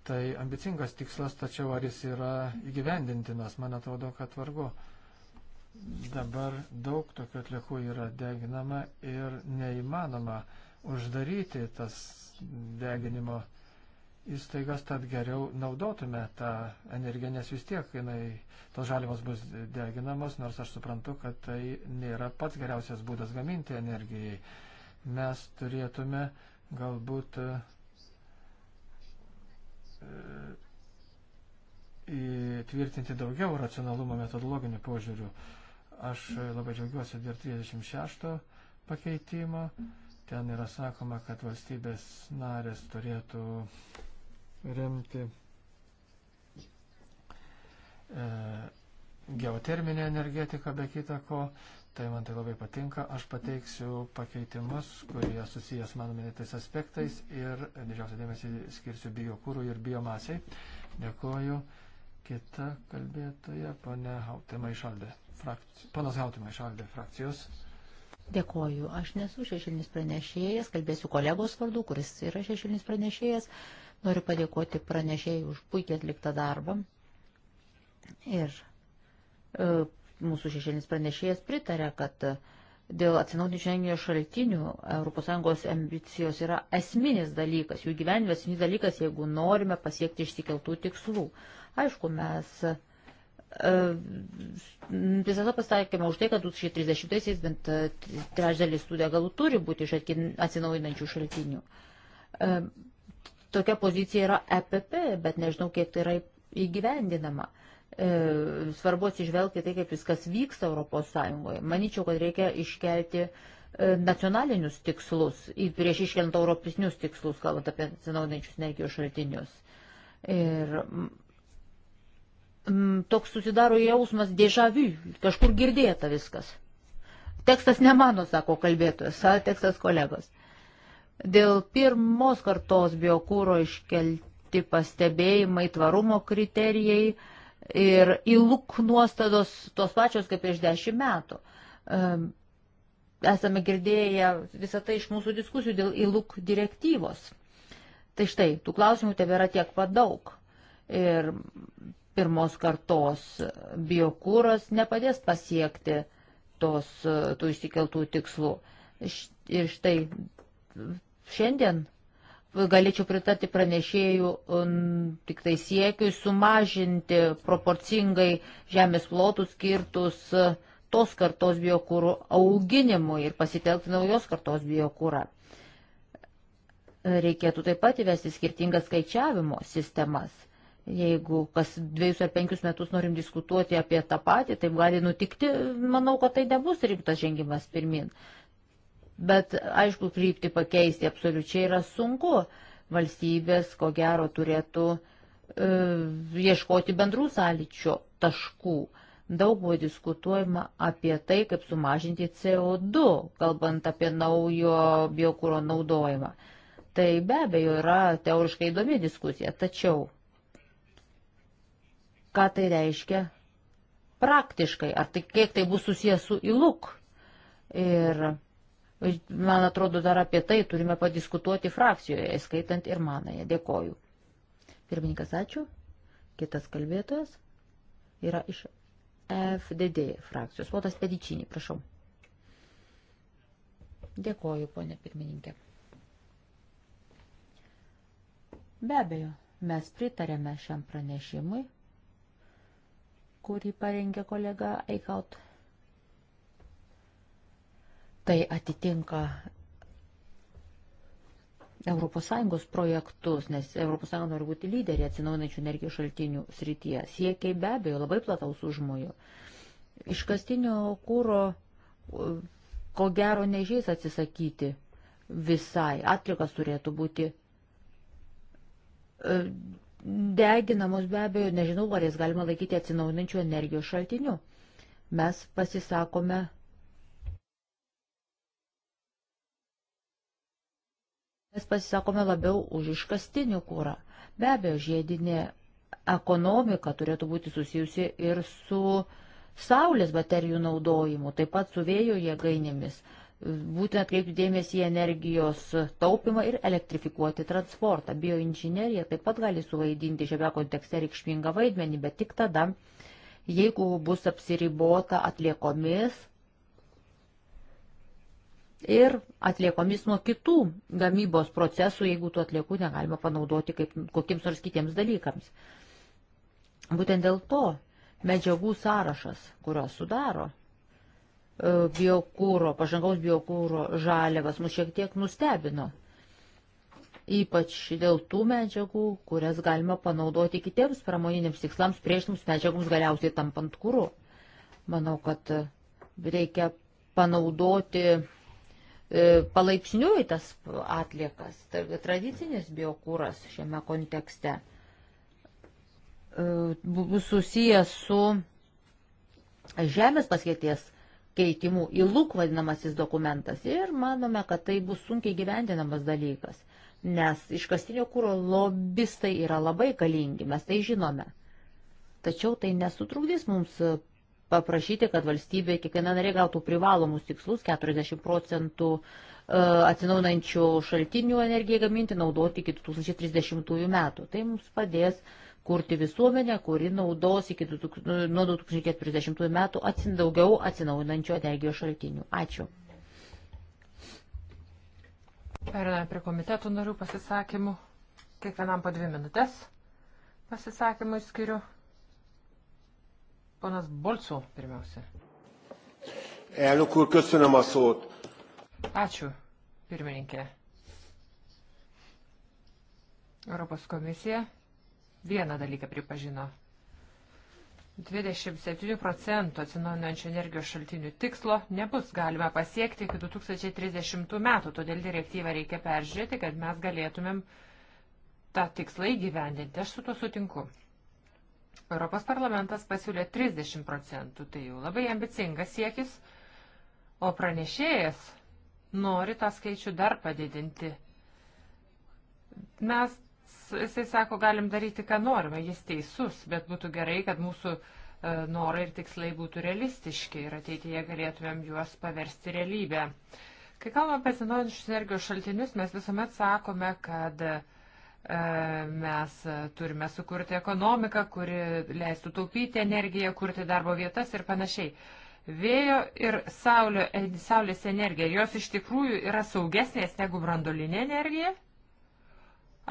Tai ambicingas tikslas, tačiau ar jis yra įgyvendintinas, man atrodo, kad vargu dabar daug tokių atliekų yra deginama ir neįmanoma uždaryti tas deginimo įstaigas, tad geriau naudotume tą energiją, nes vis tiek jinai, tos žalimos bus deginamos, nors aš suprantu, kad tai nėra pats geriausias būdas gaminti energijai. Mes turėtume galbūt e, įtvirtinti daugiau racionalumo metodologinių požiūrių. Aš labai džiaugiuosi dėl 36 pakeitimo. Ten yra sakoma, kad valstybės narės turėtų remti e, geoterminę energetiką be kita ko. Tai man tai labai patinka. Aš pateiksiu pakeitimus, kurie susijęs mano minėtais aspektais ir didžiausią dėmesį skirsiu biokūrų ir biomasiai. Dėkoju. Kita kalbėtoja, ponia Hautima išaldė frakci... panas Hautimai iš Aldė frakcijos. Dėkoju, aš nesu šešėlinis pranešėjas, kalbėsiu kolegos vardu, kuris yra šešėlinis pranešėjas. Noriu padėkoti pranešėjai už puikiai atliktą darbą. Ir e, mūsų šešėlinis pranešėjas pritarė, kad e, dėl atsinaudinčių energijos šaltinių ES ambicijos yra esminis dalykas, jų gyvenimas esminis dalykas, jeigu norime pasiekti išsikeltų tikslų. Aišku, mes Visada pasakėme už tai, kad 2030-aisiais bent e, trečdalis tų degalų turi būti iš atsinaujinančių šaltinių. E, tokia pozicija yra EPP, bet nežinau, kiek tai yra įgyvendinama. E, svarbu atsižvelgti tai, kaip viskas vyksta Europos Sąjungoje. Manyčiau, kad reikia iškelti nacionalinius tikslus, prieš iškeliant europinius tikslus, kalbant apie atsinaujinančius energijos šaltinius. Ir Mm, toks susidaro jausmas dėžavių, kažkur girdėta viskas. Tekstas ne mano, sako kalbėtojas, a, tekstas kolegos. Dėl pirmos kartos biokūro iškelti pastebėjimai, tvarumo kriterijai ir įluk nuostados tos pačios kaip prieš dešimt metų. Esame girdėję visą tai iš mūsų diskusijų dėl įluk direktyvos. Tai štai, tų klausimų tebėra tiek pat daug. Ir pirmos kartos biokūras nepadės pasiekti tos, tų išsikeltų tikslų. Ir štai šiandien galėčiau pritarti pranešėjų tik tai siekiui sumažinti proporcingai žemės plotus skirtus tos kartos biokūrų auginimui ir pasitelkti naujos kartos biokūrą. Reikėtų taip pat įvesti skirtingas skaičiavimo sistemas Jeigu kas dviejus ar penkius metus norim diskutuoti apie tą patį, taip gali nutikti, manau, kad tai nebus rimtas žengimas pirmin. Bet aišku, krypti pakeisti absoliučiai yra sunku. Valstybės, ko gero, turėtų e, ieškoti bendrų sąlyčio taškų. Daug buvo diskutuojama apie tai, kaip sumažinti CO2, kalbant apie naujo biokūro naudojimą. Tai be abejo yra teoriškai įdomi diskusija, tačiau ką tai reiškia praktiškai, ar tai kiek tai bus susijęs su įluk. Ir man atrodo, dar apie tai turime padiskutuoti frakcijoje, skaitant ir manąją. Dėkoju. Pirmininkas, ačiū. Kitas kalbėtojas yra iš FDD frakcijos. Votas Pedičinį, prašau. Dėkoju, ponė pirmininkė. Be abejo, mes pritarėme šiam pranešimui kurį parengė kolega Eikaut. Tai atitinka ES projektus, nes ES nori būti lyderiai atsinaujinančių energijos šaltinių srityje. Siekiai be abejo labai plataus užmojų. Iškastinio kūro, ko gero, nežys atsisakyti visai. Atlikas turėtų būti e, deginamos be abejo, nežinau, ar jas galima laikyti atsinaujinančių energijos šaltiniu. Mes pasisakome. Mes pasisakome labiau už iškastinį kūrą. Be abejo, žiedinė ekonomika turėtų būti susijusi ir su saulės baterijų naudojimu, taip pat su vėjo jėgainėmis būtent atkreipti dėmesį į energijos taupimą ir elektrifikuoti transportą. Bioinžinerija taip pat gali suvaidinti šiame kontekste reikšmingą vaidmenį, bet tik tada, jeigu bus apsiribota atliekomis ir atliekomis nuo kitų gamybos procesų, jeigu tų atliekų negalima panaudoti kaip kokiems nors kitiems dalykams. Būtent dėl to medžiagų sąrašas, kurios sudaro E, biokūro, pažangaus biokūro žaliavas mus šiek tiek nustebino. Ypač dėl tų medžiagų, kurias galima panaudoti kitiems pramoniniams tikslams priešinams medžiagoms galiausiai tampant kūru. Manau, kad reikia panaudoti e, palaipsniui tas atliekas, tai tradicinis biokūras šiame kontekste e, bus susijęs su žemės paskirties keitimų į lūk vadinamasis dokumentas ir manome, kad tai bus sunkiai gyvendinamas dalykas, nes iškastinio kūro lobistai yra labai galingi, mes tai žinome. Tačiau tai nesutrukdys mums paprašyti, kad valstybė kiekviena narė gautų privalomus tikslus 40 procentų e, atsinaunančių šaltinių energijai gaminti, naudoti iki 2030 metų. Tai mums padės uh, kurti visuomenę, kuri naudos iki nu, nuo 2040 metų atsin daugiau atsinaujinančio energijos šaltinių. Ačiū. Periname prie komitetų narių pasisakymų. Kiekvienam po dvi minutės pasisakymų skiriu. Ponas Bolcų pirmiausia. Elnök úr, köszönöm a szót. Ačiū, pirmininkė. Europos komisija vieną dalyką pripažino. 27 procentų atsinaujinančių energijos šaltinių tikslo nebus galima pasiekti iki 2030 metų, todėl direktyvą reikia peržiūrėti, kad mes galėtumėm tą tikslą įgyvendinti. Aš su tuo sutinku. Europos parlamentas pasiūlė 30 procentų, tai jau labai ambicingas siekis, o pranešėjas nori tą skaičių dar padidinti. Mes jisai sako, galim daryti, ką norime, jis teisus, bet būtų gerai, kad mūsų e, norai ir tikslai būtų realistiški ir ateityje galėtumėm juos paversti realybę. Kai kalbame apie atsinaujinančius energijos šaltinius, mes visuomet sakome, kad e, mes turime sukurti ekonomiką, kuri leistų taupyti energiją, kurti darbo vietas ir panašiai. Vėjo ir saulio, saulės energija, jos iš tikrųjų yra saugesnės negu brandolinė energija?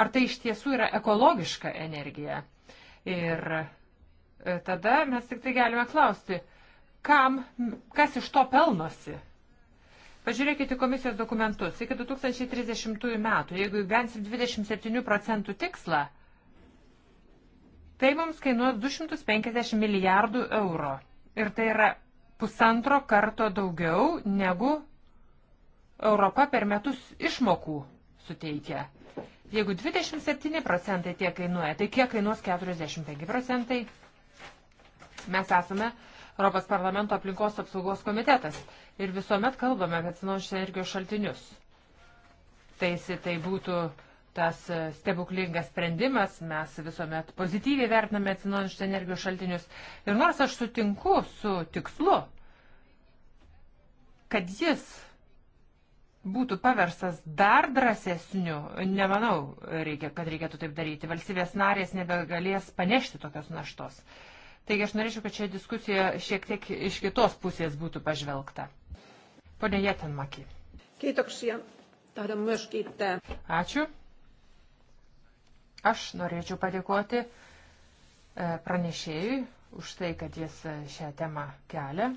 Ar tai iš tiesų yra ekologiška energija? Ir e, tada mes tik tai galime klausti, kam, kas iš to pelnosi? Pažiūrėkite komisijos dokumentus. Iki 2030 metų, jeigu įgyvensim 27 procentų tikslą, tai mums kainuos 250 milijardų eurų. Ir tai yra pusantro karto daugiau negu Europa per metus išmokų suteikia. Jeigu 27 procentai tiek kainuoja, tai kiek kainuos 45 procentai? Mes esame Europos parlamento aplinkos apsaugos komitetas ir visuomet kalbame apie atsinaujančius energijos šaltinius. Taisi tai būtų tas e, stebuklingas sprendimas, mes visuomet pozityviai vertiname atsinaujančius energijos šaltinius. Ir nors aš sutinku su tikslu, kad jis būtų paverstas dar drąsesniu, nemanau, reikia, kad reikėtų taip daryti. Valstybės narės nebegalės panešti tokios naštos. Taigi aš norėčiau, kad čia diskusija šiek tiek iš kitos pusės būtų pažvelgta. Pone Jetanmaki. Kiitoksia. Tahdon myös kiittää. Ačiū. Aš norėčiau padėkoti e, pranešėjui už tai, kad jis e, šią temą kelia.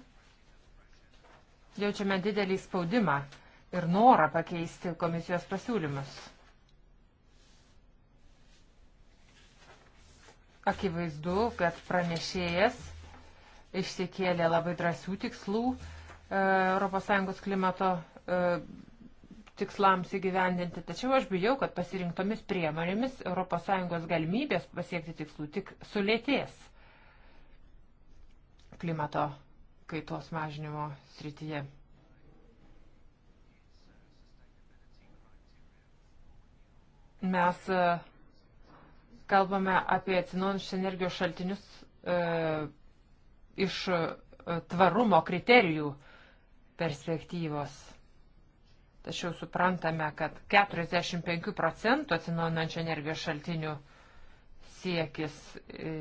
Jaučiame didelį spaudimą ir norą pakeisti komisijos pasiūlymus. Akivaizdu, kad pranešėjas išsikėlė labai drąsių tikslų ES klimato e, tikslams įgyvendinti, tačiau aš bijau, kad pasirinktomis priemonėmis ES galimybės pasiekti tikslų tik sulėtės klimato kaitos mažinimo srityje. Mes e, kalbame apie atsinaujančius energijos šaltinius e, iš e, tvarumo kriterijų perspektyvos. Tačiau suprantame, kad 45 procentų atsinaujinančių energijos šaltinių siekis e,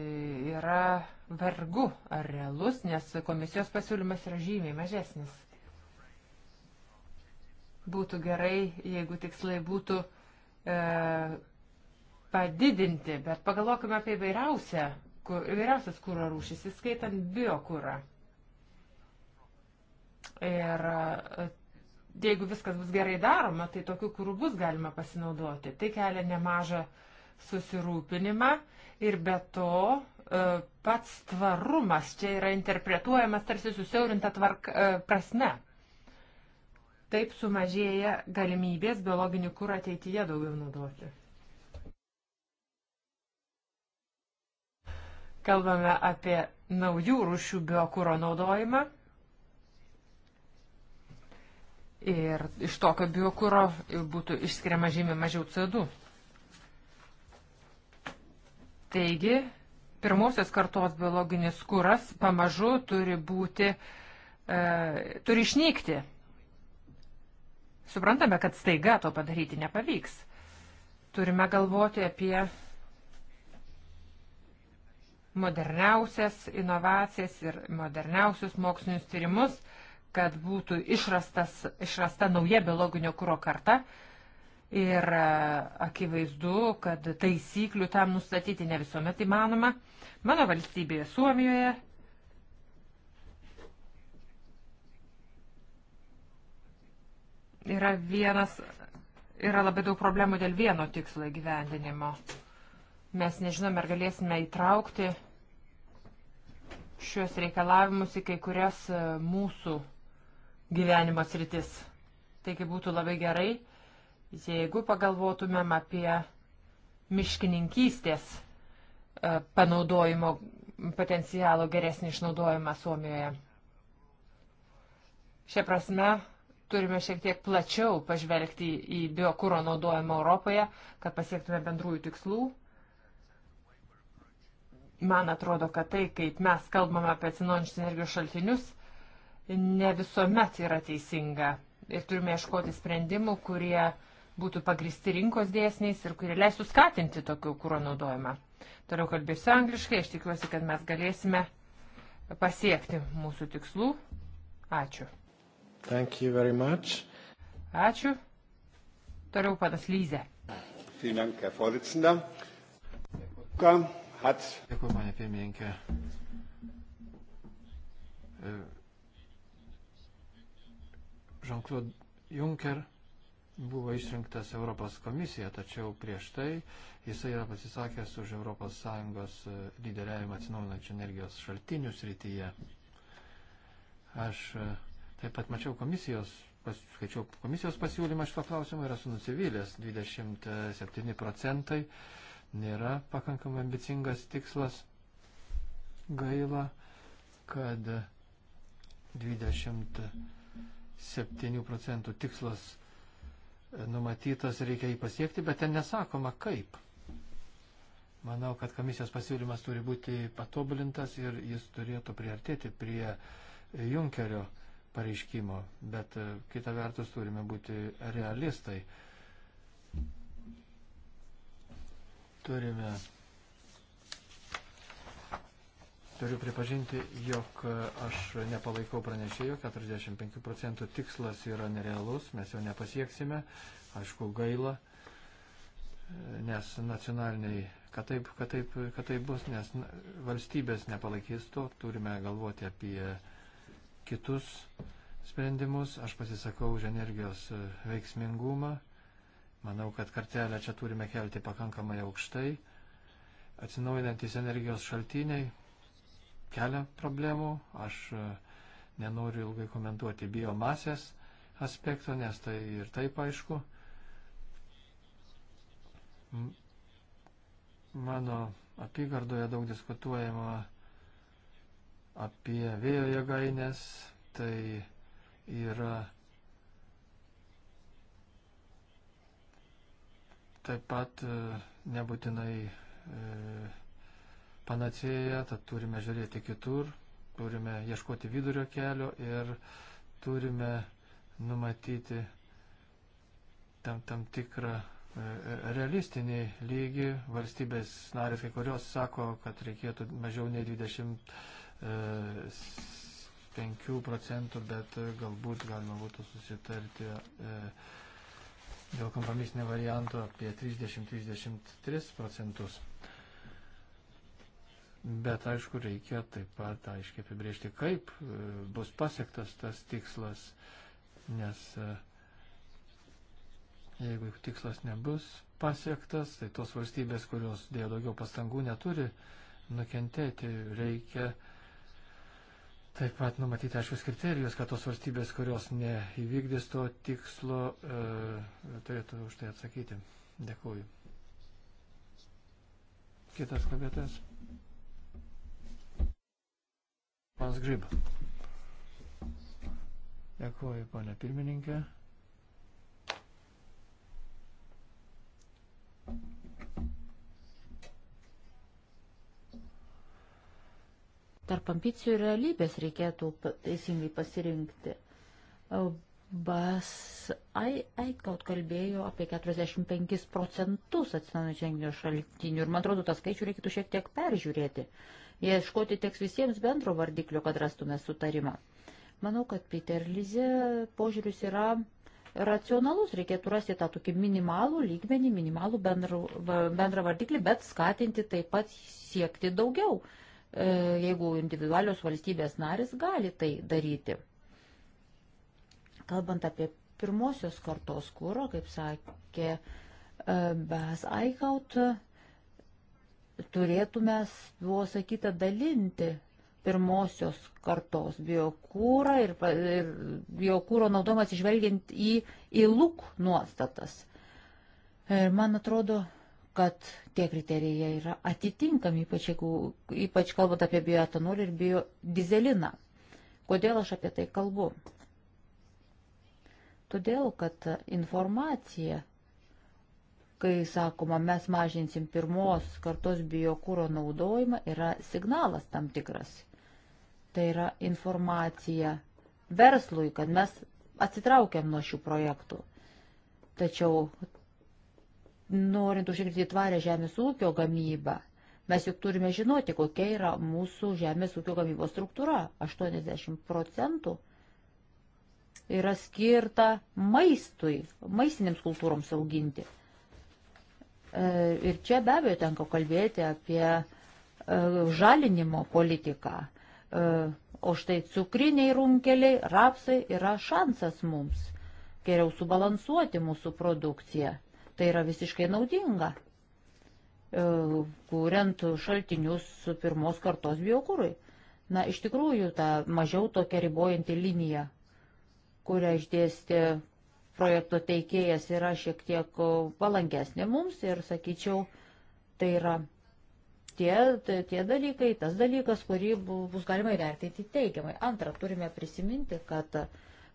yra vargu ar realus, nes komisijos pasiūlymas yra žymiai mažesnis. Būtų gerai, jeigu tikslai būtų uh, E, padidinti, bet pagalvokime apie įvairiausią, įvairiausias kūro rūšis, įskaitant biokūrą. Ir e, jeigu viskas bus gerai daroma, tai tokių kūrų bus galima pasinaudoti. Tai kelia nemažą susirūpinimą ir be to e, pats tvarumas čia yra interpretuojamas tarsi susiaurinta tvarka, prasme. Taip sumažėja galimybės biologinį kūrą ateityje daugiau naudoti. Kalbame apie naujų rūšių biokūro naudojimą. Ir iš tokio biokūro būtų išskiriama žymiai mažiau CO2. Taigi, pirmosios kartos biologinis kuras pamažu turi būti, e, turi išnykti. Suprantame, kad staiga to padaryti nepavyks. Turime galvoti apie moderniausias inovacijas ir moderniausius mokslinius tyrimus, kad būtų išrastas, išrasta nauja biologinio kūro karta. Ir e, akivaizdu, kad taisyklių tam nustatyti ne visuomet įmanoma. Mano valstybėje Suomijoje yra vienas, yra labai daug problemų dėl vieno tikslo įgyvendinimo. Mes nežinome, ar galėsime įtraukti šios reikalavimus į kai kurias e, mūsų gyvenimo sritis. Taigi būtų labai gerai, jeigu pagalvotumėm apie miškininkystės e, panaudojimo potencialo geresnį išnaudojimą Suomijoje. Šia prasme, turime šiek tiek plačiau pažvelgti į biokūro naudojimą Europoje, kad pasiektume bendrųjų tikslų. Man atrodo, kad tai, kaip mes kalbame apie atsinaujančius energijos šaltinius, ne visuomet yra teisinga. Ir turime ieškoti sprendimų, kurie būtų pagristi rinkos dėsniais ir kurie leistų skatinti tokių kūro naudojimą. Toliau kalbėsiu angliškai, aš tikiuosi, kad mes galėsime pasiekti mūsų tikslų. Ačiū. Thank you very much. Ačiū. Toliau panas Lyze. Vielen Dank, Herr Vorsitzender. Hat... Dėkui, mane pirmininkė. E, Jean-Claude Juncker buvo išrinktas Europos komisija, tačiau prieš tai jisai yra pasisakęs už ES e, lyderiavimą atsinaujinančių energijos šaltinių srityje. Aš e, Taip pat mačiau komisijos, skaičiau komisijos pasiūlymą šito klausimo ir esu nusivylęs. 27 procentai nėra pakankamai ambicingas tikslas. Gaila, kad 27 procentų tikslas e, numatytas, reikia jį pasiekti, bet ten nesakoma kaip. Manau, kad komisijos pasiūlymas turi būti patobulintas ir jis turėtų priartėti prie Junkerio pareiškimo, bet e, kita vertus turime būti realistai. Turime, turiu pripažinti, jog aš nepalaikau pranešėjo, 45 procentų tikslas yra nerealus, mes jo nepasieksime, aišku, gaila, nes nacionaliniai, kad taip, kad taip, kad taip bus, nes valstybės nepalaikys to, turime galvoti apie kitus sprendimus. Aš pasisakau už energijos e, veiksmingumą. Manau, kad kartelę čia turime kelti pakankamai aukštai. Atsinaujinantis energijos šaltiniai kelia problemų. Aš e, nenoriu ilgai komentuoti biomasės aspekto, nes tai ir taip aišku. Mano apygardoje daug diskutuojama apie vėjo jėgainės, tai yra taip pat e, nebūtinai e, panacėja, tad turime žiūrėti kitur, turime ieškoti vidurio kelio ir turime numatyti tam, tam tikrą e, realistinį lygį. Valstybės narės kai kurios sako, kad reikėtų mažiau nei 20 5 e, procentų, bet galbūt galima būtų susitarti e, dėl kompromisinio varianto apie 30-33 procentus. Bet aišku, reikia taip pat aiškiai apibriežti, kaip e, bus pasiektas tas tikslas, nes jeigu tikslas nebus pasiektas, tai tos valstybės, kurios dėjo daugiau pastangų, neturi nukentėti. Reikia uh, Taip pat numatyti aiškus kriterijus, kad tos valstybės, kurios neįvykdys to tikslo, e, turėtų už tai atsakyti. Dėkuoju. Kitas kalbėtojas. Panas Gryba. Dėkuoju, ponė pirmininkė. Tarp ambicijų ir realybės reikėtų teisingai pasirinkti. Bas Aikaut kalbėjo apie 45 procentus atsinaujančių energijos šaltinių ir man atrodo, tą skaičių reikėtų šiek tiek peržiūrėti. Ieškoti teks visiems bendro vardiklio, kad rastume sutarimą. Manau, kad Peter Lize požiūris yra racionalus, reikėtų rasti tą tokį minimalų lygmenį, minimalų bendrą, bendrą vardiklį, bet skatinti taip pat siekti daugiau. Uh, E, jeigu individualios valstybės narės gali tai daryti. Kalbant apie pirmosios kartos kūro, kaip sakė e, Bas Aikaut, turėtume, buvo sakyta, dalinti pirmosios kartos biokūrą ir, ir biokūro naudojimas išvelgiant į, į luk nuostatas. Ir man atrodo, kad tie kriterijai yra atitinkami, ypač, jeigu, ypač kalbant apie bioetanolį ir biodizeliną. Kodėl aš apie tai kalbu? Todėl, kad informacija, kai sakoma, mes mažinsim pirmos kartos biokūro naudojimą, yra signalas tam tikras. Tai yra informacija verslui, kad mes atsitraukiam nuo šių projektų. Tačiau norint užtikrinti tvarę žemės ūkio gamybą, mes juk turime žinoti, kokia yra mūsų žemės ūkio gamybos struktūra. 80 procentų yra skirta maistui, maistinėms kultūroms auginti. E, ir čia be abejo tenka kalbėti apie e, žalinimo politiką. E, o štai cukriniai runkeliai, rapsai yra šansas mums geriau subalansuoti mūsų produkciją tai yra visiškai naudinga, e, kuriant šaltinius pirmos kartos biokūrui. Na, iš tikrųjų, ta mažiau tokia ribojanti linija, kurią išdėstė projekto teikėjas, yra šiek tiek palankesnė mums ir, sakyčiau, tai yra tie, tie dalykai, tas dalykas, kurį bus galima įvertinti teigiamai. Antra, turime prisiminti, kad uh,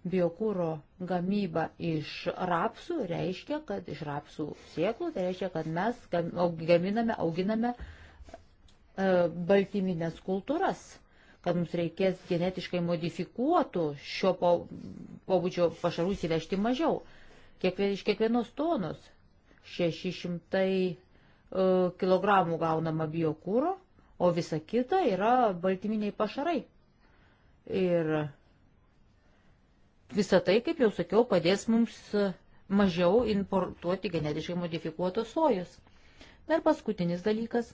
biokūro gamyba iš rapsų reiškia, kad iš rapsų sieklų, tai reiškia, kad mes gaminame, auginame e, baltyminės kultūras, kad mums reikės genetiškai modifikuotų šio pobūdžio pašarų įsivežti mažiau. Kiekvien, iš kiekvienos tonos 600 e, kg gaunama biokūro, o visa kita yra baltyminiai pašarai. Ir Visą tai, kaip jau sakiau, padės mums e, mažiau importuoti genetiškai modifikuotos sojos. Na ir paskutinis dalykas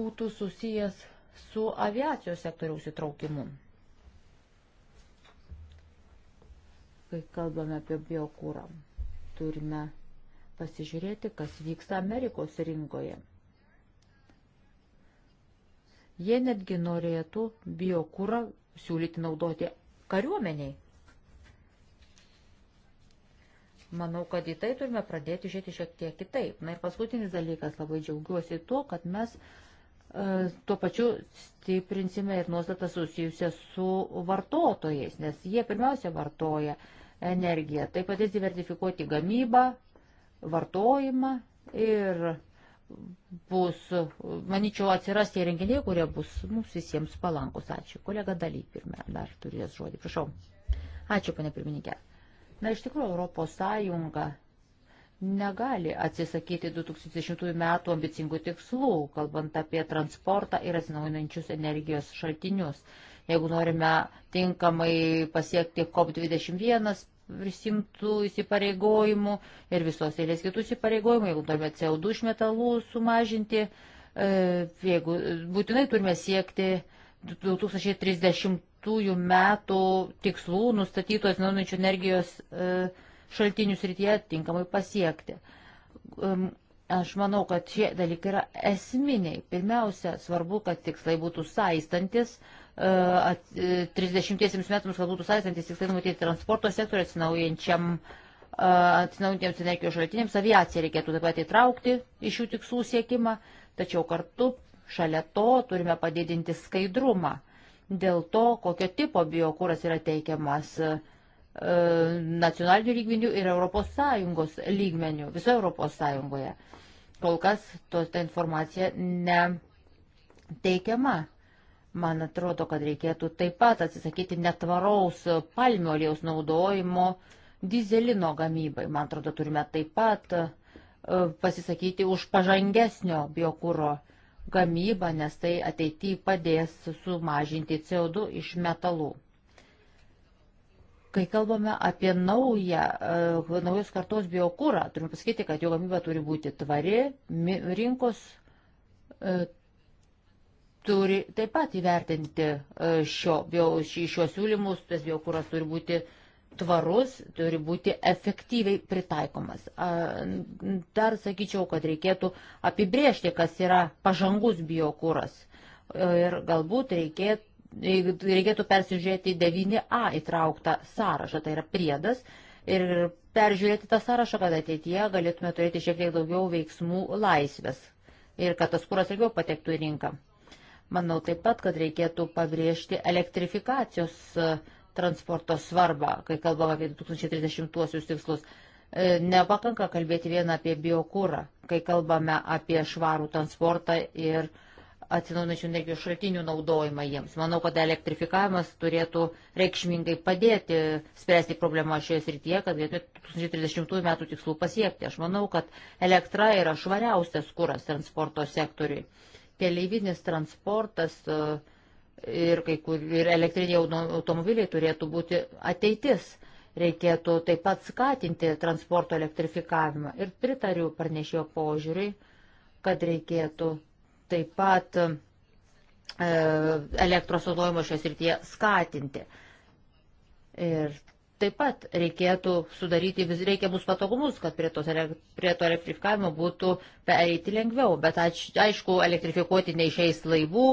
būtų susijęs su aviacijos sektoriaus įtraukimu. Kai kalbame apie biokūrą, turime pasižiūrėti, kas vyksta Amerikos rinkoje. Jie netgi norėtų biokūrą siūlyti naudoti kariuomeniai. Manau, kad į tai turime pradėti žiūrėti šiek tiek kitaip. Na ir paskutinis dalykas, labai džiaugiuosi tuo, kad mes e, tuo pačiu stiprinsime ir nuostatą susijusią su vartotojais, nes jie pirmiausia vartoja energiją. Tai padės diversifikuoti gamybą, vartojimą ir bus, manyčiau, atsiras tie renginiai, kurie bus mums visiems palankus. Ačiū. Kolega Daly pirmia, dar turės žodį. Prašau. Ačiū, pane pirmininkė. Na, iš tikrųjų, Europos Sąjunga negali atsisakyti 2010 metų ambicingų tikslų, kalbant apie transportą ir atsinaujinančius energijos šaltinius. Jeigu norime tinkamai pasiekti COP21 prisimtų įsipareigojimų ir visos eilės kitų įsipareigojimų, jeigu turime CO2 iš metalų sumažinti, e, jeigu būtinai turime siekti 2030 metų tikslų nustatytų atsinaujinančių energijos e, šaltinius rytyje tinkamai pasiekti. E, aš manau, kad šie dalykai yra esminiai. Pirmiausia, svarbu, kad tikslai būtų saistantis, 30 e, metams, kad būtų sąlysantis tikslai numatyti transporto sektoriui atsinaujančiam atsinaujantiems energijos šaltiniams, aviaciją reikėtų taip pat įtraukti iš jų tikslų siekimą, tačiau kartu šalia to turime padidinti skaidrumą dėl to, kokio tipo biokūras yra teikiamas e, nacionalinių lygmenių ir ES lygmenių, visoje ES. Kol kas to, ta informacija neteikiama. Man atrodo, kad reikėtų taip pat atsisakyti netvaraus palmių aliejus naudojimo dizelino gamybai. Man atrodo, turime taip pat e, pasisakyti už pažangesnio biokūro gamybą, nes tai ateityje padės sumažinti CO2 iš metalų. Kai kalbame apie naują, e, naujus kartos biokūrą, turime pasakyti, kad jo gamyba turi būti tvari, rinkos e, turi taip pat įvertinti e, šio, bio, šį, šios siūlymus, tas biokuras turi būti tvarus, turi būti efektyviai pritaikomas. Dar sakyčiau, kad reikėtų apibriežti, kas yra pažangus biokuras. Ir galbūt reikėtų, reikėtų persižiūrėti 9A įtrauktą sąrašą, tai yra priedas, ir peržiūrėti tą sąrašą, kad ateityje galėtume turėti šiek tiek daugiau veiksmų laisvės ir kad tas kuras ilgiau patektų į rinką. Manau taip pat, kad reikėtų pabrėžti elektrifikacijos e, transporto svarbą, kai kalbame apie 2030 tikslus. E, nepakanka kalbėti vien apie biokūrą, kai kalbame apie švarų transportą ir atsinaujinančių energijos šaltinių naudojimą jiems. Manau, kad elektrifikavimas turėtų reikšmingai padėti spręsti problemą šioje srityje, kad galėtume 2030 metų tikslų pasiekti. Aš manau, kad elektra yra švariausias kuras transporto sektoriui keleivinis transportas e, ir, kai kur, ir elektriniai automobiliai turėtų būti ateitis. Reikėtų taip pat skatinti transporto elektrifikavimą. Ir pritariu pranešėjo požiūriui, kad reikėtų taip pat e, elektros naudojimo šios rytyje skatinti. Ir taip pat reikėtų sudaryti vis reikiamus patogumus, kad prie, tos, prie to elektrifikavimo būtų pereiti lengviau. Bet aišku, elektrifikuoti neišeis laivų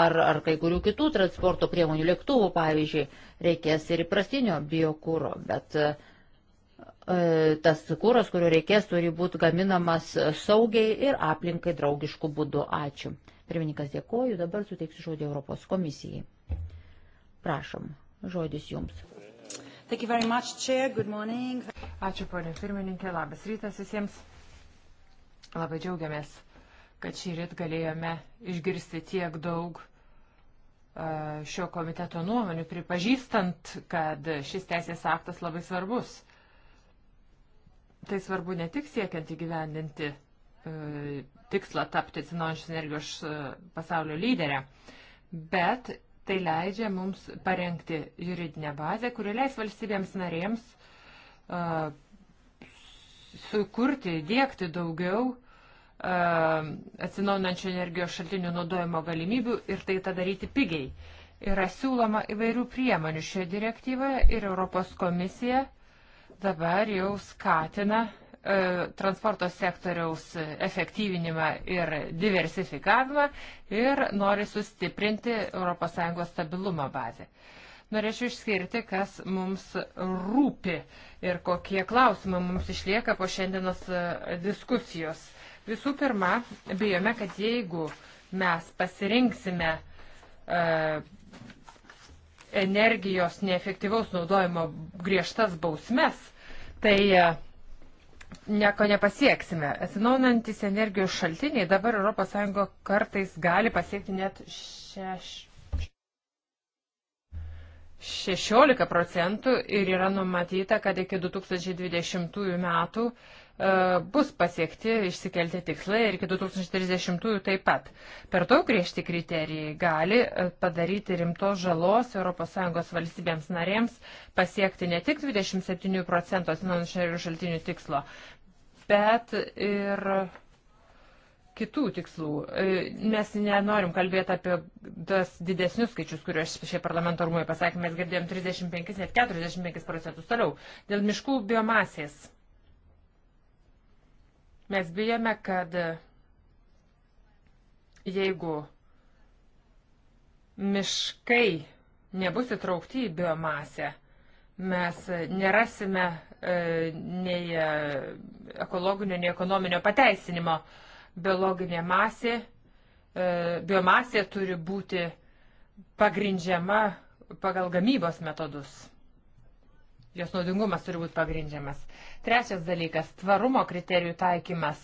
ar, ar kai kurių kitų transporto priemonių, lėktuvų pavyzdžiui, reikės ir įprastinio biokūro. Bet e, tas kūras, kurio reikės, turi būti gaminamas saugiai ir aplinkai draugišku būdu. Ačiū. Pirmininkas dėkoju, dabar suteiksiu žodį Europos komisijai. Prašom, žodis jums. Much, Ačiū, ponė pirmininkė, labas rytas visiems. Labai džiaugiamės, kad šį rytą galėjome išgirsti tiek daug šio komiteto nuomonių, pripažįstant, kad šis teisės aktas labai svarbus. Tai svarbu ne tik siekiant įgyvendinti tikslą tapti atsinaujančios energijos pasaulio lyderę, bet Tai leidžia mums parengti juridinę bazę, kuri leis valstybėms narėms uh, sukurti, dėkti daugiau uh, atsinaunančių energijos šaltinių naudojimo galimybių ir tai tą daryti pigiai. Yra siūloma įvairių priemonių šioje direktyvoje ir Europos komisija dabar jau skatina uh, E, transporto sektoriaus efektyvinimą ir diversifikavimą ir nori sustiprinti ES stabilumo bazę. Norėčiau išskirti, kas mums rūpi ir kokie klausimai mums išlieka po šiandienos e, diskusijos. Visų pirma, bijome, kad jeigu mes pasirinksime e, energijos neefektyvaus naudojimo griežtas bausmes, tai nieko nepasieksime. Atsinaujantis energijos šaltiniai dabar ES kartais gali pasiekti net 6. 16 procentų ir yra numatyta, kad iki 2020 metų E, bus pasiekti išsikelti tikslai ir iki 2030-ųjų taip pat. Per daug griežti kriterijai gali e, padaryti rimtos žalos ES valstybėms narėms pasiekti ne tik 27 procentų atsinaujinančių šaltinių tikslo, bet ir kitų tikslų. E, mes nenorim kalbėti apie tas didesnius skaičius, kuriuos šie parlamento rūmai pasakė, mes girdėjom 35, net 45 procentus toliau. Dėl miškų biomasės Mes bijome, kad jeigu miškai nebus įtraukti į biomasę, mes nerasime e, nei e, ekologinio, nei ekonominio pateisinimo. Biologinė masė, e, biomasė turi būti pagrindžiama pagal gamybos metodus. Jos naudingumas turi būti pagrindžiamas. Trečias dalykas - tvarumo kriterijų taikymas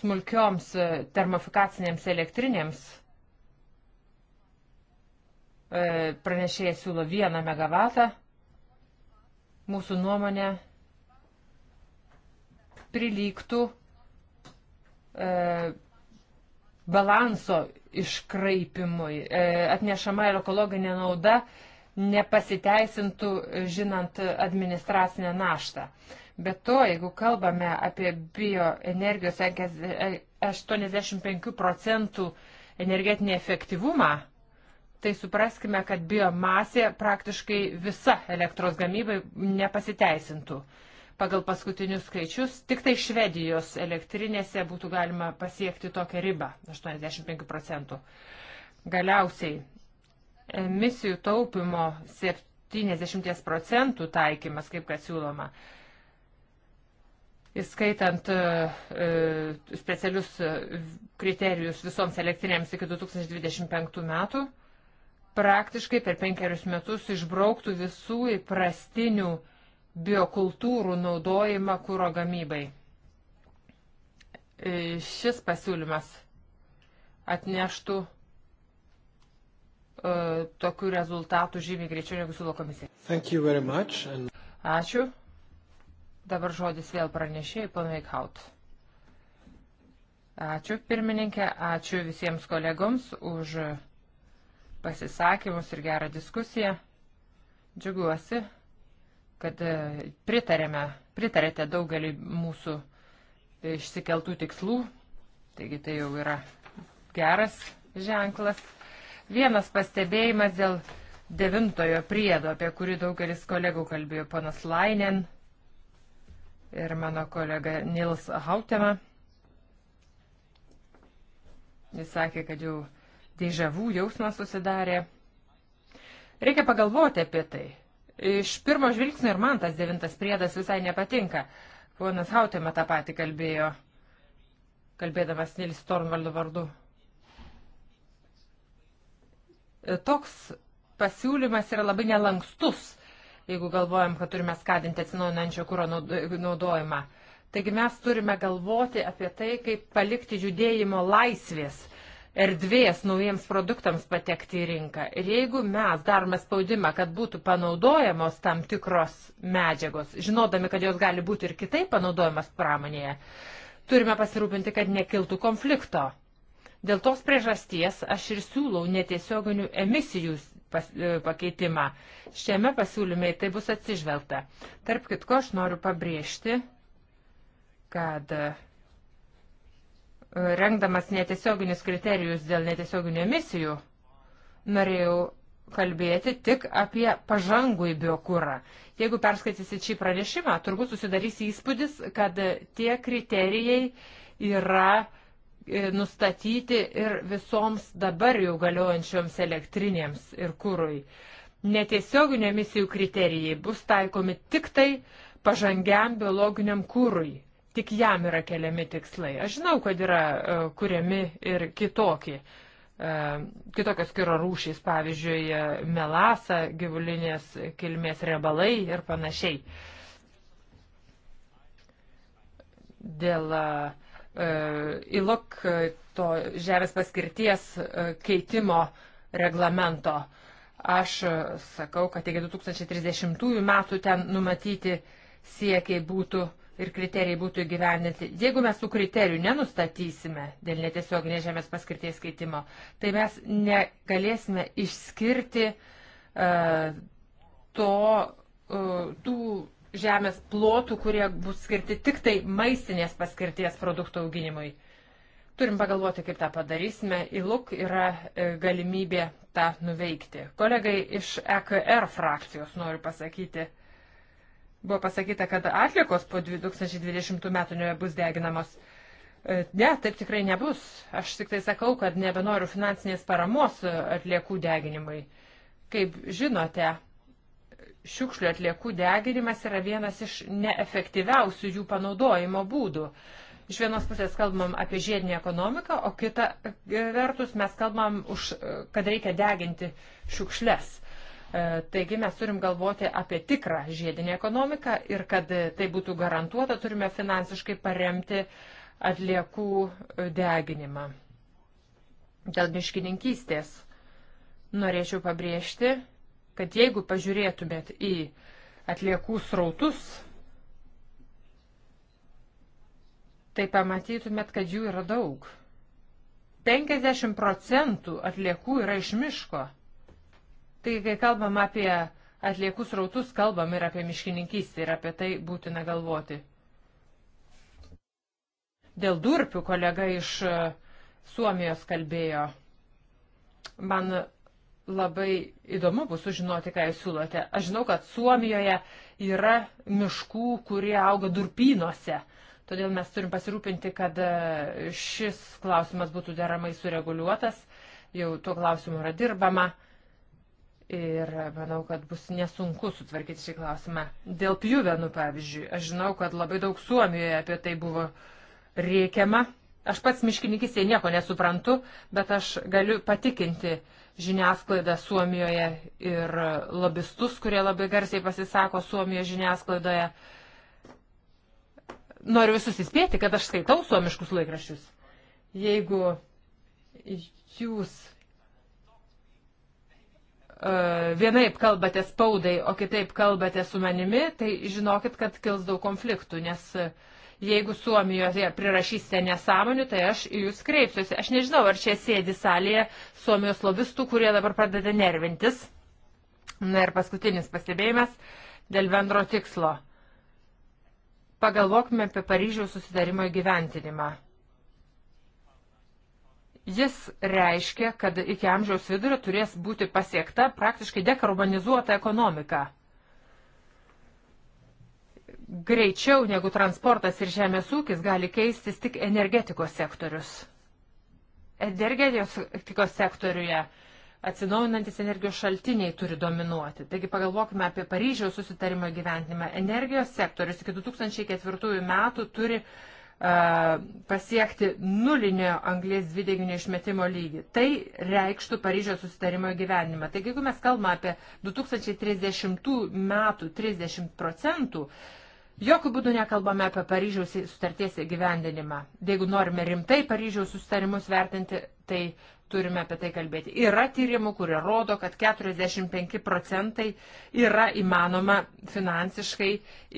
smulkioms e, termofikacinėms elektrinėms. E, Pranešėjas siūlo 1 megavatą. Mūsų nuomonė prilygtų e, balanso iškraipimui. E, atnešama ir ekologinė nauda nepasiteisintų, žinant administracinę naštą. Be to, jeigu kalbame apie bioenergijos 85 procentų energetinį efektyvumą, tai supraskime, kad biomasė praktiškai visa elektros gamybai nepasiteisintų. Pagal paskutinius skaičius, tik tai Švedijos elektrinėse būtų galima pasiekti tokią ribą - 85 procentų. Galiausiai emisijų taupimo 70 procentų taikymas, kaip kad siūloma, įskaitant e, e, specialius e, kriterijus visoms elektrinėms iki 2025 metų, praktiškai per penkerius metus išbrauktų visų įprastinių biokultūrų naudojimą kūro gamybai. Šis pasiūlymas atneštų E, tokių rezultatų žymiai greičiau negu siūlo komisija. And... Ačiū. Dabar žodis vėl pranešėjai, ponai Kaut. Ačiū pirmininkė, ačiū visiems kolegoms už pasisakymus ir gerą diskusiją. Džiugiuosi, kad e, pritarėme, pritarėte daugelį mūsų išsikeltų tikslų, taigi tai jau yra geras ženklas. Vienas pastebėjimas dėl devintojo priedo, apie kurį daugelis kolegų kalbėjo, panas Lainen ir mano kolega Nils Hautema. Jis sakė, kad jau dėžavų jausmas susidarė. Reikia pagalvoti apie tai. Iš pirmo žvilgsnio ir man tas devintas priedas visai nepatinka. Ponas Hautema tą patį kalbėjo, kalbėdamas Nils Tornvaldo vardu. Toks pasiūlymas yra labai nelankstus, jeigu galvojam, kad turime skatinti atsinaujinančio kūro naudojimą. Taigi mes turime galvoti apie tai, kaip palikti judėjimo laisvės erdvės naujiems produktams patekti į rinką. Ir jeigu mes darome spaudimą, kad būtų panaudojamos tam tikros medžiagos, žinodami, kad jos gali būti ir kitaip panaudojamas pramonėje, turime pasirūpinti, kad nekiltų konflikto. Dėl tos priežasties aš ir siūlau netiesioginių emisijų pas, e, pakeitimą. Šiame pasiūlyme tai bus atsižvelgta. Tarp kitko, aš noriu pabrėžti, kad e, rengdamas netiesioginius kriterijus dėl netiesioginių emisijų, norėjau kalbėti tik apie pažangų į biokūrą. Jeigu perskaitysi šį pranešimą, turbūt susidarys įspūdis, kad tie kriterijai yra E, nustatyti ir visoms dabar jau galiojančioms elektrinėms ir kūrui. Netiesioginių emisijų kriterijai bus taikomi tik tai pažangiam biologiniam kūrui. Tik jam yra keliami tikslai. Aš žinau, kad yra uh, kuriami ir kitokie. Uh, kitokios kiro rūšys, pavyzdžiui, melasa, gyvulinės kilmės riebalai ir panašiai. Dėl uh, ILOK e, to žemės paskirties e, keitimo reglamento. Aš e, sakau, kad iki 2030 metų ten numatyti siekiai būtų ir kriterijai būtų įgyvendinti. Jeigu mes tų kriterijų nenustatysime dėl netiesioginės žemės paskirties keitimo, tai mes negalėsime išskirti uh, to, uh, tų žemės plotų, kurie bus skirti tik tai maistinės paskirties produktų auginimui. Turim pagalvoti, kaip tą padarysime. ILUK yra e, galimybė tą nuveikti. Kolegai iš EKR frakcijos noriu pasakyti. Buvo pasakyta, kad atlikos po 2020 metų nebus deginamos. E, ne, taip tikrai nebus. Aš tik tai sakau, kad nebenoriu finansinės paramos atliekų deginimui. Kaip žinote, šiukšlių atliekų deginimas yra vienas iš neefektyviausių jų panaudojimo būdų. Iš vienos pusės kalbam apie žiedinį ekonomiką, o kita vertus mes kalbam, už, kad reikia deginti šiukšles. E, taigi mes turim galvoti apie tikrą žiedinį ekonomiką ir kad tai būtų garantuota, turime finansiškai paremti atliekų deginimą. Dėl miškininkystės norėčiau pabrėžti, kad jeigu pažiūrėtumėt į atliekų srautus, tai pamatytumėt, kad jų yra daug. 50 procentų atliekų yra iš miško. Tai kai kalbam apie atliekų srautus, kalbam ir apie miškininkystę ir apie tai būtina galvoti. Dėl durpių kolega iš e, Suomijos kalbėjo. Man labai įdomu bus sužinoti, ką jūs siūlote. Aš žinau, kad Suomijoje yra miškų, kurie auga durpynuose. Todėl mes turim pasirūpinti, kad e, šis klausimas būtų deramai sureguliuotas. Jau tuo klausimu yra dirbama. Ir manau, kad bus nesunku sutvarkyti šį klausimą. Dėl pjuvenų, pavyzdžiui, aš žinau, kad labai daug Suomijoje apie tai buvo riekiama. Aš pats miškininkistėje nieko nesuprantu, bet aš galiu patikinti uh, žiniasklaidą Suomijoje ir lobistus, kurie labai garsiai pasisako Suomijos žiniasklaidoje. Noriu visus įspėti, kad aš skaitau suomiškus laikraščius. Jeigu jūs uh, vienaip kalbate spaudai, o kitaip kalbate su manimi, tai žinokit, kad kils daug konfliktų, nes uh, Jeigu Suomijoje prirašysite nesąmonių, tai aš į jūs kreipsiuosi. Aš nežinau, ar čia sėdi salėje Suomijos lobistų, kurie dabar pradeda nervintis. Na ir paskutinis pastebėjimas dėl bendro tikslo. Pagalvokime apie Paryžiaus susidarimo įgyventinimą. Jis reiškia, kad iki amžiaus vidurio turės būti pasiekta praktiškai dekarbonizuota ekonomika greičiau negu transportas ir žemės ūkis gali keistis tik energetikos sektorius. Energetikos sektoriuje atsinaujinantis energijos šaltiniai turi dominuoti. Taigi pagalvokime apie Paryžiaus susitarimo gyvenimą. Energijos sektorius iki 2004 metų turi uh, pasiekti nulinio anglės dvideginio išmetimo lygį. Tai reikštų Paryžiaus susitarimo gyvenimą. Taigi, jeigu mes kalbame apie 2030 metų 30 procentų, uh, Jokių būdų nekalbame apie Paryžiaus sutarties įgyvendinimą. Jeigu norime rimtai Paryžiaus sutarimus vertinti, tai turime apie tai kalbėti. Yra tyrimų, kurie rodo, kad 45 procentai yra įmanoma finansiškai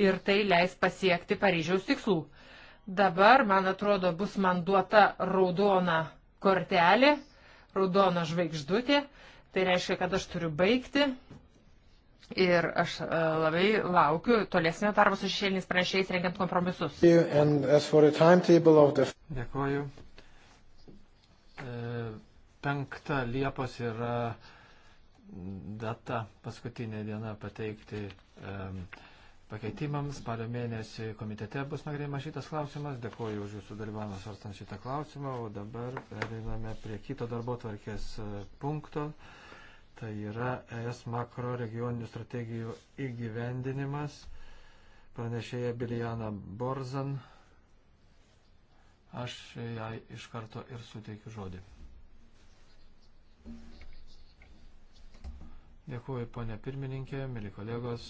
ir tai leis pasiekti Paryžiaus tikslų. Dabar, man atrodo, bus man duota raudona kortelė, raudona žvaigždutė. Tai reiškia, kad aš turiu baigti Ir aš e, labai laukiu tolesnio darbo su šešėliniais pranešiais rengiant kompromisus. Dėkuoju. E, penkta Liepos yra data, paskutinė diena pateikti e, pakeitimams. Spalio mėnesį komitete bus nagrėjimas šitas klausimas. Dėkuoju už jūsų dalyvavimą svarstant šitą klausimą. O dabar periname prie kito darbo tvarkės punkto. Tai yra ES makro regioninių strategijų įgyvendinimas. Pranešėja Biljana Borzan. Aš jai iš karto ir suteikiu žodį. Dėkuoju, ponė pirmininkė, mėly kolegos.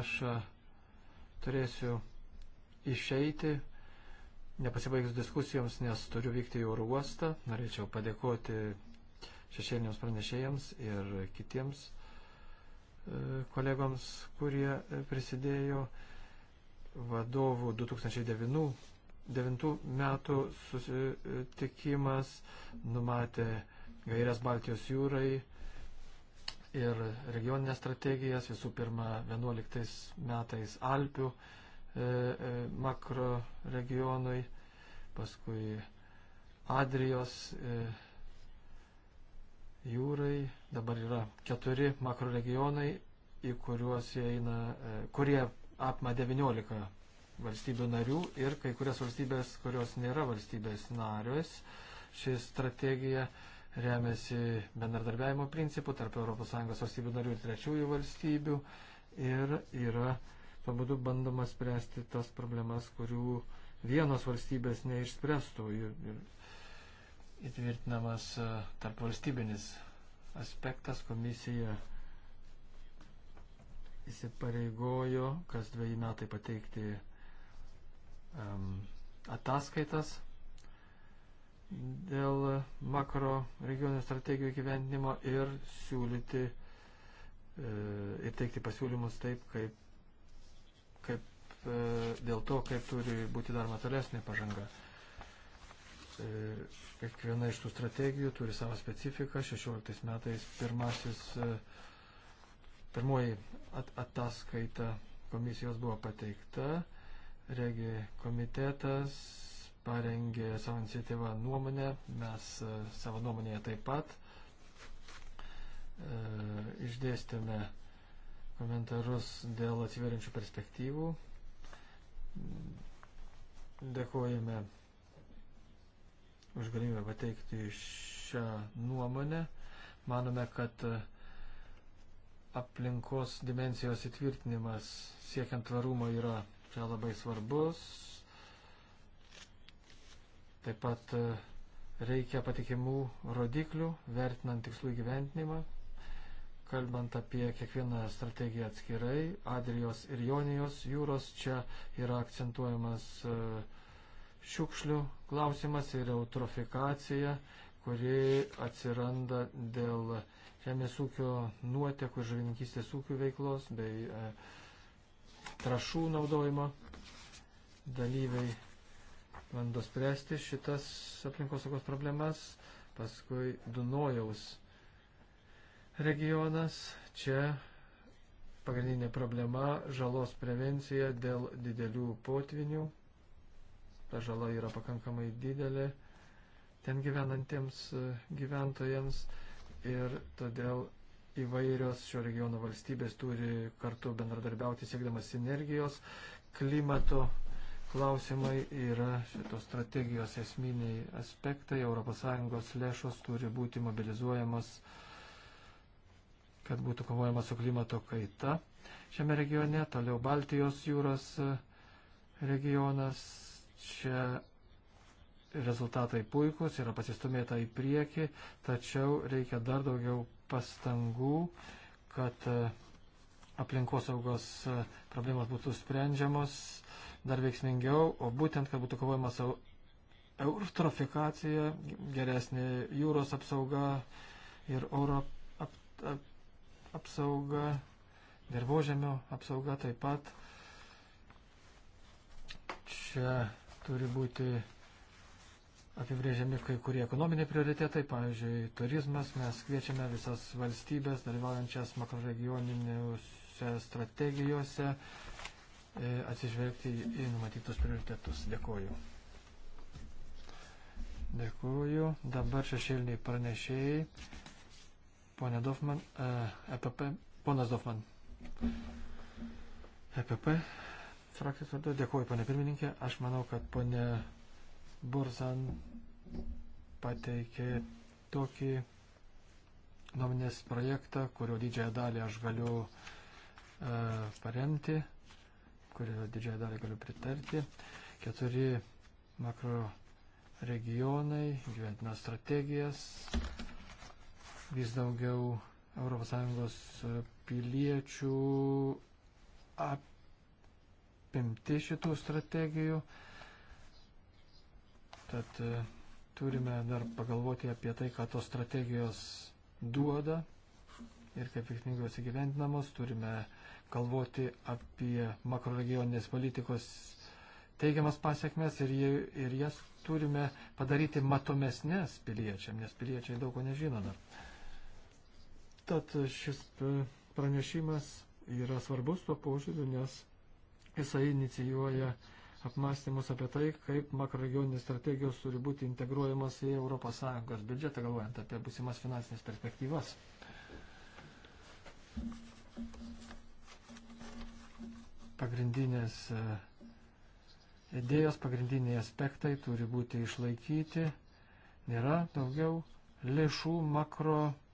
Aš turėsiu išeiti. Nepasibaigus diskusijoms, nes turiu vykti į oro uostą, norėčiau padėkoti šešėliniams pranešėjams ir kitiems e, kolegoms, kurie prisidėjo vadovų 2009, 2009 metų susitikimas, numatė gairias Baltijos jūrai ir regioninės strategijas, visų pirma 11 metais Alpių E, e, makro regionui, paskui Adrijos e, jūrai. Dabar yra keturi makro regionai, į kuriuos įeina, kurie apima 19 valstybių narių ir kai kurias valstybės, kurios nėra valstybės narios. Ši strategija remiasi bendradarbiavimo principu tarp ES valstybių narių ir trečiųjų valstybių ir yra Tuo būdu bandoma spręsti tas problemas, kurių vienos valstybės neišspręstų ir, ir įtvirtinamas e, tarp valstybinis aspektas komisija įsipareigojo kas dviejį metai pateikti um, ataskaitas dėl makro regionų strategijų gyvendinimo ir siūlyti e, ir teikti pasiūlymus taip, kaip E, dėl to, kaip turi būti daroma tolesnė pažanga. E, kiekviena iš tų strategijų turi savo specifiką. 16 metais pirmasis, e, pirmoji at, ataskaita komisijos buvo pateikta. Regi komitetas parengė savo iniciatyvą nuomonę, mes savo nuomonėje taip pat e, išdėstėme komentarus dėl atsiveriančių perspektyvų Dėkojame už galimybę pateikti šią nuomonę. Manome, kad aplinkos dimensijos įtvirtinimas siekiant tvarumo yra čia labai svarbus. Taip pat reikia patikimų rodiklių, vertinant tikslų įgyventinimą, kalbant apie kiekvieną strategiją atskirai, Adrijos ir Jonijos jūros, čia yra akcentuojamas e, šiukšlių klausimas ir eutrofikacija, kuri atsiranda dėl žemės ūkio nuotekų ir žuvininkystės ūkių veiklos bei e, trašų naudojimo. Dalyviai bando spręsti šitas aplinkosaugos problemas, paskui Dunojaus regionas. Čia pagrindinė problema - žalos prevencija dėl didelių potvinių. Ta žala yra pakankamai didelė ten gyvenantiems e, gyventojams ir todėl įvairios šio regiono valstybės turi kartu bendradarbiauti siekdamas sinergijos. Klimato klausimai yra šitos strategijos esminiai aspektai. ES lėšos turi būti mobilizuojamas uh, kad būtų kovojama su klimato kaita šiame regione, toliau Baltijos jūros e, regionas, čia rezultatai puikūs, yra pasistumėta į priekį, tačiau reikia dar daugiau pastangų, kad e, aplinkosaugos e, problemos būtų sprendžiamos dar veiksmingiau, o būtent, kad būtų kovojama su eutrofikacija, geresnė jūros apsauga ir oro ap, ap, apsauga, dirbožėmio apsauga taip pat. Čia turi būti apibrėžiami kai kurie ekonominiai prioritetai, pavyzdžiui, turizmas. Mes kviečiame visas valstybės dalyvaujančias makroregioniniuose strategijose e, atsižvelgti į numatytus prioritetus. Dėkuoju. Dėkuoju. Dabar šešėliniai pranešėjai. Pone Dofman, EPP, e ponas Dofman. EPP frakcijos vardu, dėkuoju, pane pirmininkė. Aš manau, kad ponė Burzan pateikė tokį nuomonės projektą, kurio didžiąją dalį aš galiu e, paremti, kurio didžiąją dalį galiu pritarti. Keturi makro regionai, gyventina strategijas, vis daugiau ES e, piliečių apimti šitų strategijų. Tad e, turime dar pagalvoti apie tai, ką tos strategijos duoda ir kaip veiksmingos įgyvendinamos. Turime galvoti apie makroregioninės politikos teigiamas pasiekmes ir, jie, ir jas turime padaryti matomesnės piliečiam, nes piliečiai daug ko nežino dar. Tad šis e, pranešimas yra svarbus tuo požiūriu, nes jisai inicijuoja apmąstymus apie tai, kaip makroregioninės strategijos turi būti integruojamos į ES biudžetą, galvojant apie busimas finansinės perspektyvas. Pagrindinės e, idėjos, pagrindiniai aspektai turi būti išlaikyti. Nėra daugiau lėšų makro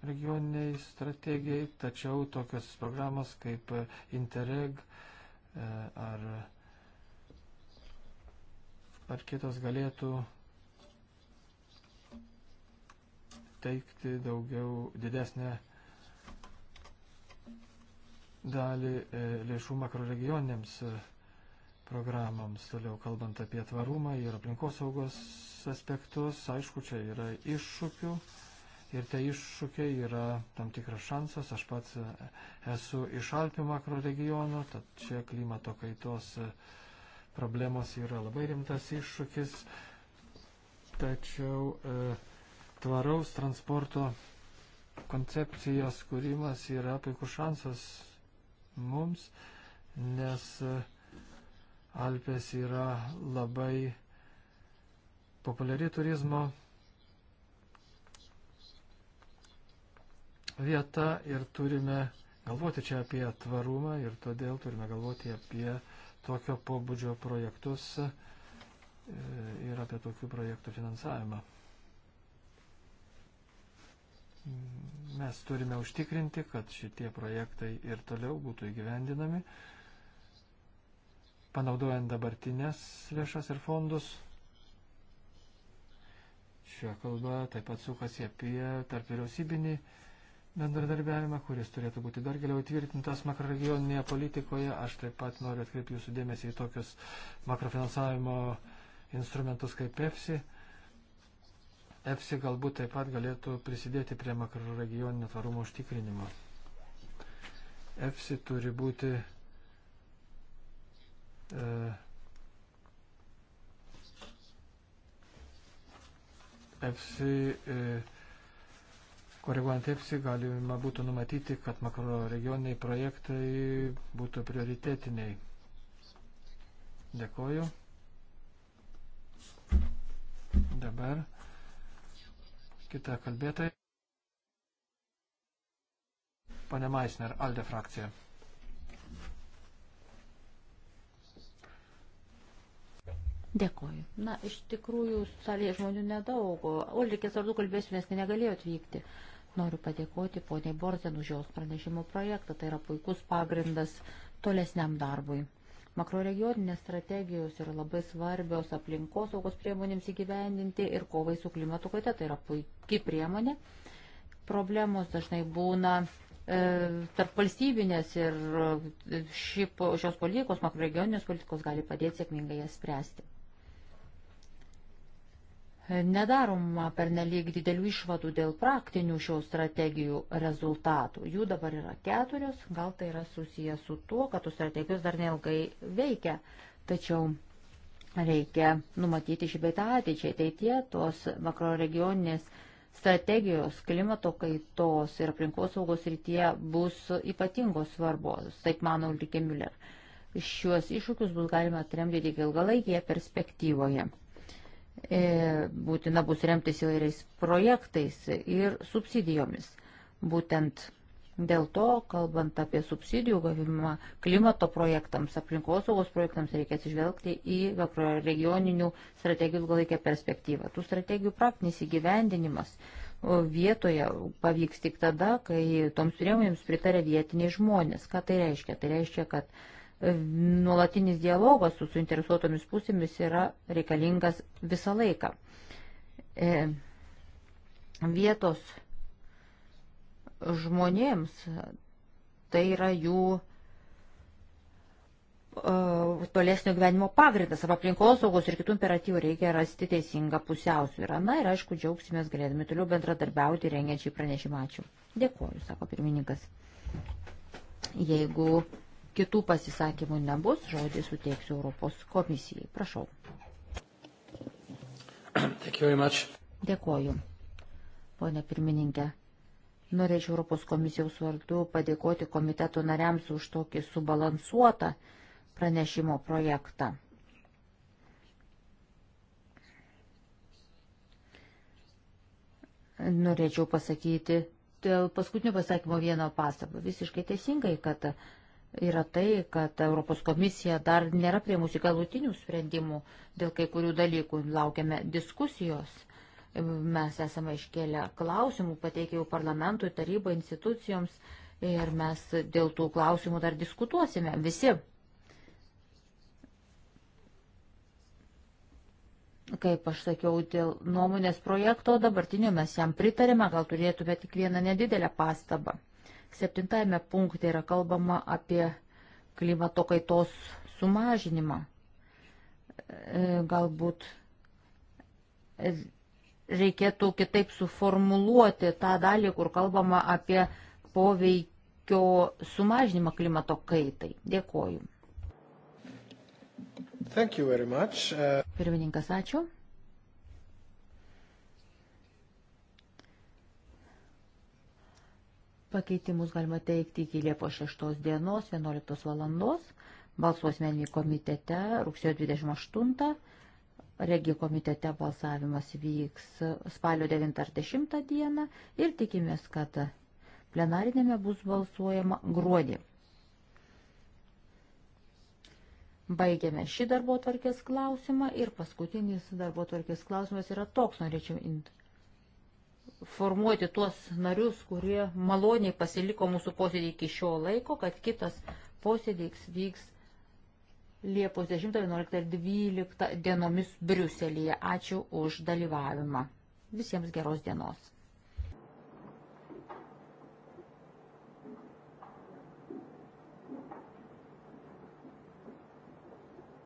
regioniniai strategijai, tačiau tokios programos kaip Interreg e, ar, ar kitos galėtų teikti daugiau didesnę dalį e, lėšų makroregioniniams e, programoms. Toliau kalbant apie tvarumą ir aplinkosaugos aspektus, aišku, čia yra iššūkių ir tie iššūkiai yra tam tikras šansas. Aš pats e, esu iš Alpių makro regiono, tad čia klimato kaitos e, problemos yra labai rimtas iššūkis. Tačiau e, tvaraus transporto koncepcijos kūrimas yra puikus šansas mums, nes e, Alpės yra labai populiari turizmo vieta ir turime galvoti čia apie tvarumą ir todėl turime galvoti apie tokio pobūdžio projektus e, ir apie tokių projektų finansavimą. Mes turime užtikrinti, kad šitie projektai ir toliau būtų įgyvendinami panaudojant dabartinės lėšas ir fondus. Šio kalba taip pat sukasi apie tarp vyriausybinį bendradarbiavimą, kuris turėtų būti dar giliau įtvirtintas makroregioninėje politikoje. Aš taip pat noriu atkreipti jūsų dėmesį į tokius makrofinansavimo instrumentus kaip EFSI. EFSI galbūt taip pat galėtų prisidėti prie makroregioninio tvarumo užtikrinimo. EFSI turi būti EFSI, e, koreguojant EFSI, galima būtų numatyti, kad makroregioniniai projektai būtų prioritetiniai. Dėkoju. Dabar kita kalbėtoja. Pane Maisner, Alde frakcija. Dėkoju. Na, iš tikrųjų, salėje žmonių nedaug. Olikės vardu kalbėsiu, nes negalėjo atvykti. Noriu padėkoti poniai Borzen už jos pranešimo projektą. Tai yra puikus pagrindas tolesniam darbui. Makroregioninės strategijos yra labai svarbios aplinkosaugos priemonėms įgyvendinti ir kovai su klimatu kaita. Tai yra puikiai priemonė. Problemos dažnai būna e, tarp valstybinės ir e, ši, šios politikos, makroregioninės politikos gali padėti sėkmingai jas spręsti. E, nedaroma pernelyg didelių išvadų dėl praktinių šių strategijų rezultatų. Jų dabar yra keturios, gal tai yra susijęs su tuo, kad tos strategijos dar neilgai veikia, tačiau reikia numatyti šį beitą ateičiai. Ateitie tos makroregioninės strategijos klimato kaitos ir aplinkosaugos rytyje bus ypatingos svarbos, taip mano Ulrike Müller. Šiuos iššūkius bus galima atremti tik ilgalaikėje perspektyvoje. E, būtina bus remtis įvairiais projektais ir subsidijomis. Būtent dėl to, kalbant apie subsidijų gavimą klimato projektams, aplinkosaugos projektams, reikia atsižvelgti į regioninių strategijų ilgalaikę perspektyvą. Tų strategijų praktinis įgyvendinimas vietoje pavyks tik tada, kai toms priemonėms pritarė vietiniai žmonės. Ką tai reiškia? Tai reiškia, kad nuolatinis dialogas su suinteresuotomis pusėmis yra reikalingas visą laiką. E, vietos žmonėms tai yra jų e, tolesnio gyvenimo pagrindas arba aplinkosaugos ir kitų imperatyvų reikia rasti teisingą pusiausvyrą. Na ir aišku, džiaugsimės galėdami toliau bendradarbiauti rengiančiai pranešimą. Ačiū. Dėkuoju, sako pirmininkas. Jeigu Kitų pasisakymų nebus, žodį suteiksiu Europos komisijai. Prašau. Dėkoju. Pone pirmininkė, norėčiau Europos komisijos vardu padėkoti komiteto nariams už tokį subalansuotą pranešimo projektą. Norėčiau pasakyti dėl paskutinio pasakymo vieno pastabą. Visiškai teisingai, kad yra tai, kad Europos komisija dar nėra prie mūsų galutinių sprendimų dėl kai kurių dalykų. Laukiame diskusijos. Mes esame iškėlę klausimų, pateikę jau parlamentui, tarybai, institucijoms ir mes dėl tų klausimų dar diskutuosime visi. Kaip aš sakiau, dėl nuomonės projekto dabartinio mes jam pritarėme, gal turėtume tik vieną nedidelę pastabą. Septintame punkte yra kalbama apie klimato kaitos sumažinimą. E, galbūt reikėtų kitaip suformuluoti tą dalį, kur kalbama apie poveikio sumažinimą klimato kaitai. Dėkoju. Uh... Pirmininkas, ačiū. Pakeitimus galima teikti iki Liepos 6 dienos 11 valandos. Balsuosmenį komitete rugsėjo 28. Regijų komitete balsavimas vyks spalio 9 ar 10 dieną ir tikimės, kad plenarinėme bus balsuojama gruodį. Baigiame šį darbo tvarkės klausimą ir paskutinis darbo tvarkės klausimas yra toks, norėčiau formuoti tuos narius, kurie maloniai pasiliko mūsų posėdį iki šio laiko, kad kitas posėdys vyks Liepos 10, 11 ir 12 dienomis Briuselėje. Ačiū už dalyvavimą. Visiems geros dienos.